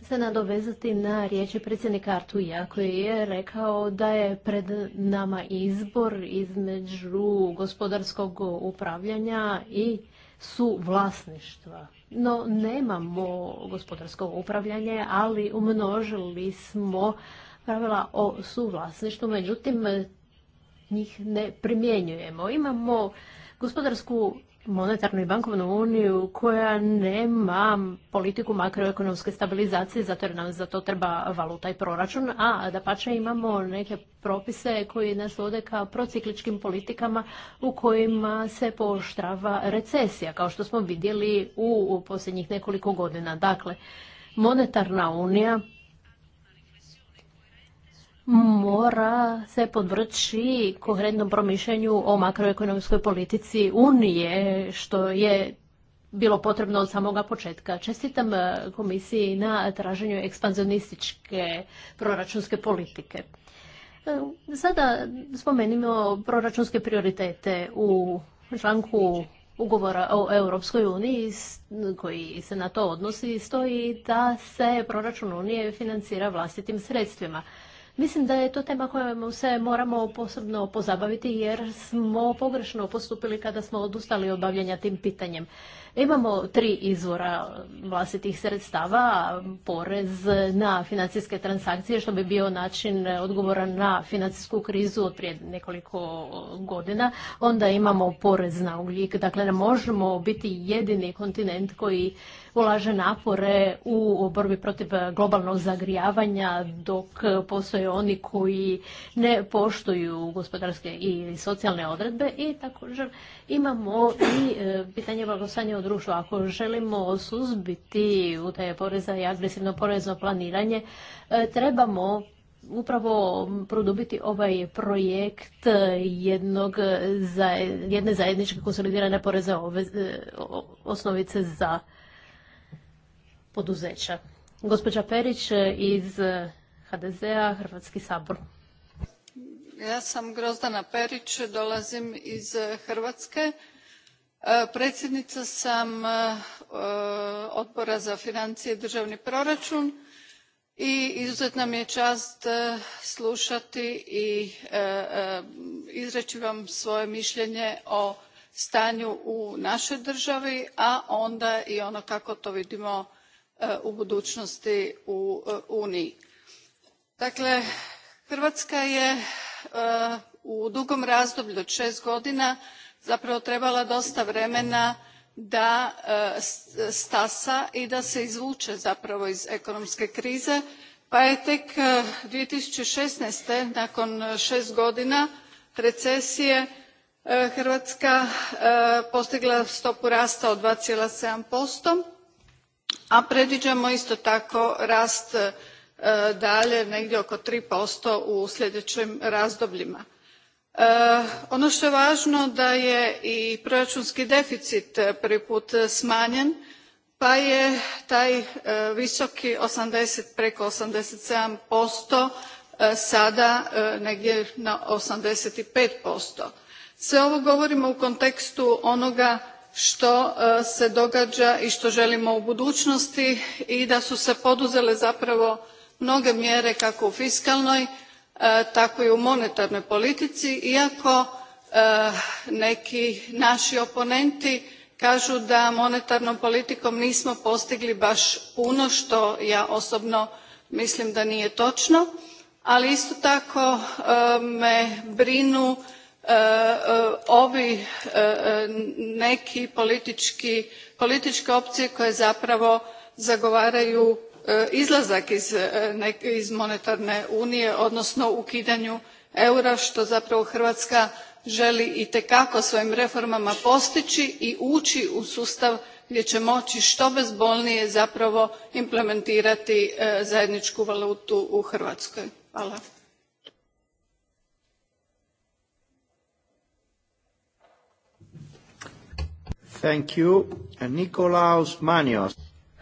se nadovezati na riječi predsjednika Artuija koji je rekao da je pred nama izbor između gospodarskog upravljanja i su vlasništva. No, nemamo gospodarsko upravljanje, ali umnožili smo pravila o suvlasništvu, međutim njih ne primjenjujemo. Imamo gospodarsku monetarnu i bankovnu uniju koja nema politiku makroekonomske stabilizacije zato jer nam za to treba valuta i proračun, a da pače imamo neke propise koji nas vode ka procikličkim politikama u kojima se pooštrava recesija kao što smo vidjeli u posljednjih nekoliko godina. Dakle, monetarna unija mora se podvrći koherentnom promišljenju o makroekonomskoj politici Unije, što je bilo potrebno od samoga početka. Čestitam e, komisiji na traženju ekspanzionističke proračunske politike. E, sada spomenimo proračunske prioritete u članku ugovora o Europskoj uniji koji se na to odnosi stoji da se proračun Unije financira vlastitim sredstvima. Mislim da je to tema kojom se moramo posebno pozabaviti jer smo pogrešno postupili kada smo odustali od bavljenja tim pitanjem. Imamo tri izvora vlastitih sredstava, porez na financijske transakcije, što bi bio način odgovora na financijsku krizu od prije nekoliko godina. Onda imamo porez na ugljik, dakle ne možemo biti jedini kontinent koji ulaže napore u borbi protiv globalnog zagrijavanja dok postoje oni koji ne poštuju gospodarske i socijalne odredbe i također imamo i e, pitanje blagostanja u društvu. Ako želimo suzbiti utaje poreza i agresivno porezno planiranje, e, trebamo upravo produbiti ovaj projekt jednog, jedne zajedničke konsolidirane poreze e, osnovice za poduzeća. Gospođa Perić iz HDZ-a, Hrvatski sabor ja sam grozdana perić dolazim iz e, hrvatske e, predsjednica sam e, odbora za financije i državni proračun i izuzetna mi je čast slušati i izreći vam svoje mišljenje o stanju u našoj državi a onda i ono kako to vidimo u budućnosti u uniji. dakle hrvatska je Eh, u dugom razdoblju od šest godina zapravo trebala dosta vremena da eh, stasa i da se izvuče zapravo iz ekonomske krize pa je tek. two thousand and nakon eh, šest godina recesije hrvatska postigla stopu rasta od two seven a predviđamo isto tako rast E, dalje negdje oko 3% u sljedećim razdobljima. E, ono što je važno da je i proračunski deficit prvi put smanjen pa je taj e, visoki 80, preko 87% sada negdje na 85%. Sve ovo govorimo u kontekstu onoga što se događa i što želimo u budućnosti i da su se poduzele zapravo mnoge mjere kako u fiskalnoj e, tako i u monetarnoj politici iako e, neki naši oponenti kažu da monetarnom politikom nismo postigli baš puno što ja osobno mislim da nije točno ali isto tako e, me brinu ovi neki politički, političke opcije koje zapravo zagovaraju E, izlazak e, iz, monetarne unije odnosno ukidanju eura što zapravo hrvatska želi itekako svojim reformama postići i ući u sustav gdje će moći što bezbolnije zapravo implementirati e, zajedničku valutu u hrvatskoj. hvala.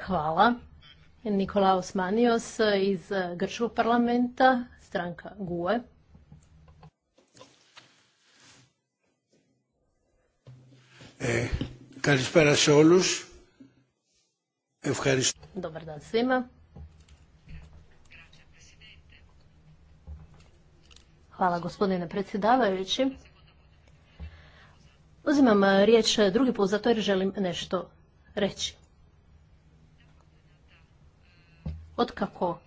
Hvala. Nikolaos Manios iz Grčkog parlamenta, stranka GUE. kalispera eh, se Dobar dan svima. Hvala gospodine predsjedavajući. Uzimam riječ drugi put zato jer želim nešto reći. otkako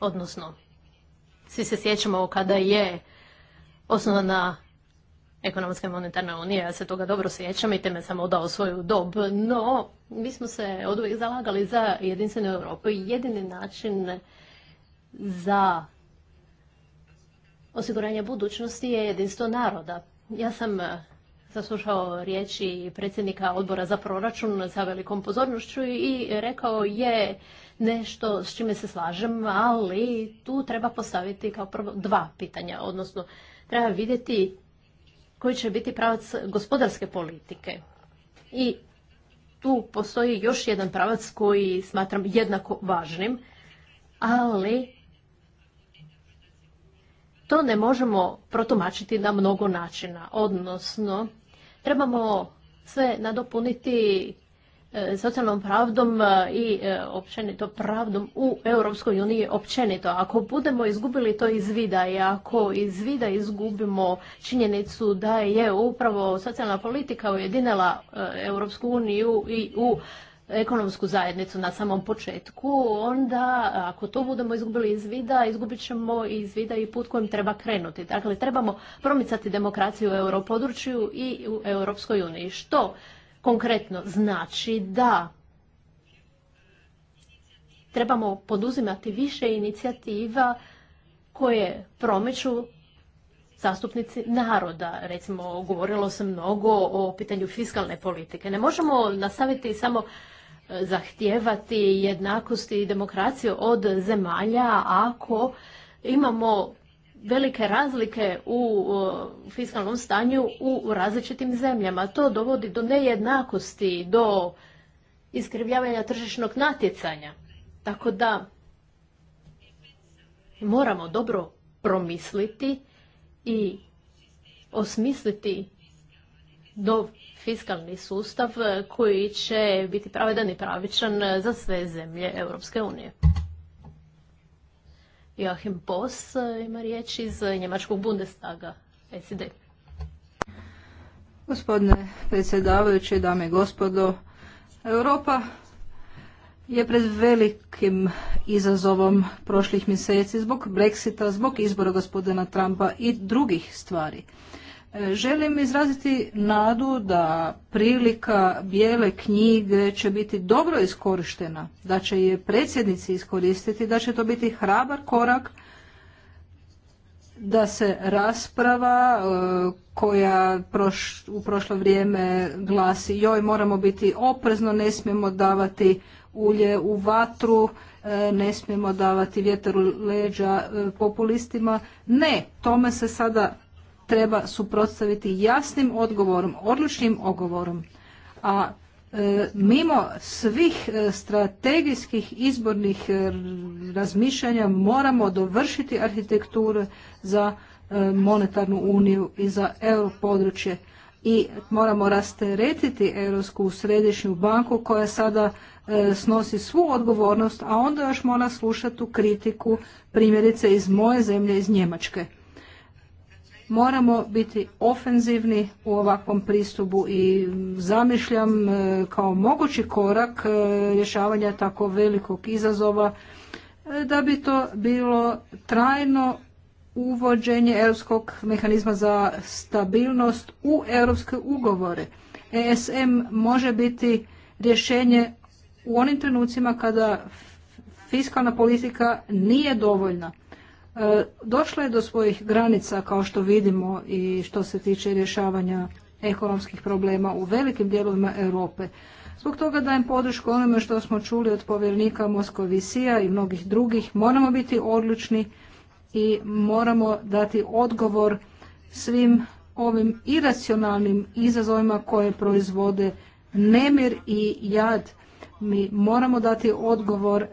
odnosno svi se sjećamo kada je osnovana ekonomska i monetarna unija, ja se toga dobro sjećam i teme sam odao svoju dob, no mi smo se od uvijek zalagali za jedinstvenu Europu i jedini način za osiguranje budućnosti je jedinstvo naroda. Ja sam saslušao riječi predsjednika odbora za proračun sa velikom pozornošću i rekao je nešto s čime se slažem, ali tu treba postaviti kao prvo dva pitanja, odnosno treba vidjeti koji će biti pravac gospodarske politike. I tu postoji još jedan pravac koji smatram jednako važnim, ali to ne možemo protumačiti na mnogo načina, odnosno trebamo sve nadopuniti e, socijalnom pravdom e, i e, općenito pravdom u Europskoj uniji općenito. Ako budemo izgubili to iz vida i ako iz vida izgubimo činjenicu da je upravo socijalna politika ujedinila Europsku uniju i u ekonomsku zajednicu na samom početku, onda ako to budemo izgubili iz vida, izgubit ćemo iz vida i put kojim treba krenuti. Dakle, trebamo promicati demokraciju u europodručju i u Europskoj uniji. Što konkretno znači da trebamo poduzimati više inicijativa koje promiču zastupnici naroda. Recimo, govorilo se mnogo o pitanju fiskalne politike. Ne možemo nastaviti samo zahtijevati jednakosti i demokraciju od zemalja ako imamo velike razlike u fiskalnom stanju u različitim zemljama. To dovodi do nejednakosti, do iskrivljavanja tržišnog natjecanja. Tako da moramo dobro promisliti i osmisliti nov fiskalni sustav koji će biti pravedan i pravičan za sve zemlje Europske unije. Joachim Boss ima riječ iz Njemačkog Bundestaga, SID. Gospodine predsjedavajući, dame i gospodo, Europa je pred velikim izazovom prošlih mjeseci zbog Brexita, zbog izbora gospodina Trumpa i drugih stvari. Želim izraziti nadu da prilika bijele knjige će biti dobro iskorištena, da će je predsjednici iskoristiti, da će to biti hrabar korak da se rasprava e, koja u prošlo vrijeme glasi joj moramo biti oprezno, ne smijemo davati ulje u vatru, e, ne smijemo davati vjetar u leđa e, populistima. Ne, tome se sada treba suprotstaviti jasnim odgovorom, odlučnim ogovorom. A e, mimo svih e, strategijskih izbornih e, razmišljanja moramo dovršiti arhitekture za monetarnu uniju i za euro područje i moramo rasteretiti Europsku središnju banku koja sada snosi svu odgovornost, a onda još mora slušati tu kritiku primjerice iz moje zemlje, iz Njemačke. Moramo biti ofenzivni u ovakvom pristupu i zamišljam e, kao mogući korak e, rješavanja tako velikog izazova e, da bi to bilo trajno uvođenje europskog mehanizma za stabilnost u europske ugovore. ESM može biti rješenje u onim trenucima kada fiskalna politika nije dovoljna. E, došla je do svojih granica kao što vidimo i što se tiče rješavanja ekonomskih problema u velikim dijelovima Europe. Zbog toga dajem podršku onome što smo čuli od povjernika Moskovisija i mnogih drugih. Moramo biti odlučni i moramo dati odgovor svim ovim iracionalnim izazovima koje proizvode nemir i jad. Mi moramo dati odgovor e,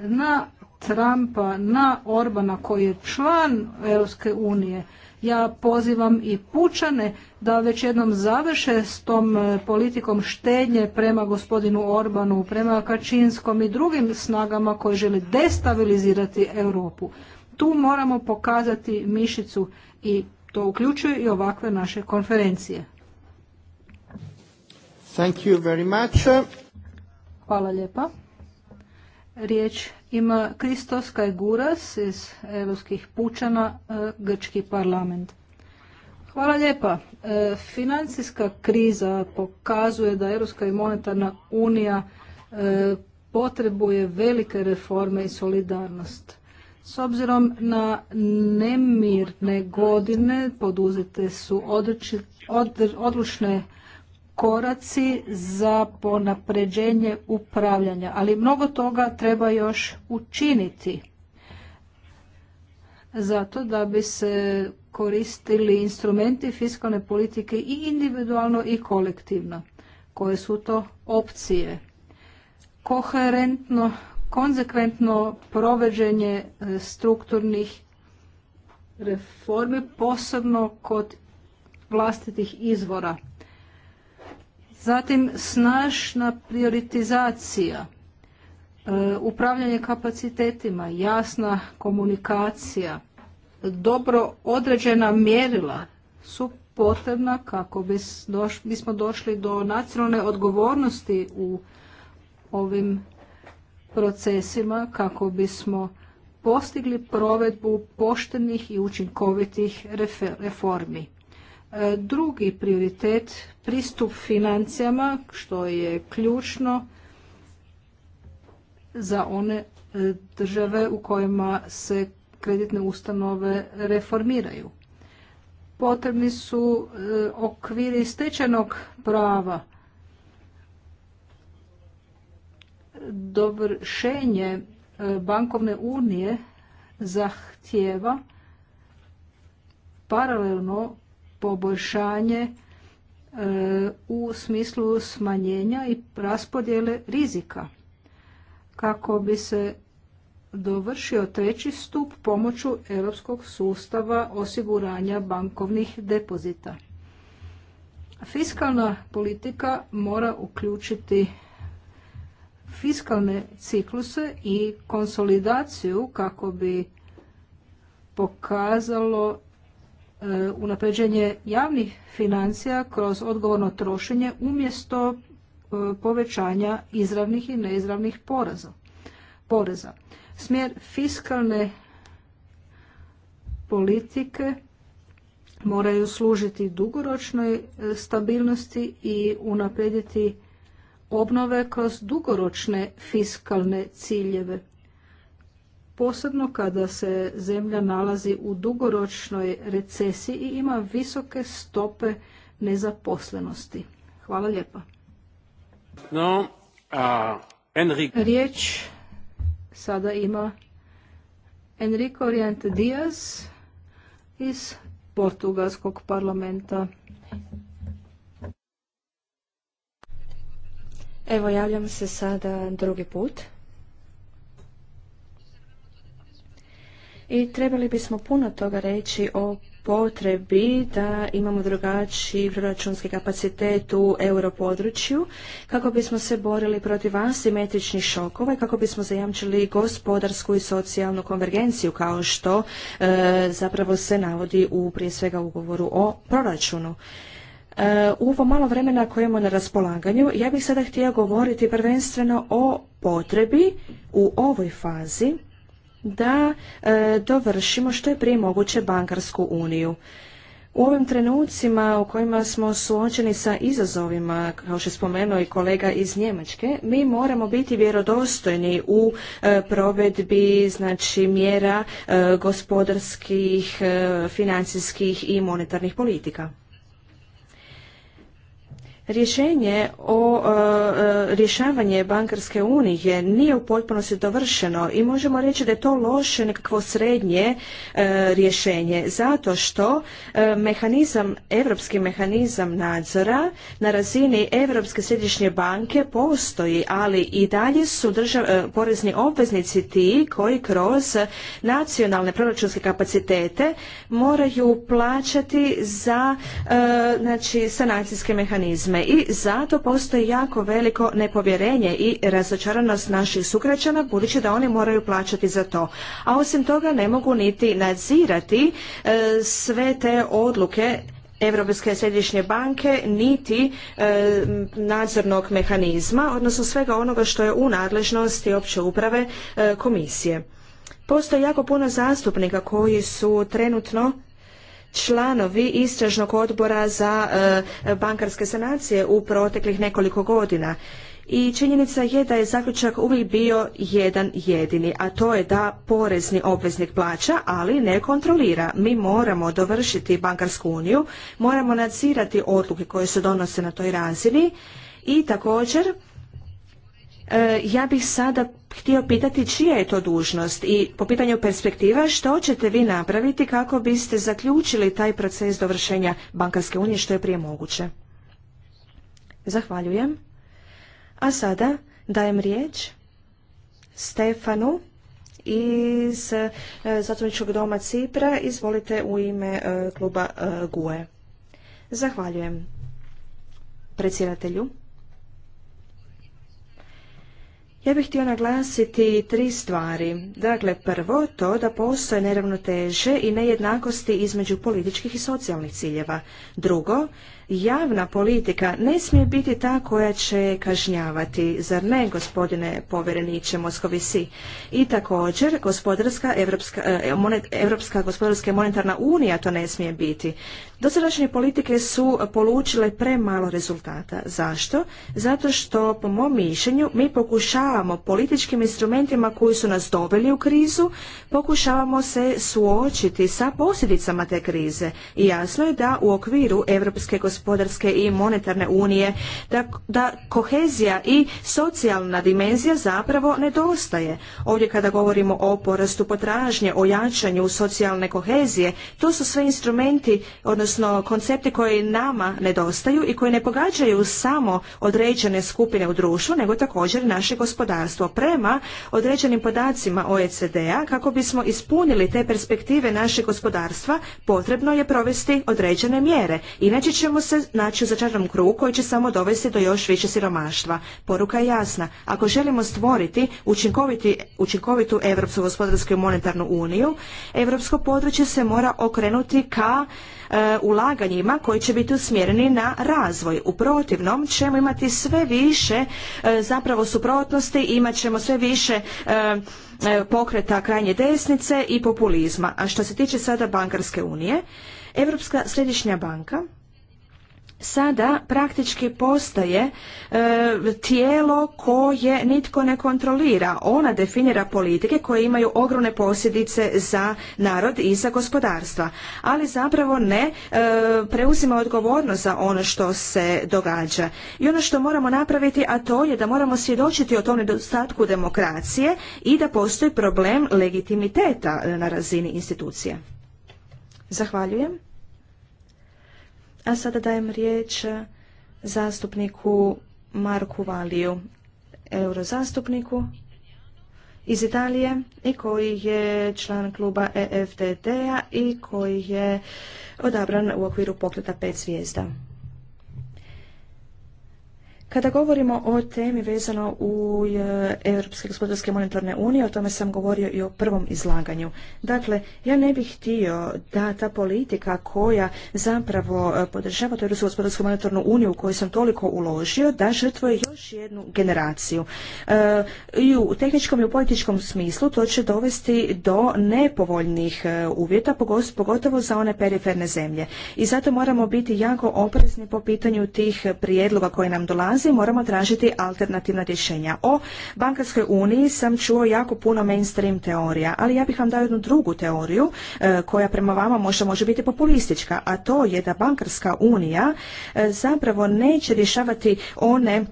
na Trumpa na Orbana koji je član Europske unije, ja pozivam i pučane da već jednom završe s tom e, politikom štednje prema gospodinu Orbanu, prema Kačinskom i drugim snagama koji žele destabilizirati Europu. Tu moramo pokazati mišicu i to uključuje i ovakve naše konferencije. Thank you very much. Hvala lijepa. Riječ ima Kristos Kajguras iz Europskih pučana, e, Grčki parlament. Hvala lijepa. E, financijska kriza pokazuje da Europska i monetarna unija e, potrebuje velike reforme i solidarnost. S obzirom na nemirne godine poduzete su odlučne koraci za ponapređenje upravljanja, ali mnogo toga treba još učiniti zato da bi se koristili instrumenti fiskalne politike i individualno i kolektivno. Koje su to opcije? Koherentno, konzekventno proveđenje e, strukturnih reformi, posebno kod vlastitih izvora Zatim snažna prioritizacija, e, upravljanje kapacitetima, jasna komunikacija, dobro određena mjerila su potrebna kako bismo došli do nacionalne odgovornosti u ovim procesima kako bismo postigli provedbu poštenih i učinkovitih reformi. E, drugi prioritet, pristup financijama, što je ključno za one e, države u kojima se kreditne ustanove reformiraju. Potrebni su e, okviri stečenog prava. Dovršenje bankovne unije zahtjeva paralelno poboljšanje e, u smislu smanjenja i raspodjele rizika kako bi se dovršio treći stup pomoću europskog sustava osiguranja bankovnih depozita. Fiskalna politika mora uključiti fiskalne cikluse i konsolidaciju kako bi pokazalo E, unapređenje javnih financija kroz odgovorno trošenje umjesto e, povećanja izravnih i neizravnih poreza. Smjer fiskalne politike moraju služiti dugoročnoj e, stabilnosti i unaprijediti obnove kroz dugoročne fiskalne ciljeve posebno kada se zemlja nalazi u dugoročnoj recesiji i ima visoke stope nezaposlenosti. Hvala lijepa. No, Riječ sada ima Enrico Oriente Diaz iz Portugalskog parlamenta. Evo javljam se sada drugi put. i trebali bismo puno toga reći o potrebi da imamo drugačiji proračunski kapacitet u europodručju kako bismo se borili protiv asimetričnih šokova i kako bismo zajamčili gospodarsku i socijalnu konvergenciju kao što e, zapravo se navodi u prije svega ugovoru o proračunu. E, u ovo malo vremena koje imamo na raspolaganju ja bih sada htio govoriti prvenstveno o potrebi u ovoj fazi da e, dovršimo što je prije moguće bankarsku uniju. U ovim trenucima u kojima smo suočeni sa izazovima, kao što je spomenuo i kolega iz Njemačke, mi moramo biti vjerodostojni u e, provedbi znači, mjera e, gospodarskih, financijskih i monetarnih politika. Rješenje o e, rješavanje bankarske unije nije u potpunosti dovršeno i možemo reći da je to loše nekakvo srednje e, rješenje zato što e, mehanizam, europski mehanizam nadzora na razini Europske središnje banke postoji, ali i dalje su porezni obveznici ti koji kroz nacionalne proračunske kapacitete moraju plaćati za znači sanacijske mehanizme i zato postoji jako veliko nepovjerenje i razočaranost naših sugrađana budući da oni moraju plaćati za to. A osim toga ne mogu niti nadzirati e, sve te odluke Europske središnje banke niti e, nadzornog mehanizma, odnosno svega onoga što je u nadležnosti opće uprave e, komisije. Postoji jako puno zastupnika koji su trenutno članovi istražnog odbora za e, bankarske sanacije u proteklih nekoliko godina. I činjenica je da je zaključak uvijek bio jedan jedini, a to je da porezni obveznik plaća, ali ne kontrolira. Mi moramo dovršiti bankarsku uniju, moramo nadzirati odluke koje se donose na toj razini i također E, ja bih sada htio pitati čija je to dužnost i po pitanju perspektiva što ćete vi napraviti kako biste zaključili taj proces dovršenja bankarske unije što je prije moguće. Zahvaljujem. A sada dajem riječ Stefanu iz e, Zatvorničkog doma Cipra. Izvolite u ime e, kluba GUE. Zahvaljujem predsjedatelju. Ja bih htio naglasiti tri stvari. Dakle, prvo to da postoje neravnoteže i nejednakosti između političkih i socijalnih ciljeva. Drugo, javna politika ne smije biti ta koja će kažnjavati, zar ne, gospodine povjereniče Moskovisi? I također, gospodarska, evropska, e, gospodarska monetarna unija to ne smije biti. Dosadašnje politike su polučile premalo rezultata. Zašto? Zato što, po mom mišljenju, mi pokušavamo političkim instrumentima koji su nas doveli u krizu, pokušavamo se suočiti sa posljedicama te krize. I jasno je da u okviru Evropske gospodarske gospodarske i monetarne unije, da, da kohezija i socijalna dimenzija zapravo nedostaje. Ovdje kada govorimo o porastu potražnje, o jačanju socijalne kohezije, to su sve instrumenti, odnosno koncepti koji nama nedostaju i koji ne pogađaju samo određene skupine u društvu, nego također naše gospodarstvo. Prema određenim podacima OECD-a, kako bismo ispunili te perspektive našeg gospodarstva, potrebno je provesti određene mjere. Inače ćemo se naći u začaranom krugu koji će samo dovesti do još više siromaštva. Poruka je jasna. Ako želimo stvoriti učinkovitu Europsku gospodarsku i monetarnu uniju, europsko područje se mora okrenuti ka e, ulaganjima koji će biti usmjereni na razvoj. U protivnom ćemo imati sve više e, zapravo suprotnosti, imat ćemo sve više e, pokreta krajnje desnice i populizma. A što se tiče sada bankarske unije, Europska središnja banka sada praktički postaje e, tijelo koje nitko ne kontrolira. Ona definira politike koje imaju ogromne posljedice za narod i za gospodarstva, ali zapravo ne e, preuzima odgovornost za ono što se događa. I ono što moramo napraviti, a to je da moramo svjedočiti o tom nedostatku demokracije i da postoji problem legitimiteta e, na razini institucije. Zahvaljujem. A sada dajem riječ zastupniku Marku Valiju, eurozastupniku iz Italije i koji je član kluba EFDD-a i koji je odabran u okviru pokreta pet zvijezda. Kada govorimo o temi vezano u e, Europske gospodarske monetarne unije, o tome sam govorio i o prvom izlaganju. Dakle, ja ne bih htio da ta politika koja zapravo e, podržava tu Europsku gospodarsku monetarnu uniju u koju sam toliko uložio, da žrtvoje još jednu generaciju. E, I u tehničkom i u političkom smislu to će dovesti do nepovoljnih uvjeta, pogotovo za one periferne zemlje. I zato moramo biti jako oprezni po pitanju tih prijedloga koje nam dolaze krizi moramo tražiti alternativna rješenja. O bankarskoj uniji sam čuo jako puno mainstream teorija, ali ja bih vam dao jednu drugu teoriju e, koja prema vama možda može biti populistička, a to je da bankarska unija e, zapravo neće rješavati one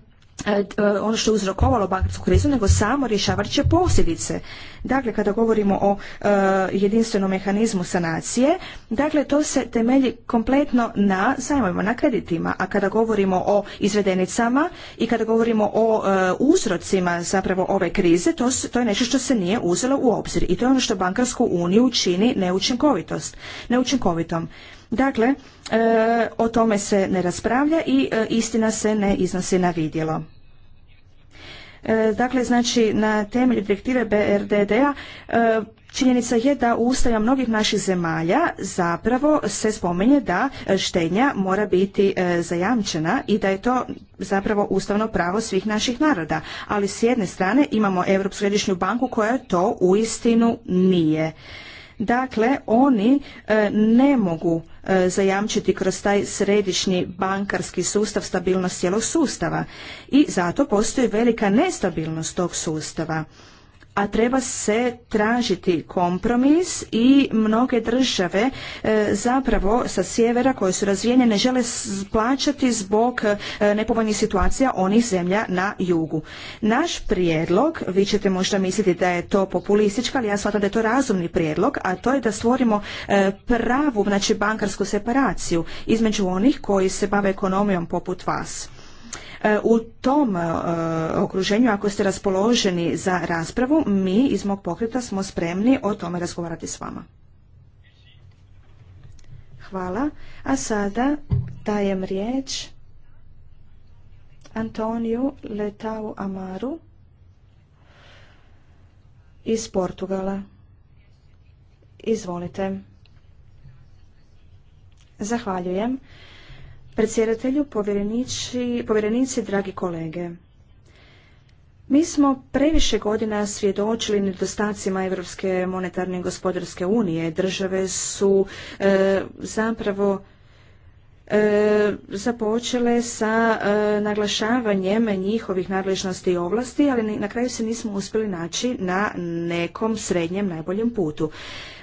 E, e, ono što je uzrokovalo bankarsku krizu, nego samo rješavat će posljedice. Dakle, kada govorimo o e, jedinstvenom mehanizmu sanacije, dakle, to se temelji kompletno na zajmovima, na kreditima, a kada govorimo o izvedenicama i kada govorimo o uzrocima zapravo ove krize, to, to je nešto što se nije uzelo u obzir i to je ono što bankarsku uniju čini neučinkovitost, neučinkovitom. Dakle, e, o tome se ne raspravlja i e, istina se ne iznosi na vidjelo. E, dakle, znači, na temelju direktive BRDD-a e, Činjenica je da u ustavima mnogih naših zemalja zapravo se spominje da štenja mora biti zajamčena i da je to zapravo ustavno pravo svih naših naroda. Ali s jedne strane imamo Europsku središnju banku koja to uistinu nije. Dakle, oni e, ne mogu e, zajamčiti kroz taj središnji bankarski sustav stabilnost cijelog sustava i zato postoji velika nestabilnost tog sustava a treba se tražiti kompromis i mnoge države e, zapravo sa sjevera koje su razvijene ne žele plaćati zbog e, nepovoljnih situacija onih zemlja na jugu. Naš prijedlog, vi ćete možda misliti da je to populistička, ali ja smatram da je to razumni prijedlog, a to je da stvorimo e, pravu, znači bankarsku separaciju između onih koji se bave ekonomijom poput vas E, u tom e, okruženju, ako ste raspoloženi za raspravu, mi iz mog pokreta smo spremni o tome razgovarati s vama. Hvala. A sada dajem riječ Antoniju Letau Amaru iz Portugala. Izvolite. Zahvaljujem predsjedatelju, povjerenici, dragi kolege. Mi smo previše godina svjedočili nedostacima Europske monetarne i gospodarske unije. Države su e, zapravo e, započele sa e, naglašavanjem njihovih nadležnosti i ovlasti, ali na kraju se nismo uspjeli naći na nekom srednjem najboljem putu.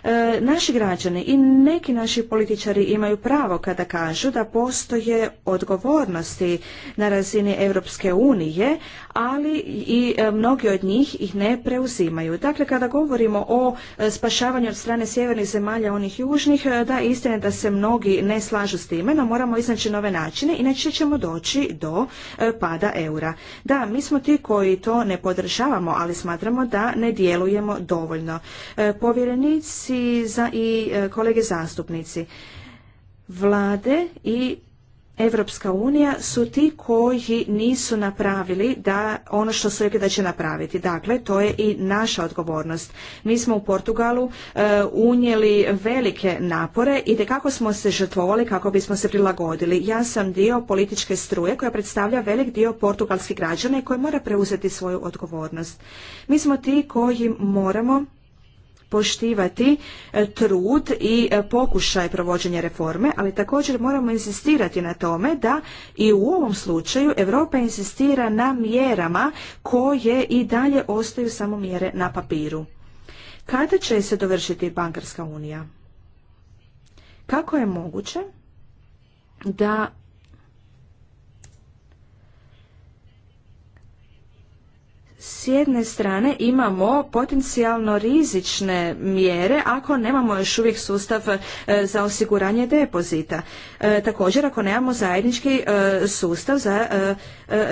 E, naši građani i neki naši političari imaju pravo kada kažu da postoje odgovornosti na razini Europske unije, ali i e, mnogi od njih ih ne preuzimaju. Dakle, kada govorimo o e, spašavanju od strane sjevernih zemalja, onih južnih, da istina da se mnogi ne slažu s time, no moramo iznaći nove načine, inače ćemo doći do pada eura. Da, mi smo ti koji to ne podržavamo, ali smatramo da ne djelujemo dovoljno. povjerenici i e, kolege zastupnici. Vlade i Evropska unija su ti koji nisu napravili da ono što su rekli da će napraviti. Dakle, to je i naša odgovornost. Mi smo u Portugalu e, unijeli velike napore i kako smo se žrtvovali kako bismo se prilagodili. Ja sam dio političke struje koja predstavlja velik dio portugalskih građana i koji mora preuzeti svoju odgovornost. Mi smo ti koji moramo poštivati e, trud i e, pokušaj provođenja reforme, ali također moramo insistirati na tome da i u ovom slučaju Europa insistira na mjerama koje i dalje ostaju samo mjere na papiru. Kada će se dovršiti bankarska unija? Kako je moguće da s jedne strane imamo potencijalno rizične mjere ako nemamo još uvijek sustav e, za osiguranje depozita. E, također ako nemamo zajednički e, sustav za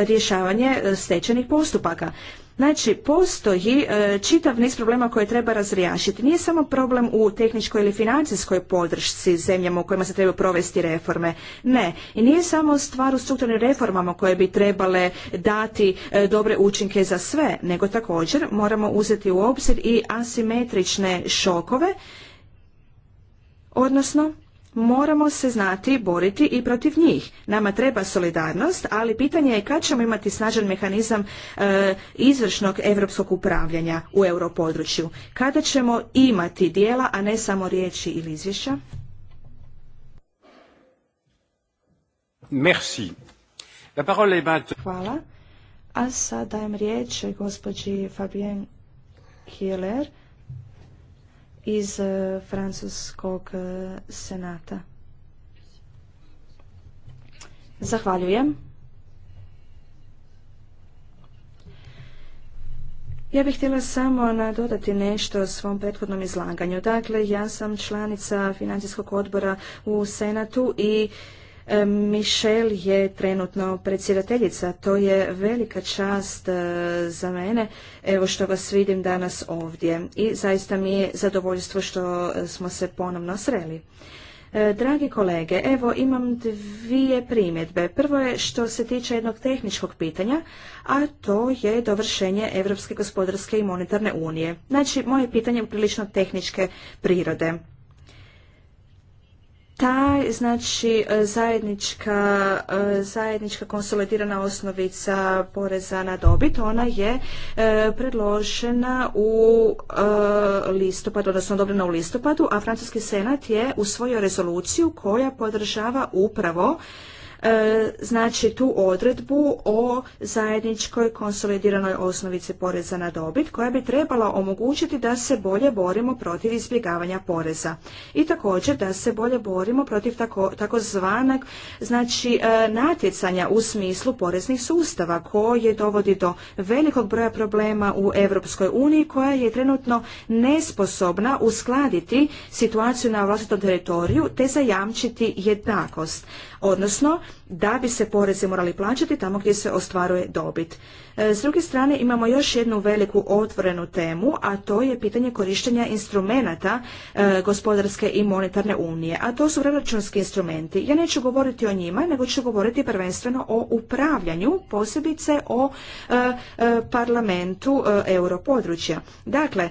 rješavanje stečenih postupaka. Znači, postoji e, čitav niz problema koje treba razriješiti. Nije samo problem u tehničkoj ili financijskoj podršci zemljama u kojima se treba provesti reforme. Ne. I nije samo stvar u strukturnim reformama koje bi trebale dati e, dobre učinke za sve, nego također moramo uzeti u obzir i asimetrične šokove, odnosno moramo se znati boriti i protiv njih. Nama treba solidarnost, ali pitanje je kad ćemo imati snažan mehanizam e, izvršnog europskog upravljanja u europodručju. Kada ćemo imati dijela, a ne samo riječi ili izvješća? Merci. La parole est Hvala. A sad dajem riječ gospođi Fabien Hiller iz e, Francuskog e, senata. Zahvaljujem. Ja bih htjela samo nadodati nešto o svom prethodnom izlaganju. Dakle, ja sam članica financijskog odbora u Senatu i E, Michel je trenutno predsjedateljica. To je velika čast e, za mene, evo što vas vidim danas ovdje. I zaista mi je zadovoljstvo što e, smo se ponovno sreli. Dragi kolege, evo imam dvije primjedbe. Prvo je što se tiče jednog tehničkog pitanja, a to je dovršenje Europske gospodarske i monetarne unije. Znači, moje pitanje je prilično tehničke prirode taj znači e, zajednička, e, zajednička konsolidirana osnovica poreza na dobit, ona je e, predložena u listopadu, odnosno odobrena u listopadu, a Francuski senat je usvojio rezoluciju koja podržava upravo E, znači tu odredbu o zajedničkoj konsolidiranoj osnovici poreza na dobit koja bi trebala omogućiti da se bolje borimo protiv izbjegavanja poreza i također da se bolje borimo protiv takozvanog znači e, natjecanja u smislu poreznih sustava koje dovodi do velikog broja problema u Europskoj uniji koja je trenutno nesposobna uskladiti situaciju na vlastitom teritoriju te zajamčiti jednakost odnosno da bi se porezi morali plaćati tamo gdje se ostvaruje dobit. E, s druge strane imamo još jednu veliku otvorenu temu, a to je pitanje korištenja instrumenata e, gospodarske i monetarne unije, a to su proračunski instrumenti. Ja neću govoriti o njima, nego ću govoriti prvenstveno o upravljanju, posebice o e, parlamentu europodručja. Dakle,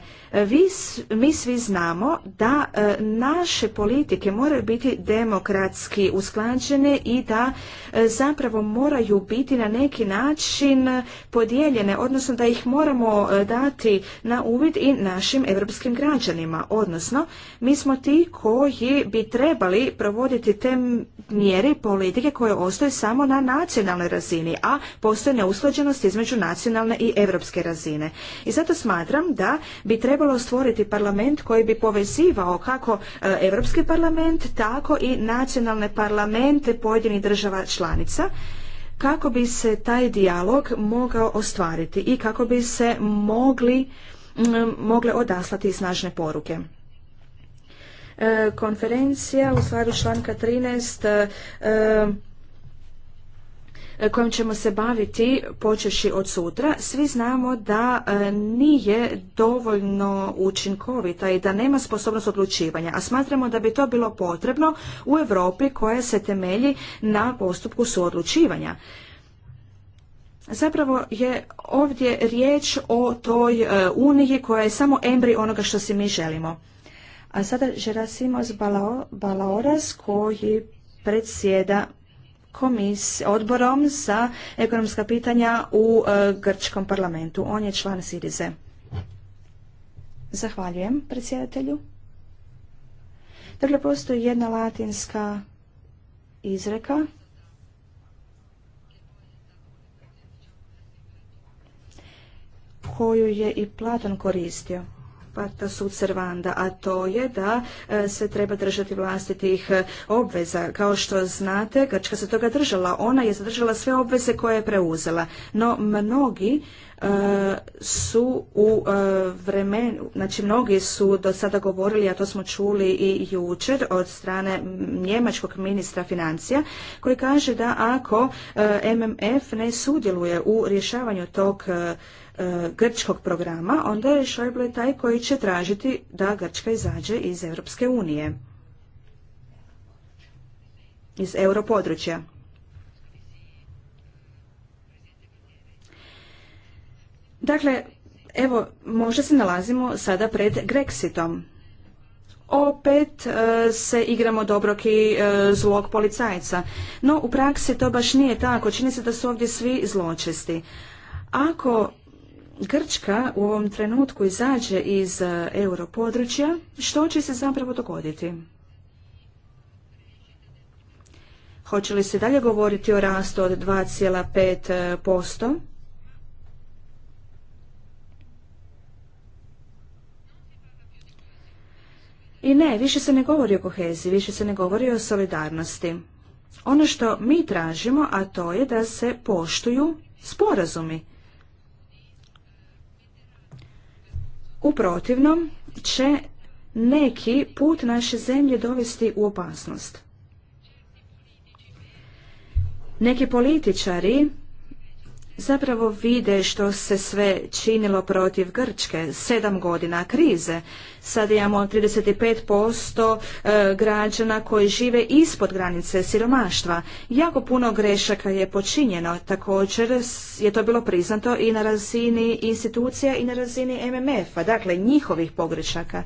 mi svi znamo da naše politike moraju biti demokratski usklađene i da zapravo moraju biti na neki način podijeljene, odnosno da ih moramo e, dati na uvid i našim europskim građanima. Odnosno, mi smo ti koji bi trebali provoditi te mjere politike koje ostaju samo na nacionalnoj razini, a postoje neusklađenost između nacionalne i europske razine. I zato smatram da bi trebalo stvoriti parlament koji bi povezivao kako europski parlament, tako i nacionalne parlamente pojedinih država članica kako bi se taj dijalog mogao ostvariti i kako bi se mogli, mogle odaslati snažne poruke e, konferencija u stvari članka 13 kojom ćemo se baviti počeši od sutra, svi znamo da e, nije dovoljno učinkovita i da nema sposobnost odlučivanja, a smatramo da bi to bilo potrebno u Europi koja se temelji na postupku suodlučivanja. Zapravo je ovdje riječ o toj e, uniji koja je samo embri onoga što si mi želimo. A sada Žerasimos Balaoras koji predsjeda komis, odborom za ekonomska pitanja u e, Grčkom parlamentu. On je član Sirize. Zahvaljujem predsjedatelju. Dakle, postoji jedna latinska izreka koju je i Platon koristio pacta sud servanda, a to je da e, se treba držati vlastitih e, obveza. Kao što znate, Grčka se toga držala. Ona je zadržala sve obveze koje je preuzela. No, mnogi e, su u vremenu, znači mnogi su do sada govorili, a to smo čuli i jučer od strane njemačkog ministra financija, koji kaže da ako MMF ne sudjeluje u rješavanju tog E, grčkog programa, onda je Schäuble taj koji će tražiti da Grčka izađe iz Europske unije, iz europodručja. Dakle, evo, možda se nalazimo sada pred Grexitom. Opet e, se igramo dobroki e, zlog policajca. No, u praksi to baš nije tako. Čini se da su ovdje svi zločesti. Ako Grčka u ovom trenutku izađe iz e, europodručja, što će se zapravo dogoditi? Hoće li se dalje govoriti o rastu od 2,5%? I ne, više se ne govori o koheziji, više se ne govori o solidarnosti. Ono što mi tražimo, a to je da se poštuju sporazumi U protivnom će neki put naše zemlje dovesti u opasnost. Neki političari zapravo vide što se sve činilo protiv Grčke. Sedam godina krize. Sad imamo 35% e, građana koji žive ispod granice siromaštva. Jako puno grešaka je počinjeno. Također je to bilo priznato i na razini institucija i na razini MMF-a, dakle njihovih pogrešaka.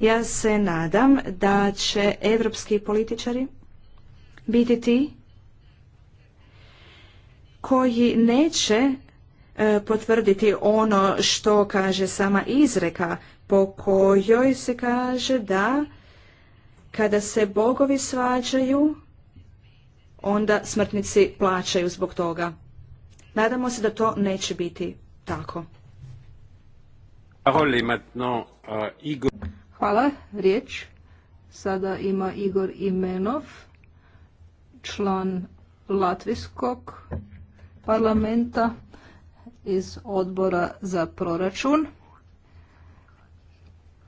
Ja se nadam da će evropski političari biti ti koji neće e, potvrditi ono što kaže sama izreka po kojoj se kaže da kada se bogovi svađaju onda smrtnici plaćaju zbog toga. Nadamo se da to neće biti tako. Euh, Hvala. Riječ sada ima Igor Imenov, član Latvijskog parlamenta iz odbora za proračun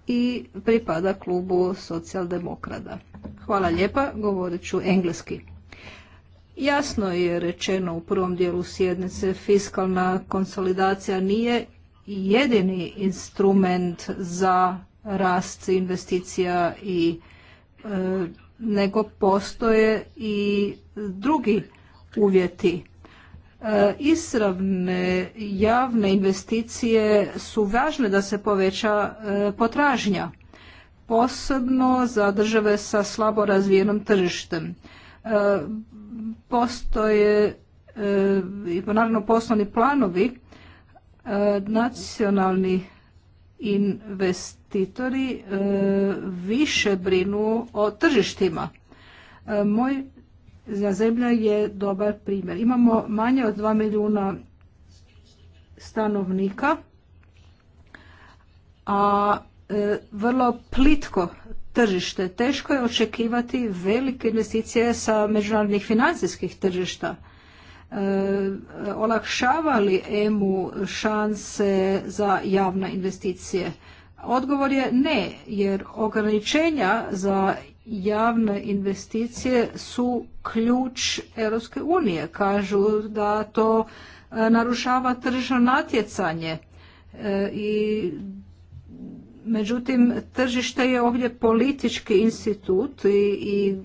i pripada klubu socijaldemokrada. Hvala lijepa, govorit ću engleski. Jasno je rečeno u prvom dijelu sjednice, fiskalna konsolidacija nije jedini instrument za rast investicija i e, nego postoje i drugi uvjeti E, Isravne javne investicije su važne da se poveća e, potražnja, posebno za države sa slabo razvijenom tržištem. E, postoje naravno poslovni planovi, nacionalni investitori više brinu o tržištima. Moj za zemlja je dobar primjer. Imamo manje od 2 milijuna stanovnika, a e, vrlo plitko tržište. Teško je očekivati velike investicije sa međunarodnih financijskih tržišta. E, olakšava li EMU šanse za javne investicije? Odgovor je ne, jer ograničenja za javne investicije su ključ Europske unije. Kažu da to e, narušava tržno natjecanje e, i međutim tržište je ovdje politički institut i, i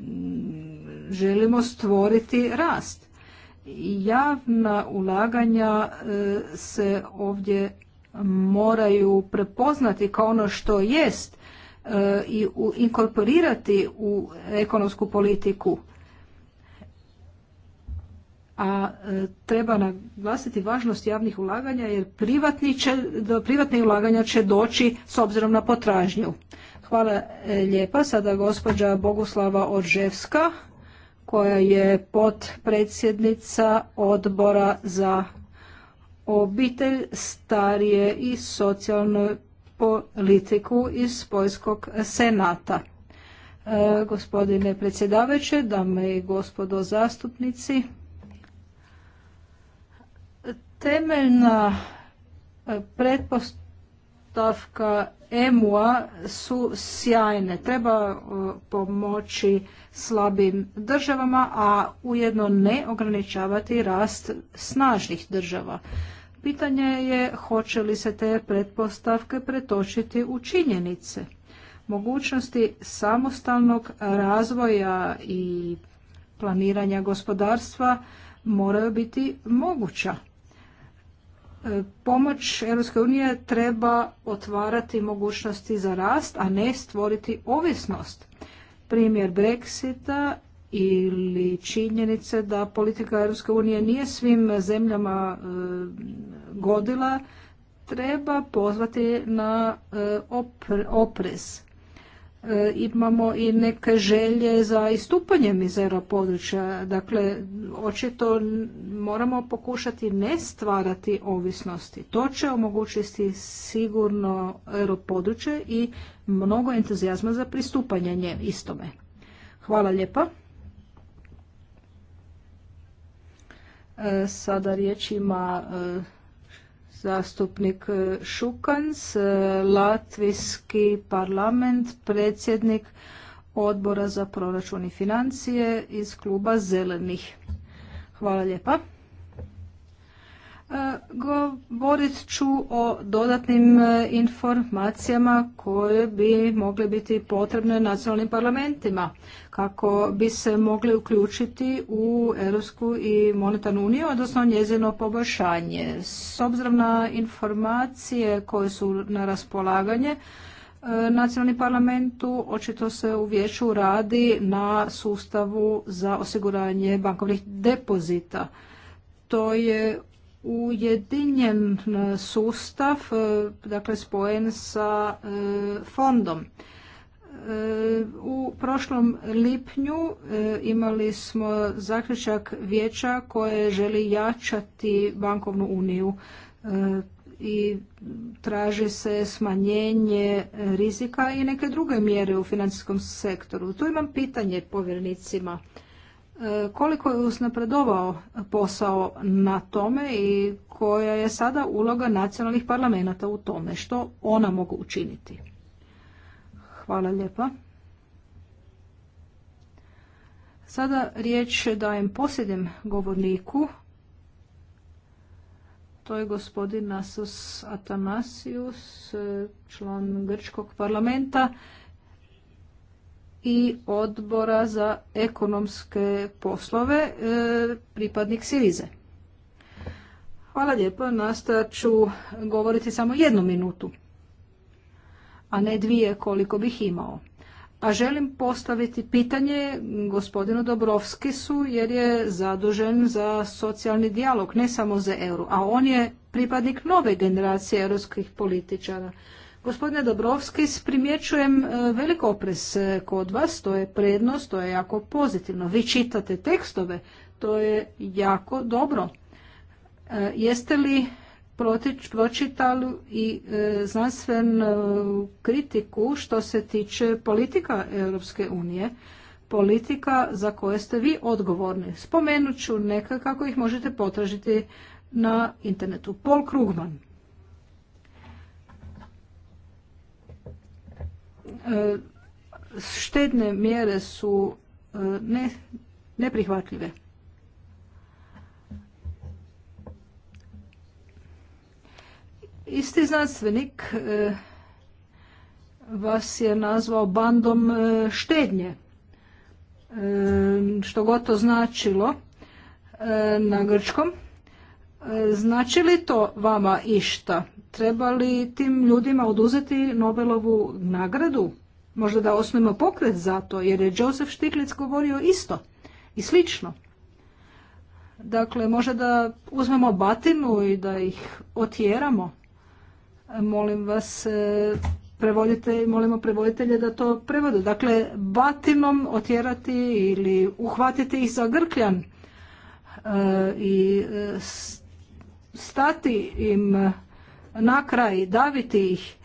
želimo stvoriti rast. Javna ulaganja e, se ovdje moraju prepoznati kao ono što jest i inkorporirati u ekonomsku politiku. A e, treba naglasiti važnost javnih ulaganja jer privatni do privatne ulaganja će doći s obzirom na potražnju. Hvala e, lijepa. Sada gospođa Boguslava Orževska koja je potpredsjednica odbora za obitelj, starije i socijalno politiku iz Poljskog senata. E, gospodine predsjedavajuće, dame i gospodo zastupnici, temeljna e, pretpostavka EMU-a su sjajne. Treba e, pomoći slabim državama, a ujedno ne ograničavati rast snažnih država. Pitanje je hoće li se te pretpostavke pretočiti u činjenice. Mogućnosti samostalnog razvoja i planiranja gospodarstva moraju biti moguća. E, pomoć EU treba otvarati mogućnosti za rast, a ne stvoriti ovisnost. Primjer Brexita ili činjenice da politika Europske unije nije svim zemljama e, godila, treba pozvati na e, oprez. E, imamo i neke želje za istupanjem iz europodručja. Dakle, očito moramo pokušati ne stvarati ovisnosti. To će omogućiti sigurno europodručje i mnogo entuzijazma za pristupanje istome. Hvala lijepa. Sada riječ ima e, zastupnik e, Šukans, e, Latvijski parlament, predsjednik odbora za proračun i financije iz kluba Zelenih. Hvala lijepa. Govorit ću o dodatnim e, informacijama koje bi mogle biti potrebne nacionalnim parlamentima kako bi se mogli uključiti u Europsku i monetarnu uniju, odnosno njezino poboljšanje. S obzirom na informacije koje su na raspolaganje, e, nacionalnim parlamentu, očito se u vijeću radi na sustavu za osiguranje bankovnih depozita. To je ujedinjen e, sustav, e, dakle spojen sa e, fondom. U prošlom lipnju imali smo zaključak vijeća koje želi jačati bankovnu uniju i traži se smanjenje rizika i neke druge mjere u financijskom sektoru. Tu imam pitanje povjernicima koliko je usnapredovao posao na tome i koja je sada uloga nacionalnih parlamenta u tome, što ona mogu učiniti. Hvala lijepa. Sada riječ dajem posljednjem govorniku, to je gospodin Nasos Atanasius, član Grčkog parlamenta i odbora za ekonomske poslove, e, pripadnik Sirize. Hvala lijepo, nastojat ću govoriti samo jednu minutu, a ne dvije koliko bih imao. A želim postaviti pitanje gospodinu Dobrovskisu jer je zadužen za socijalni dijalog, ne samo za euro, a on je pripadnik nove generacije europskih političara. Gospodine Dobrovski, primjećujem e, velik oprez e, kod vas, to je prednost, to je jako pozitivno. Vi čitate tekstove, to je jako dobro. E, jeste li pročitali i znanstvenu kritiku što se tiče politika Europske unije, politika za koje ste vi odgovorni. Spomenut ću nekako kako ih možete potražiti na internetu. Paul Krugman. štedne mjere su e, neprihvatljive. Isti znanstvenik e, vas je nazvao bandom e, štednje, što gotovo to značilo na grčkom. Znači li to vama išta? Treba li tim ljudima oduzeti Nobelovu nagradu? Možda da osnovimo pokret za to, jer je Josef štiklic govorio isto i slično. Dakle, možda da uzmemo batinu i da ih otjeramo. Molim vas, e, prevodite, molimo prevoditelje da to prevode. Dakle, batinom otjerati ili uhvatiti ih za grkljan e, i e, stati im na kraj, daviti ih.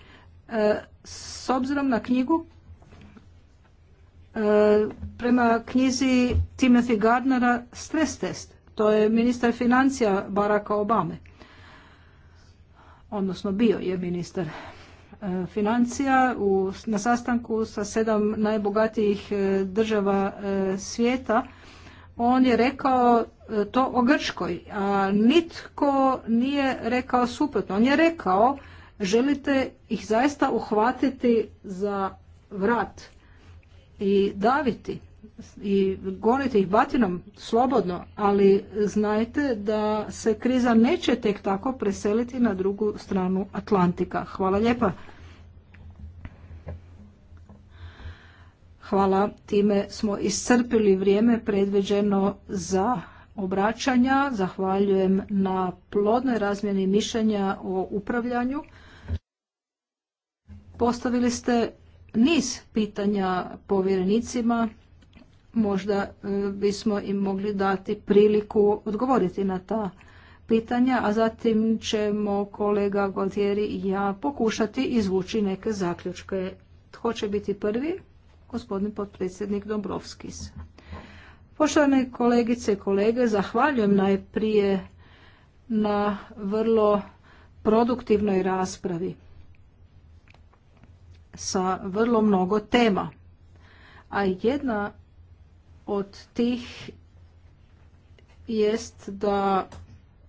E, s obzirom na knjigu, e, prema knjizi Timothy Gardnera Stres test, to je ministar financija Baracka Obame, odnosno bio je ministar e, financija u, na sastanku sa sedam najbogatijih država svijeta on je rekao to o Grčkoj. A nitko nije rekao suprotno. On je rekao želite ih zaista uhvatiti za vrat i daviti i gonite ih batinom slobodno, ali znajte da se kriza neće tek tako preseliti na drugu stranu Atlantika. Hvala lijepa. Hvala, time smo iscrpili vrijeme predviđeno za obraćanja. Zahvaljujem na plodnoj razmjeni mišljenja o upravljanju. Postavili ste niz pitanja povjerenicima. Možda e, bismo im mogli dati priliku odgovoriti na ta pitanja, a zatim ćemo kolega Gualtieri i ja pokušati izvući neke zaključke. Tko će biti prvi? Gospodin potpredsjednik Dombrovskis. Poštovane kolegice i kolege, zahvaljujem najprije na vrlo produktivnoj raspravi sa vrlo mnogo tema. A jedna od tih jest da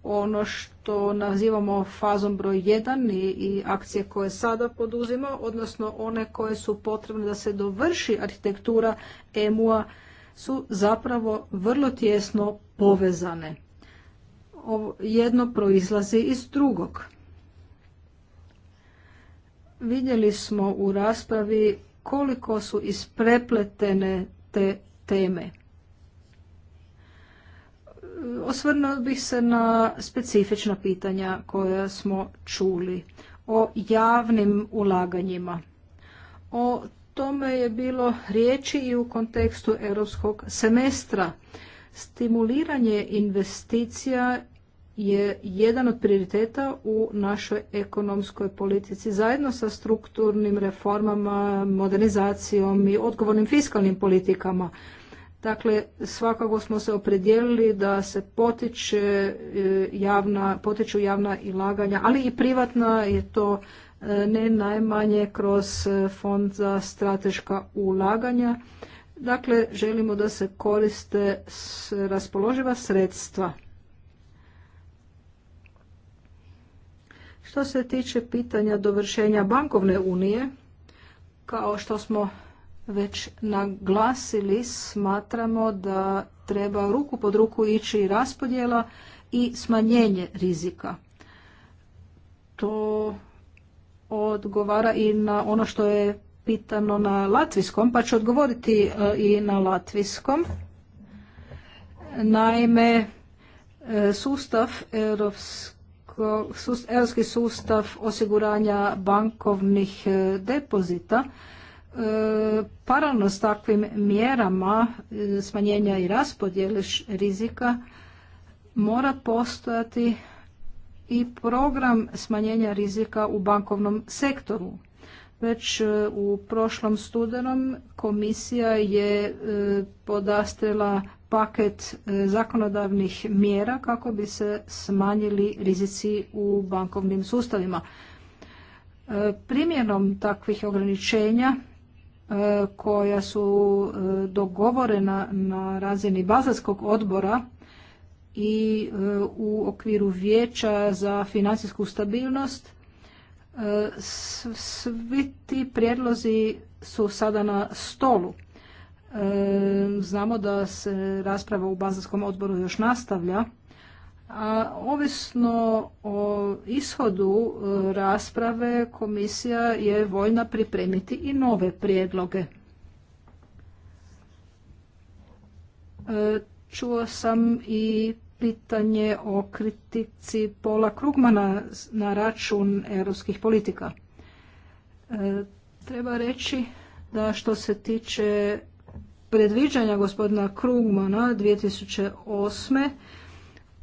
ono što nazivamo fazom broj 1 i, akcije koje sada poduzimo, odnosno one koje su potrebne da se dovrši arhitektura EMU-a su zapravo vrlo tjesno povezane. Jedno proizlazi iz drugog. Vidjeli smo u raspravi koliko su isprepletene te teme. Osvrnuo bih se na specifična pitanja koja smo čuli o javnim ulaganjima, o tome je bilo riječi i u kontekstu europskog semestra. Stimuliranje investicija je jedan od prioriteta u našoj ekonomskoj politici zajedno sa strukturnim reformama, modernizacijom i odgovornim fiskalnim politikama. Dakle, svakako smo se opredijelili da se potiče e, javna, potiču javna ilaganja, ali i privatna je to E, ne najmanje kroz e, fond za strateška ulaganja. Dakle, želimo da se koriste s raspoloživa sredstva. Što se tiče pitanja dovršenja bankovne unije, kao što smo već naglasili, smatramo da treba ruku pod ruku ići raspodjela i smanjenje rizika. To odgovara i na ono što je pitano na latvijskom, pa ću odgovoriti e, i na latvijskom. Naime, e, sustav europski sustav osiguranja bankovnih e, depozita paralelno s takvim mjerama smanjenja i raspodjele rizika mora postojati i program smanjenja rizika u bankovnom sektoru. Već e, u prošlom studenom komisija je e, podastrela paket e, zakonodavnih mjera kako bi se smanjili rizici u bankovnim sustavima. Primjenom takvih ograničenja koja su dogovorena na razini bazarskog odbora i e, u okviru vijeća za financijsku stabilnost. E, svi ti prijedlozi su sada na stolu. E, znamo da se rasprava u bazarskom odboru još nastavlja, a ovisno o ishodu rasprave komisija je voljna pripremiti i nove prijedloge. Čuo sam i pitanje o kritici Pola Krugmana na račun europskih politika. E, treba reći da što se tiče predviđanja gospodina Krugmana 2008.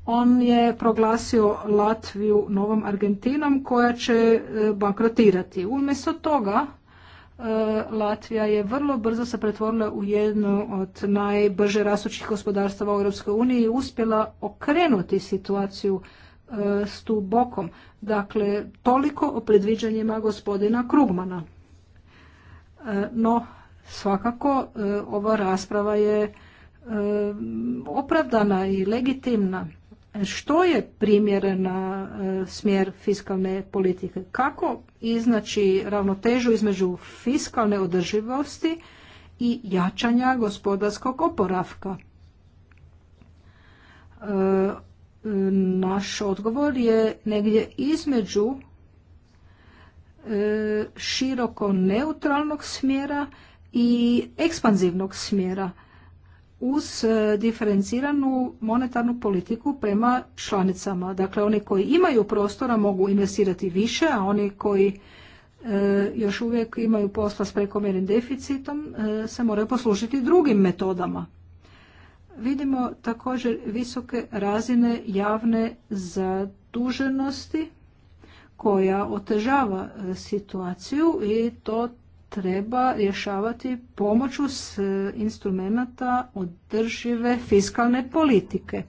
On je proglasio Latviju novom Argentinom koja će e, bankrotirati. Umjesto toga E, Latvija je vrlo brzo se pretvorila u jednu od najbrže rastućih gospodarstava u EU i uspjela okrenuti situaciju e, s tu bokom. Dakle, toliko o predviđanjima gospodina Krugmana. E, no, svakako, ova rasprava je opravdana i legitimna što je primjerena e, smjer fiskalne politike? Kako iznaći ravnotežu između fiskalne održivosti i jačanja gospodarskog oporavka? E, naš odgovor je negdje između e, široko neutralnog smjera i ekspanzivnog smjera uz e, diferenciranu monetarnu politiku prema članicama. Dakle, oni koji imaju prostora mogu investirati više, a oni koji e, još uvijek imaju posla s prekomjernim deficitom e, se moraju poslužiti drugim metodama. Vidimo također visoke razine javne zaduženosti koja otežava situaciju i to treba rješavati pomoću s e, instrumenta održive fiskalne politike.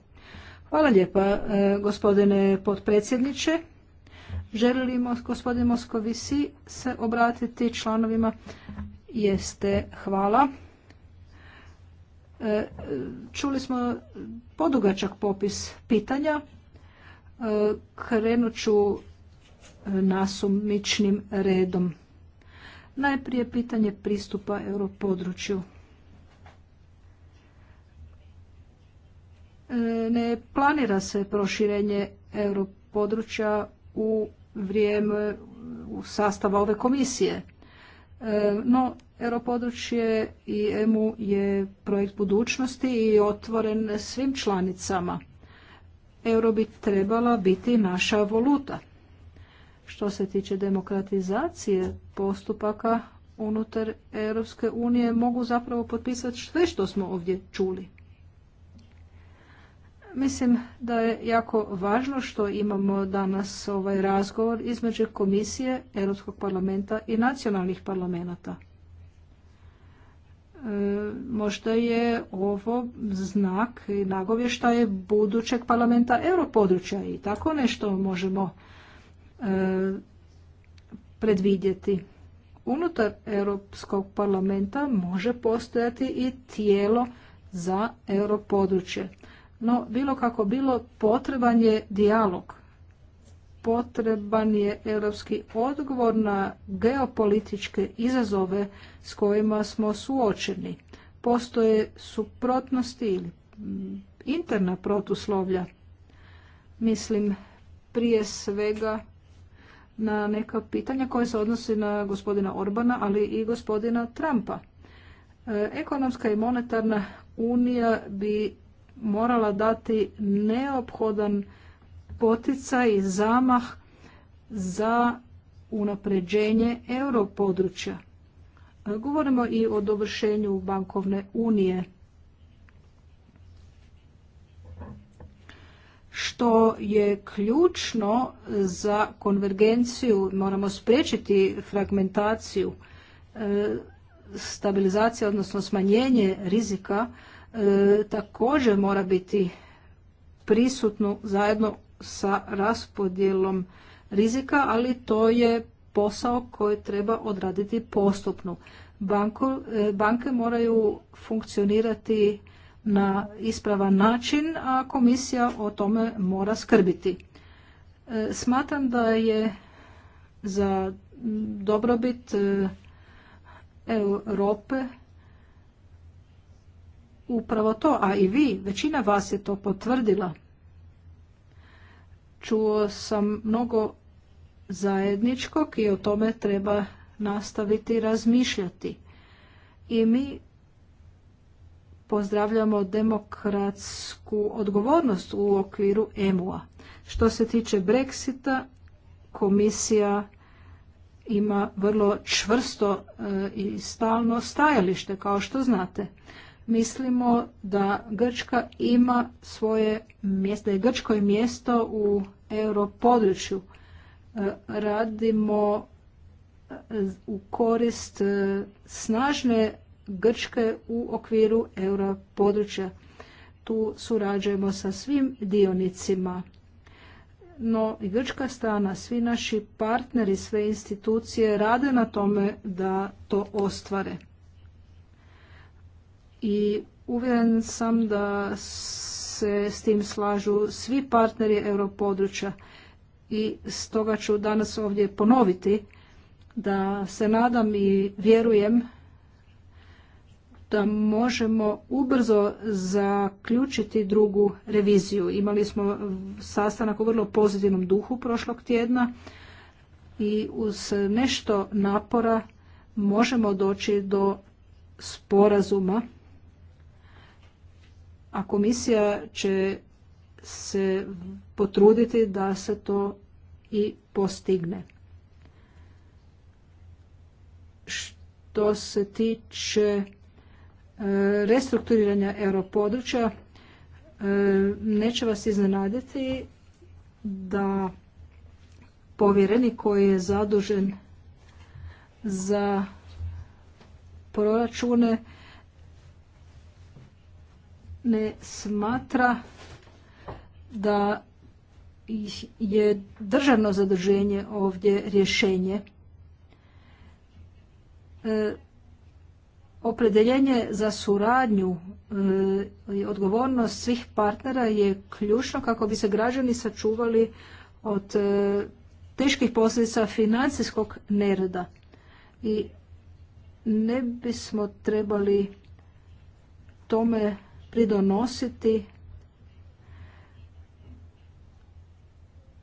Hvala lijepa e, gospodine potpredsjedniče. Želimo li gospodin Moskovisi se obratiti članovima? Jeste, hvala. E, čuli smo podugačak popis pitanja. Krenut ću nasumičnim redom. Najprije pitanje pristupa europodručju. E, ne planira se proširenje europodručja u vrijeme u sastava ove komisije. E, no, europodručje i EMU je projekt budućnosti i otvoren svim članicama. Euro bi trebala biti naša voluta. Što se tiče demokratizacije postupaka unutar Europske unije mogu zapravo potpisati sve što smo ovdje čuli. Mislim da je jako važno što imamo danas ovaj razgovor između komisije Europskog parlamenta i nacionalnih parlamenta. E, možda je ovo znak i nagovještaje budućeg parlamenta europodručja i tako nešto možemo E, predvidjeti. Unutar Europskog parlamenta može postojati i tijelo za europodručje. No, bilo kako bilo, potreban je dijalog. Potreban je europski odgovor na geopolitičke izazove s kojima smo suočeni. Postoje suprotnosti ili mm, interna protuslovlja. Mislim, prije svega na neka pitanja koje se odnosi na gospodina Orbana, ali i gospodina Trumpa. E, ekonomska i monetarna unija bi morala dati neophodan poticaj i zamah za unapređenje europodručja. E, govorimo i o dovršenju bankovne unije. što je ključno za konvergenciju, moramo spriječiti fragmentaciju, e, stabilizacija, odnosno smanjenje rizika, e, također mora biti prisutno zajedno sa raspodjelom rizika, ali to je posao koji treba odraditi postupno. E, banke moraju funkcionirati na ispravan način, a komisija o tome mora skrbiti. E, smatram da je za dobrobit e, Europe upravo to, a i vi, većina vas je to potvrdila. Čuo sam mnogo zajedničkog i o tome treba nastaviti razmišljati. I mi pozdravljamo demokratsku odgovornost u okviru EMU-a. Što se tiče Brexita, komisija ima vrlo čvrsto e, i stalno stajalište, kao što znate. Mislimo da Grčka ima svoje mjesto, da je Grčko je mjesto u europodručju. E, radimo e, u korist snažne Grčke u okviru euro područja. Tu surađujemo sa svim dionicima. No i grčka strana, svi naši partneri, sve institucije rade na tome da to ostvare. I uvjeren sam da se s tim slažu svi partneri europodručja i stoga ću danas ovdje ponoviti da se nadam i vjerujem da možemo ubrzo zaključiti drugu reviziju. Imali smo sastanak u vrlo pozitivnom duhu prošlog tjedna i uz nešto napora možemo doći do sporazuma, a komisija će se potruditi da se to i postigne. Što se tiče E, restrukturiranja europodručja e, neće vas iznenaditi da povjereni koji je zadužen za proračune ne smatra da je državno zaduženje ovdje rješenje. E, Opredeljenje za suradnju e, i odgovornost svih partnera je ključno kako bi se građani sačuvali od e, teških posljedica financijskog nereda. I ne bismo trebali tome pridonositi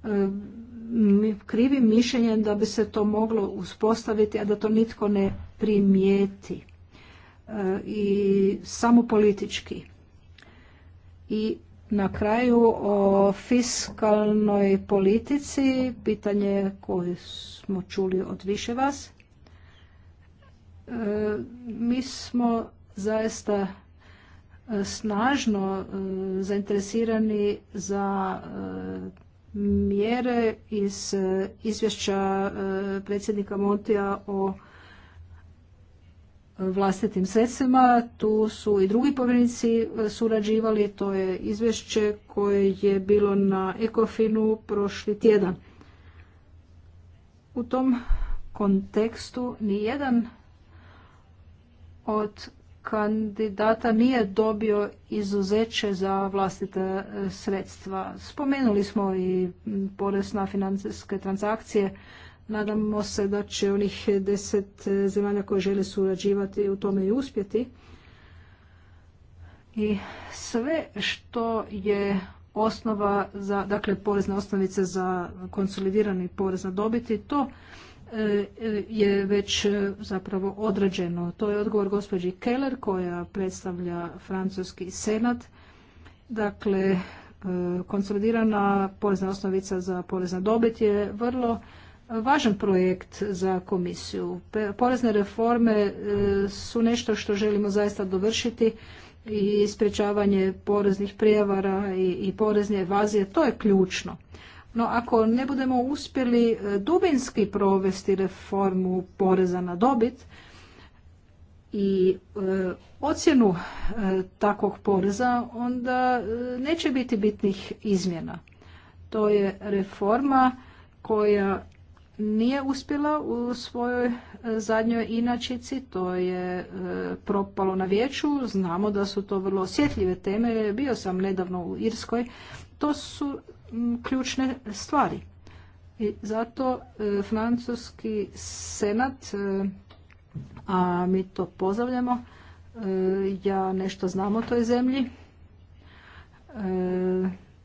e, krivim mišljenjem da bi se to moglo uspostaviti, a da to nitko ne primijeti i samo politički. I na kraju o fiskalnoj politici, pitanje koje smo čuli od više vas. E, mi smo zaista e, snažno e, zainteresirani za mjere iz izvješća predsjednika Montija o vlastitim sredstvima. Tu su i drugi povjerenici e, surađivali. To je izvješće koje je bilo na Ekofinu prošli tjedan. U tom kontekstu ni jedan od kandidata nije dobio izuzeće za vlastite e, sredstva. Spomenuli smo i porez na financijske transakcije Nadamo se da će onih deset eh, zemalja koje žele surađivati u tome i uspjeti. I sve što je osnova za, dakle porezna osnovica za konsolidirani porez na dobiti, to eh, je već eh, zapravo određeno. To je odgovor gospođi Keller koja predstavlja Francuski senat. Dakle, konsolidirana porezna osnovica za porez na dobit je vrlo važan projekt za komisiju. Porezne reforme e, su nešto što želimo zaista dovršiti i sprječavanje poreznih prijevara i porezne evazije, to je ključno. No ako ne budemo uspjeli e, dubinski provesti reformu poreza na dobit i e, ocjenu takvog poreza, onda neće biti bitnih izmjena. To je reforma koja nije uspjela u svojoj e, zadnjoj inačici, to je e, propalo na vijeću, znamo da su to vrlo osjetljive teme, bio sam nedavno u Irskoj, to su ključne stvari. I zato e, francuski senat, a mi to pozavljamo, ja nešto znam o toj zemlji,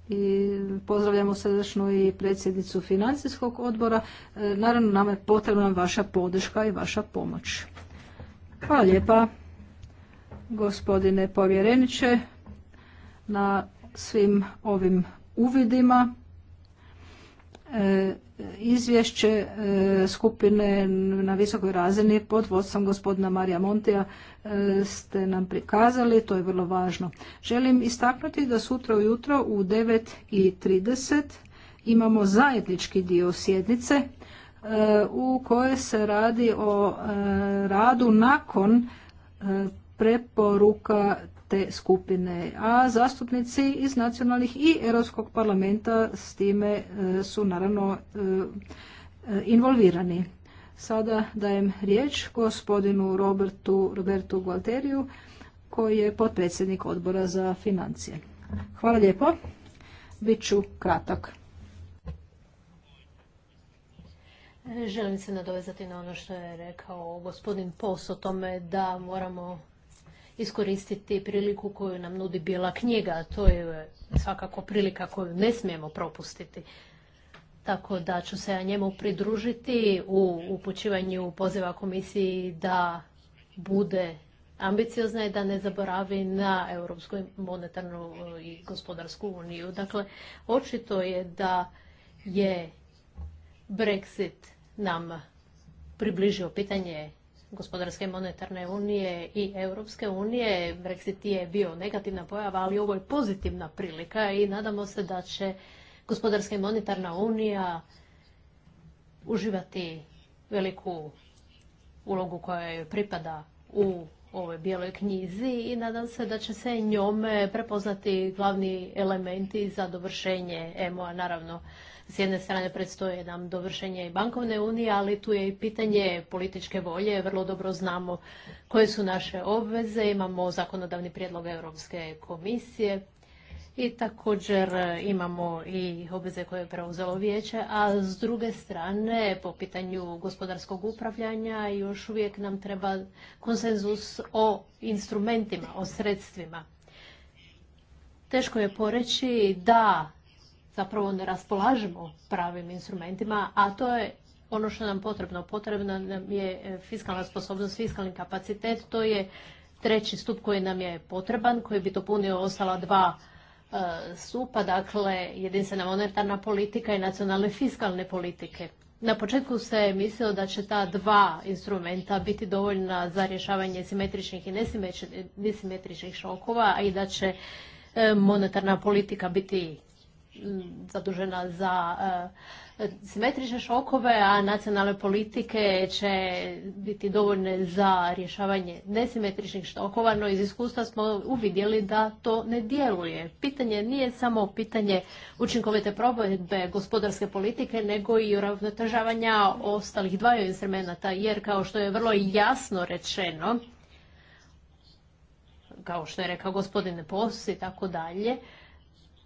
i pozdravljamo srdačno i predsjednicu financijskog odbora. E, naravno, nama je potrebna vaša podrška i vaša pomoć. Hvala lijepa, gospodine povjereniče, na svim ovim uvidima. E, izvješće e, skupine na visokoj razini pod vodstvom gospodina Marija Montija e, ste nam prikazali, to je vrlo važno. Želim istaknuti da sutra ujutro u 9.30 imamo zajednički dio sjednice e, u kojoj se radi o radu nakon preporuka te skupine, a zastupnici iz nacionalnih i Europskog parlamenta s time e, su naravno e, e, involvirani. Sada dajem riječ gospodinu Robertu, Robertu Gualteriju koji je potpredsjednik odbora za financije. Hvala lijepo. Biću kratak. Želim se nadovezati na ono što je rekao gospodin Pos o tome da moramo iskoristiti priliku koju nam nudi bila knjiga. A to je svakako prilika koju ne smijemo propustiti. Tako da ću se ja njemu pridružiti u upućivanju poziva komisiji da bude ambiciozna i da ne zaboravi na Europsku monetarnu e, i gospodarsku uniju. Dakle, očito je da je Brexit nam približio pitanje gospodarske monetarne unije i Europske unije. Brexit je bio negativna pojava, ali ovo je pozitivna prilika i nadamo se da će gospodarska i monetarna unija uživati veliku ulogu koja joj pripada u ovoj bijeloj knjizi i nadam se da će se njome prepoznati glavni elementi za dovršenje EMO-a. Naravno, s jedne strane predstoje nam dovršenje i bankovne unije, ali tu je i pitanje političke volje. Vrlo dobro znamo koje su naše obveze. Imamo zakonodavni prijedlog Europske komisije i također e, imamo i obveze koje je preuzelo vijeće, a s druge strane po pitanju gospodarskog upravljanja još uvijek nam treba konsenzus o instrumentima, o sredstvima. Teško je poreći da zapravo ne raspolažemo pravim instrumentima, a to je ono što nam potrebno. Potrebna nam je e, fiskalna sposobnost, fiskalni kapacitet, to je treći stup koji nam je potreban, koji bi dopunio ostala dva e, stupa, dakle jedinstvena monetarna politika i nacionalne fiskalne politike. Na početku se mislilo da će ta dva instrumenta biti dovoljna za rješavanje simetričnih i nesimetričnih šokova i da će e, monetarna politika biti zadužena za e, simetrične šokove, a nacionalne politike će biti dovoljne za rješavanje nesimetričnih šokova, no iz iskustva smo uvidjeli da to ne djeluje. Pitanje nije samo pitanje učinkovite provedbe gospodarske politike, nego i uravnotežavanja ostalih dvaju instrumenta, jer kao što je vrlo jasno rečeno, kao što je rekao gospodine Pos i tako dalje,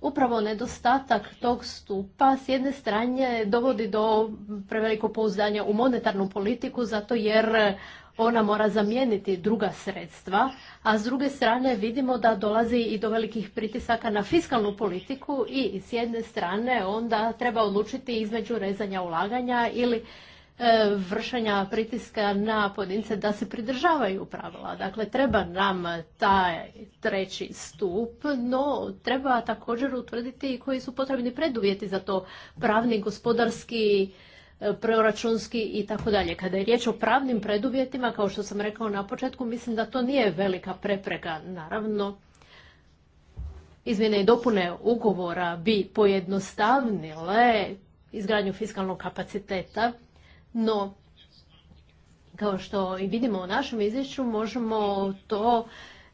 Upravo nedostatak tog stupa s jedne strane dovodi do preveliko pouzdanja u monetarnu politiku zato jer ona mora zamijeniti druga sredstva, a s druge strane vidimo da dolazi i do velikih pritisaka na fiskalnu politiku i s jedne strane onda treba odlučiti između rezanja ulaganja ili E, vršenja pritiska na pojedince da se pridržavaju pravila. Dakle, treba nam taj treći stup, no treba također utvrditi koji su potrebni preduvjeti za to pravni, gospodarski, e, proračunski i tako dalje. Kada je riječ o pravnim preduvjetima, kao što sam rekao na početku, mislim da to nije velika prepreka. Naravno, izmjene i dopune ugovora bi pojednostavnile izgradnju fiskalnog kapaciteta no, kao što i vidimo u našem izvješću, možemo to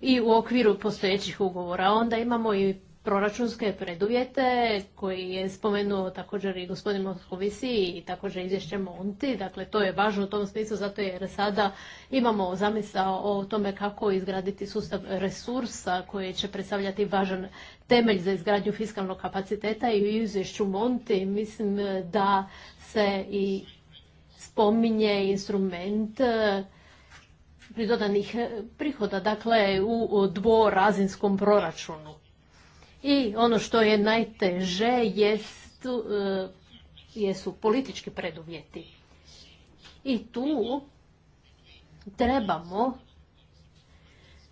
i u okviru postojećih ugovora. Onda imamo i proračunske preduvjete koji je spomenuo također i gospodin Moskovisi i također izvješće Monti. Dakle, to je važno u tom smislu zato jer sada imamo zamisao o tome kako izgraditi sustav resursa koji će predstavljati važan temelj za izgradnju fiskalnog kapaciteta i u izvješću Monti mislim da se i spominje instrument e, pridodanih e, prihoda, dakle u dvorazinskom proračunu. I ono što je najteže e, jesu, politički preduvjeti. I tu trebamo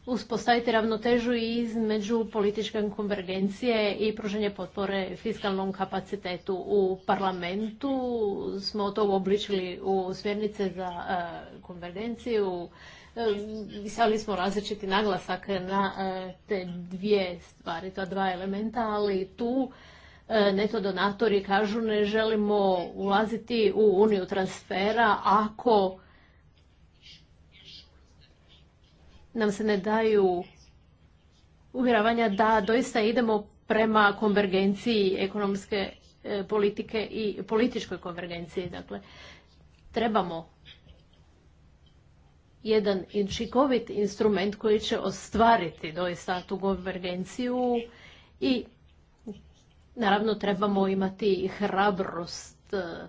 uspostaviti ravnotežu između političke konvergencije i pruženje potpore fiskalnom kapacitetu u parlamentu. Smo to uobličili u smjernice za e, konvergenciju. E, Isali smo različiti naglasak na e, te dvije stvari, ta dva elementa, ali tu neto donatori kažu ne želimo ulaziti u uniju transfera ako nam se ne daju uvjeravanja da doista idemo prema konvergenciji ekonomske e, politike i političkoj konvergenciji. Dakle, trebamo jedan učinkovit instrument koji će ostvariti doista tu konvergenciju i naravno trebamo imati hrabrost e,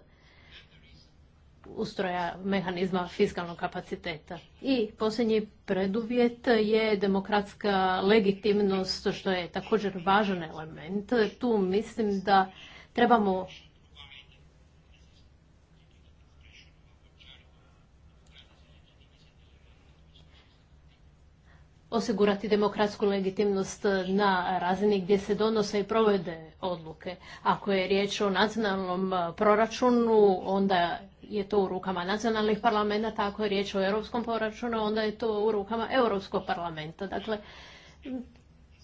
ustroja mehanizma fiskalnog kapaciteta. I posljednji preduvjet je demokratska legitimnost, što je također važan element. Tu mislim da trebamo osigurati demokratsku legitimnost na razini gdje se donose i provode odluke. Ako je riječ o nacionalnom proračunu, onda je to u rukama nacionalnih parlamenta, ako je riječ o europskom proračunu, onda je to u rukama Europskog parlamenta. Dakle,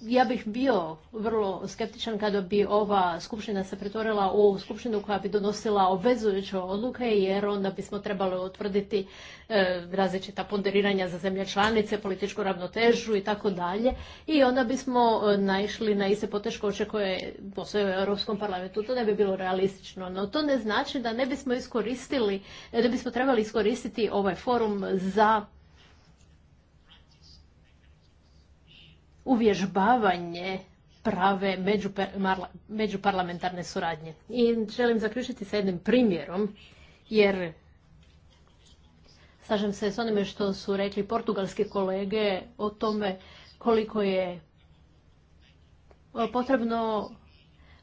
ja bih bio vrlo skeptičan kada bi ova skupština se pretvorila u skupštinu koja bi donosila obvezujuće odluke jer onda bismo trebali utvrditi e, različita ponderiranja za zemlje članice, političku ravnotežu i tako dalje i onda bismo e, naišli na iste poteškoće koje postoje u Europskom parlamentu. To ne bi bilo realistično, no to ne znači da ne bismo iskoristili, da bismo trebali iskoristiti ovaj forum za uvježbavanje prave međuparlamentarne suradnje. I želim zaključiti sa jednim primjerom, jer slažem se s onime što su rekli portugalske kolege o tome koliko je potrebno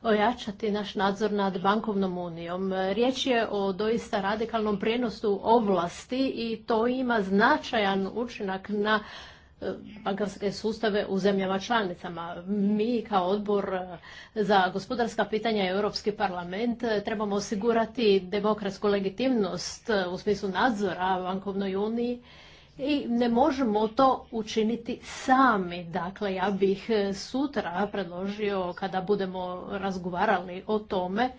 ojačati naš nadzor nad bankovnom unijom. Riječ je o doista radikalnom prijenosu ovlasti i to ima značajan učinak na bankarske sustave u zemljama članicama. Mi kao odbor e, za gospodarska pitanja i Europski parlament e, trebamo osigurati demokratsku legitimnost e, u smislu nadzora bankovnoj uniji i ne možemo to učiniti sami. Dakle, ja bih sutra predložio kada budemo razgovarali o tome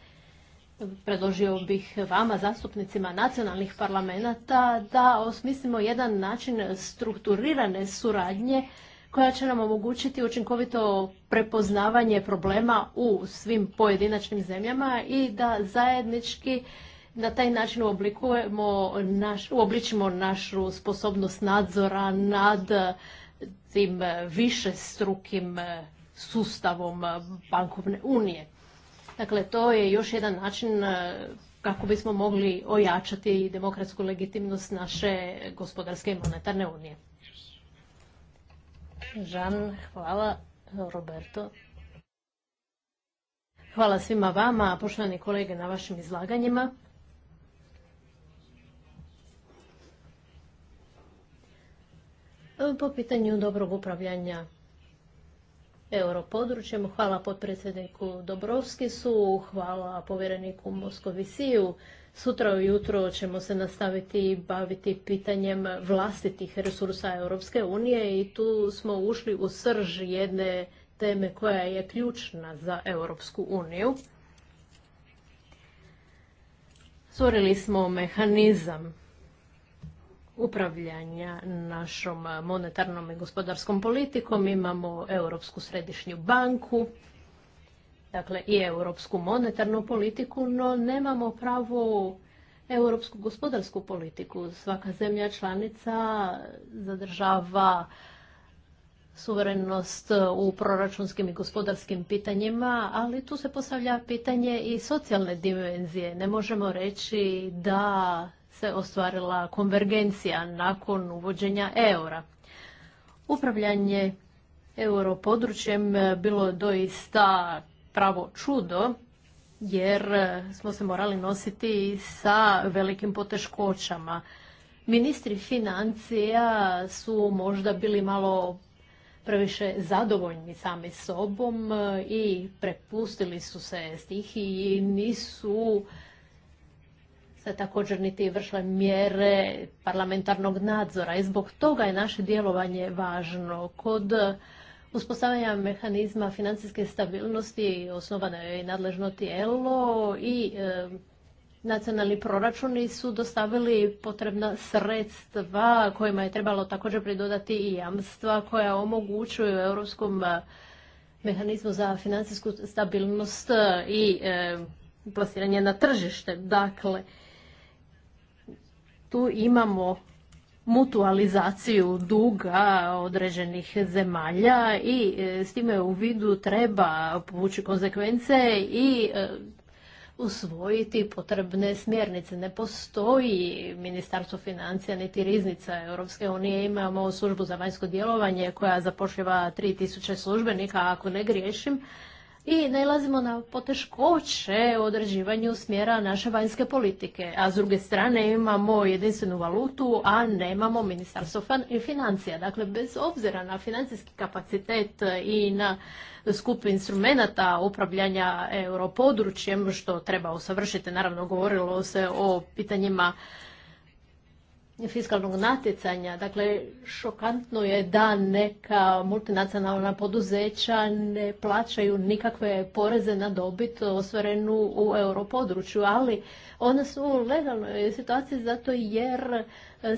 predložio bih vama, zastupnicima nacionalnih parlamenta, da osmislimo jedan način strukturirane suradnje koja će nam omogućiti učinkovito prepoznavanje problema u svim pojedinačnim zemljama i da zajednički na taj način oblikujemo uobličimo našu sposobnost nadzora nad tim više strukim sustavom bankovne unije. Dakle, to je još jedan način e, kako bismo mogli ojačati demokratsku legitimnost naše gospodarske i monetarne unije. Žan, hvala. Roberto. Hvala svima vama, poštovani kolege, na vašim izlaganjima. E, po pitanju dobrog upravljanja europodručjem. Hvala potpredsjedniku Dobrovskisu, hvala povjereniku Moskovisiju. Sutra ujutro ćemo se nastaviti baviti pitanjem vlastitih resursa Europske unije i tu smo ušli u srž jedne teme koja je ključna za Europsku uniju. Stvorili smo mehanizam upravljanja našom monetarnom i gospodarskom politikom. Imamo Europsku središnju banku, dakle i Europsku monetarnu politiku, no nemamo pravu Europsku gospodarsku politiku. Svaka zemlja članica zadržava suverenost u proračunskim i gospodarskim pitanjima, ali tu se postavlja pitanje i socijalne dimenzije. Ne možemo reći da se ostvarila konvergencija nakon uvođenja eura. Upravljanje europodručjem bilo je doista pravo čudo, jer smo se morali nositi sa velikim poteškoćama. Ministri financija su možda bili malo previše zadovoljni sami sobom i prepustili su se stih i nisu se također niti vršile mjere parlamentarnog nadzora i zbog toga je naše djelovanje važno. Kod uspostavljanja mehanizma financijske stabilnosti osnovano je i nadležno tijelo i e, nacionalni proračuni su dostavili potrebna sredstva kojima je trebalo također pridodati i jamstva koja omogućuju europskom e, mehanizmu za financijsku stabilnost i e, plasiranje na tržište. Dakle, tu imamo mutualizaciju duga određenih zemalja i e, s time u vidu treba povući konsekvence i e, usvojiti potrebne smjernice. Ne postoji Ministarstvo financija niti Riznica Europske unije. Imamo službu za vanjsko djelovanje koja zapošljava 3000 službenika, ako ne griješim i nalazimo na poteškoće u određivanju smjera naše vanjske politike. A s druge strane imamo jedinstvenu valutu, a nemamo ministarstvo financija. Dakle, bez obzira na financijski kapacitet i na skup instrumenata upravljanja europodručjem, što treba usavršiti, naravno govorilo se o pitanjima fiskalnog natjecanja. Dakle, šokantno je da neka multinacionalna poduzeća ne plaćaju nikakve poreze na dobit osvarenu u europodručju, ali one su u legalnoj situaciji zato jer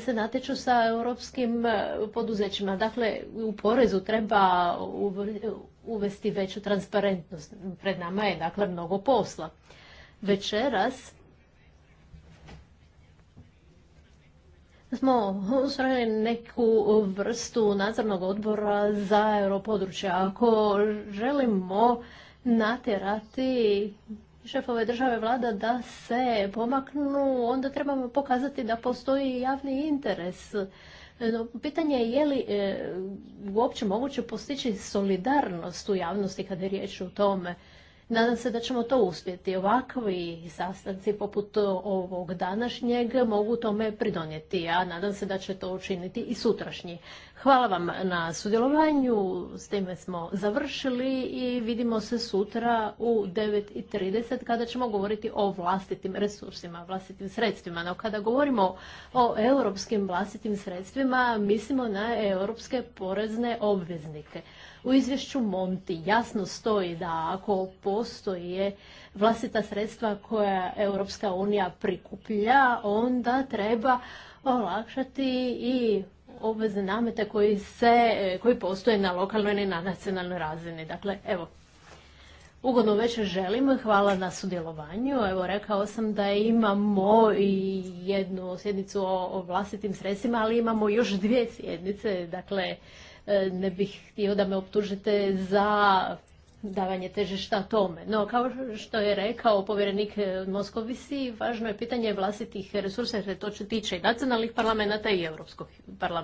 se natječu sa europskim poduzećima. Dakle, u porezu treba uvesti veću transparentnost. Pred nama je dakle mnogo posla. Večeras smo ustrojili neku vrstu nadzornog odbora za europodručje. Ako želimo natjerati šefove države vlada da se pomaknu, onda trebamo pokazati da postoji javni interes. pitanje je je li e, uopće moguće postići solidarnost u javnosti kada je riječ o tome. Nadam se da ćemo to uspjeti. Ovakvi sastanci poput ovog današnjeg mogu tome pridonijeti, a nadam se da će to učiniti i sutrašnji. Hvala vam na sudjelovanju, s time smo završili i vidimo se sutra u 9.30 kada ćemo govoriti o vlastitim resursima, vlastitim sredstvima. No kada govorimo o europskim vlastitim sredstvima, mislimo na europske porezne obveznike. U izvješću Monti jasno stoji da ako postoje vlastita sredstva koja Europska unija prikuplja, onda treba olakšati i obvezne namete koji, se, e, koji postoje na lokalnoj i na nacionalnoj razini. Dakle, evo, ugodno večer želim, hvala na sudjelovanju. Evo, rekao sam da imamo i jednu sjednicu o, vlastitim sredstvima, ali imamo još dvije sjednice, dakle, e, ne bih htio da me optužite za davanje težišta tome. No, kao što je rekao povjerenik e, Moskovisi, važno je pitanje vlastitih resursa, jer to tiče i nacionalnih parlamenta i Europskog parlamenta.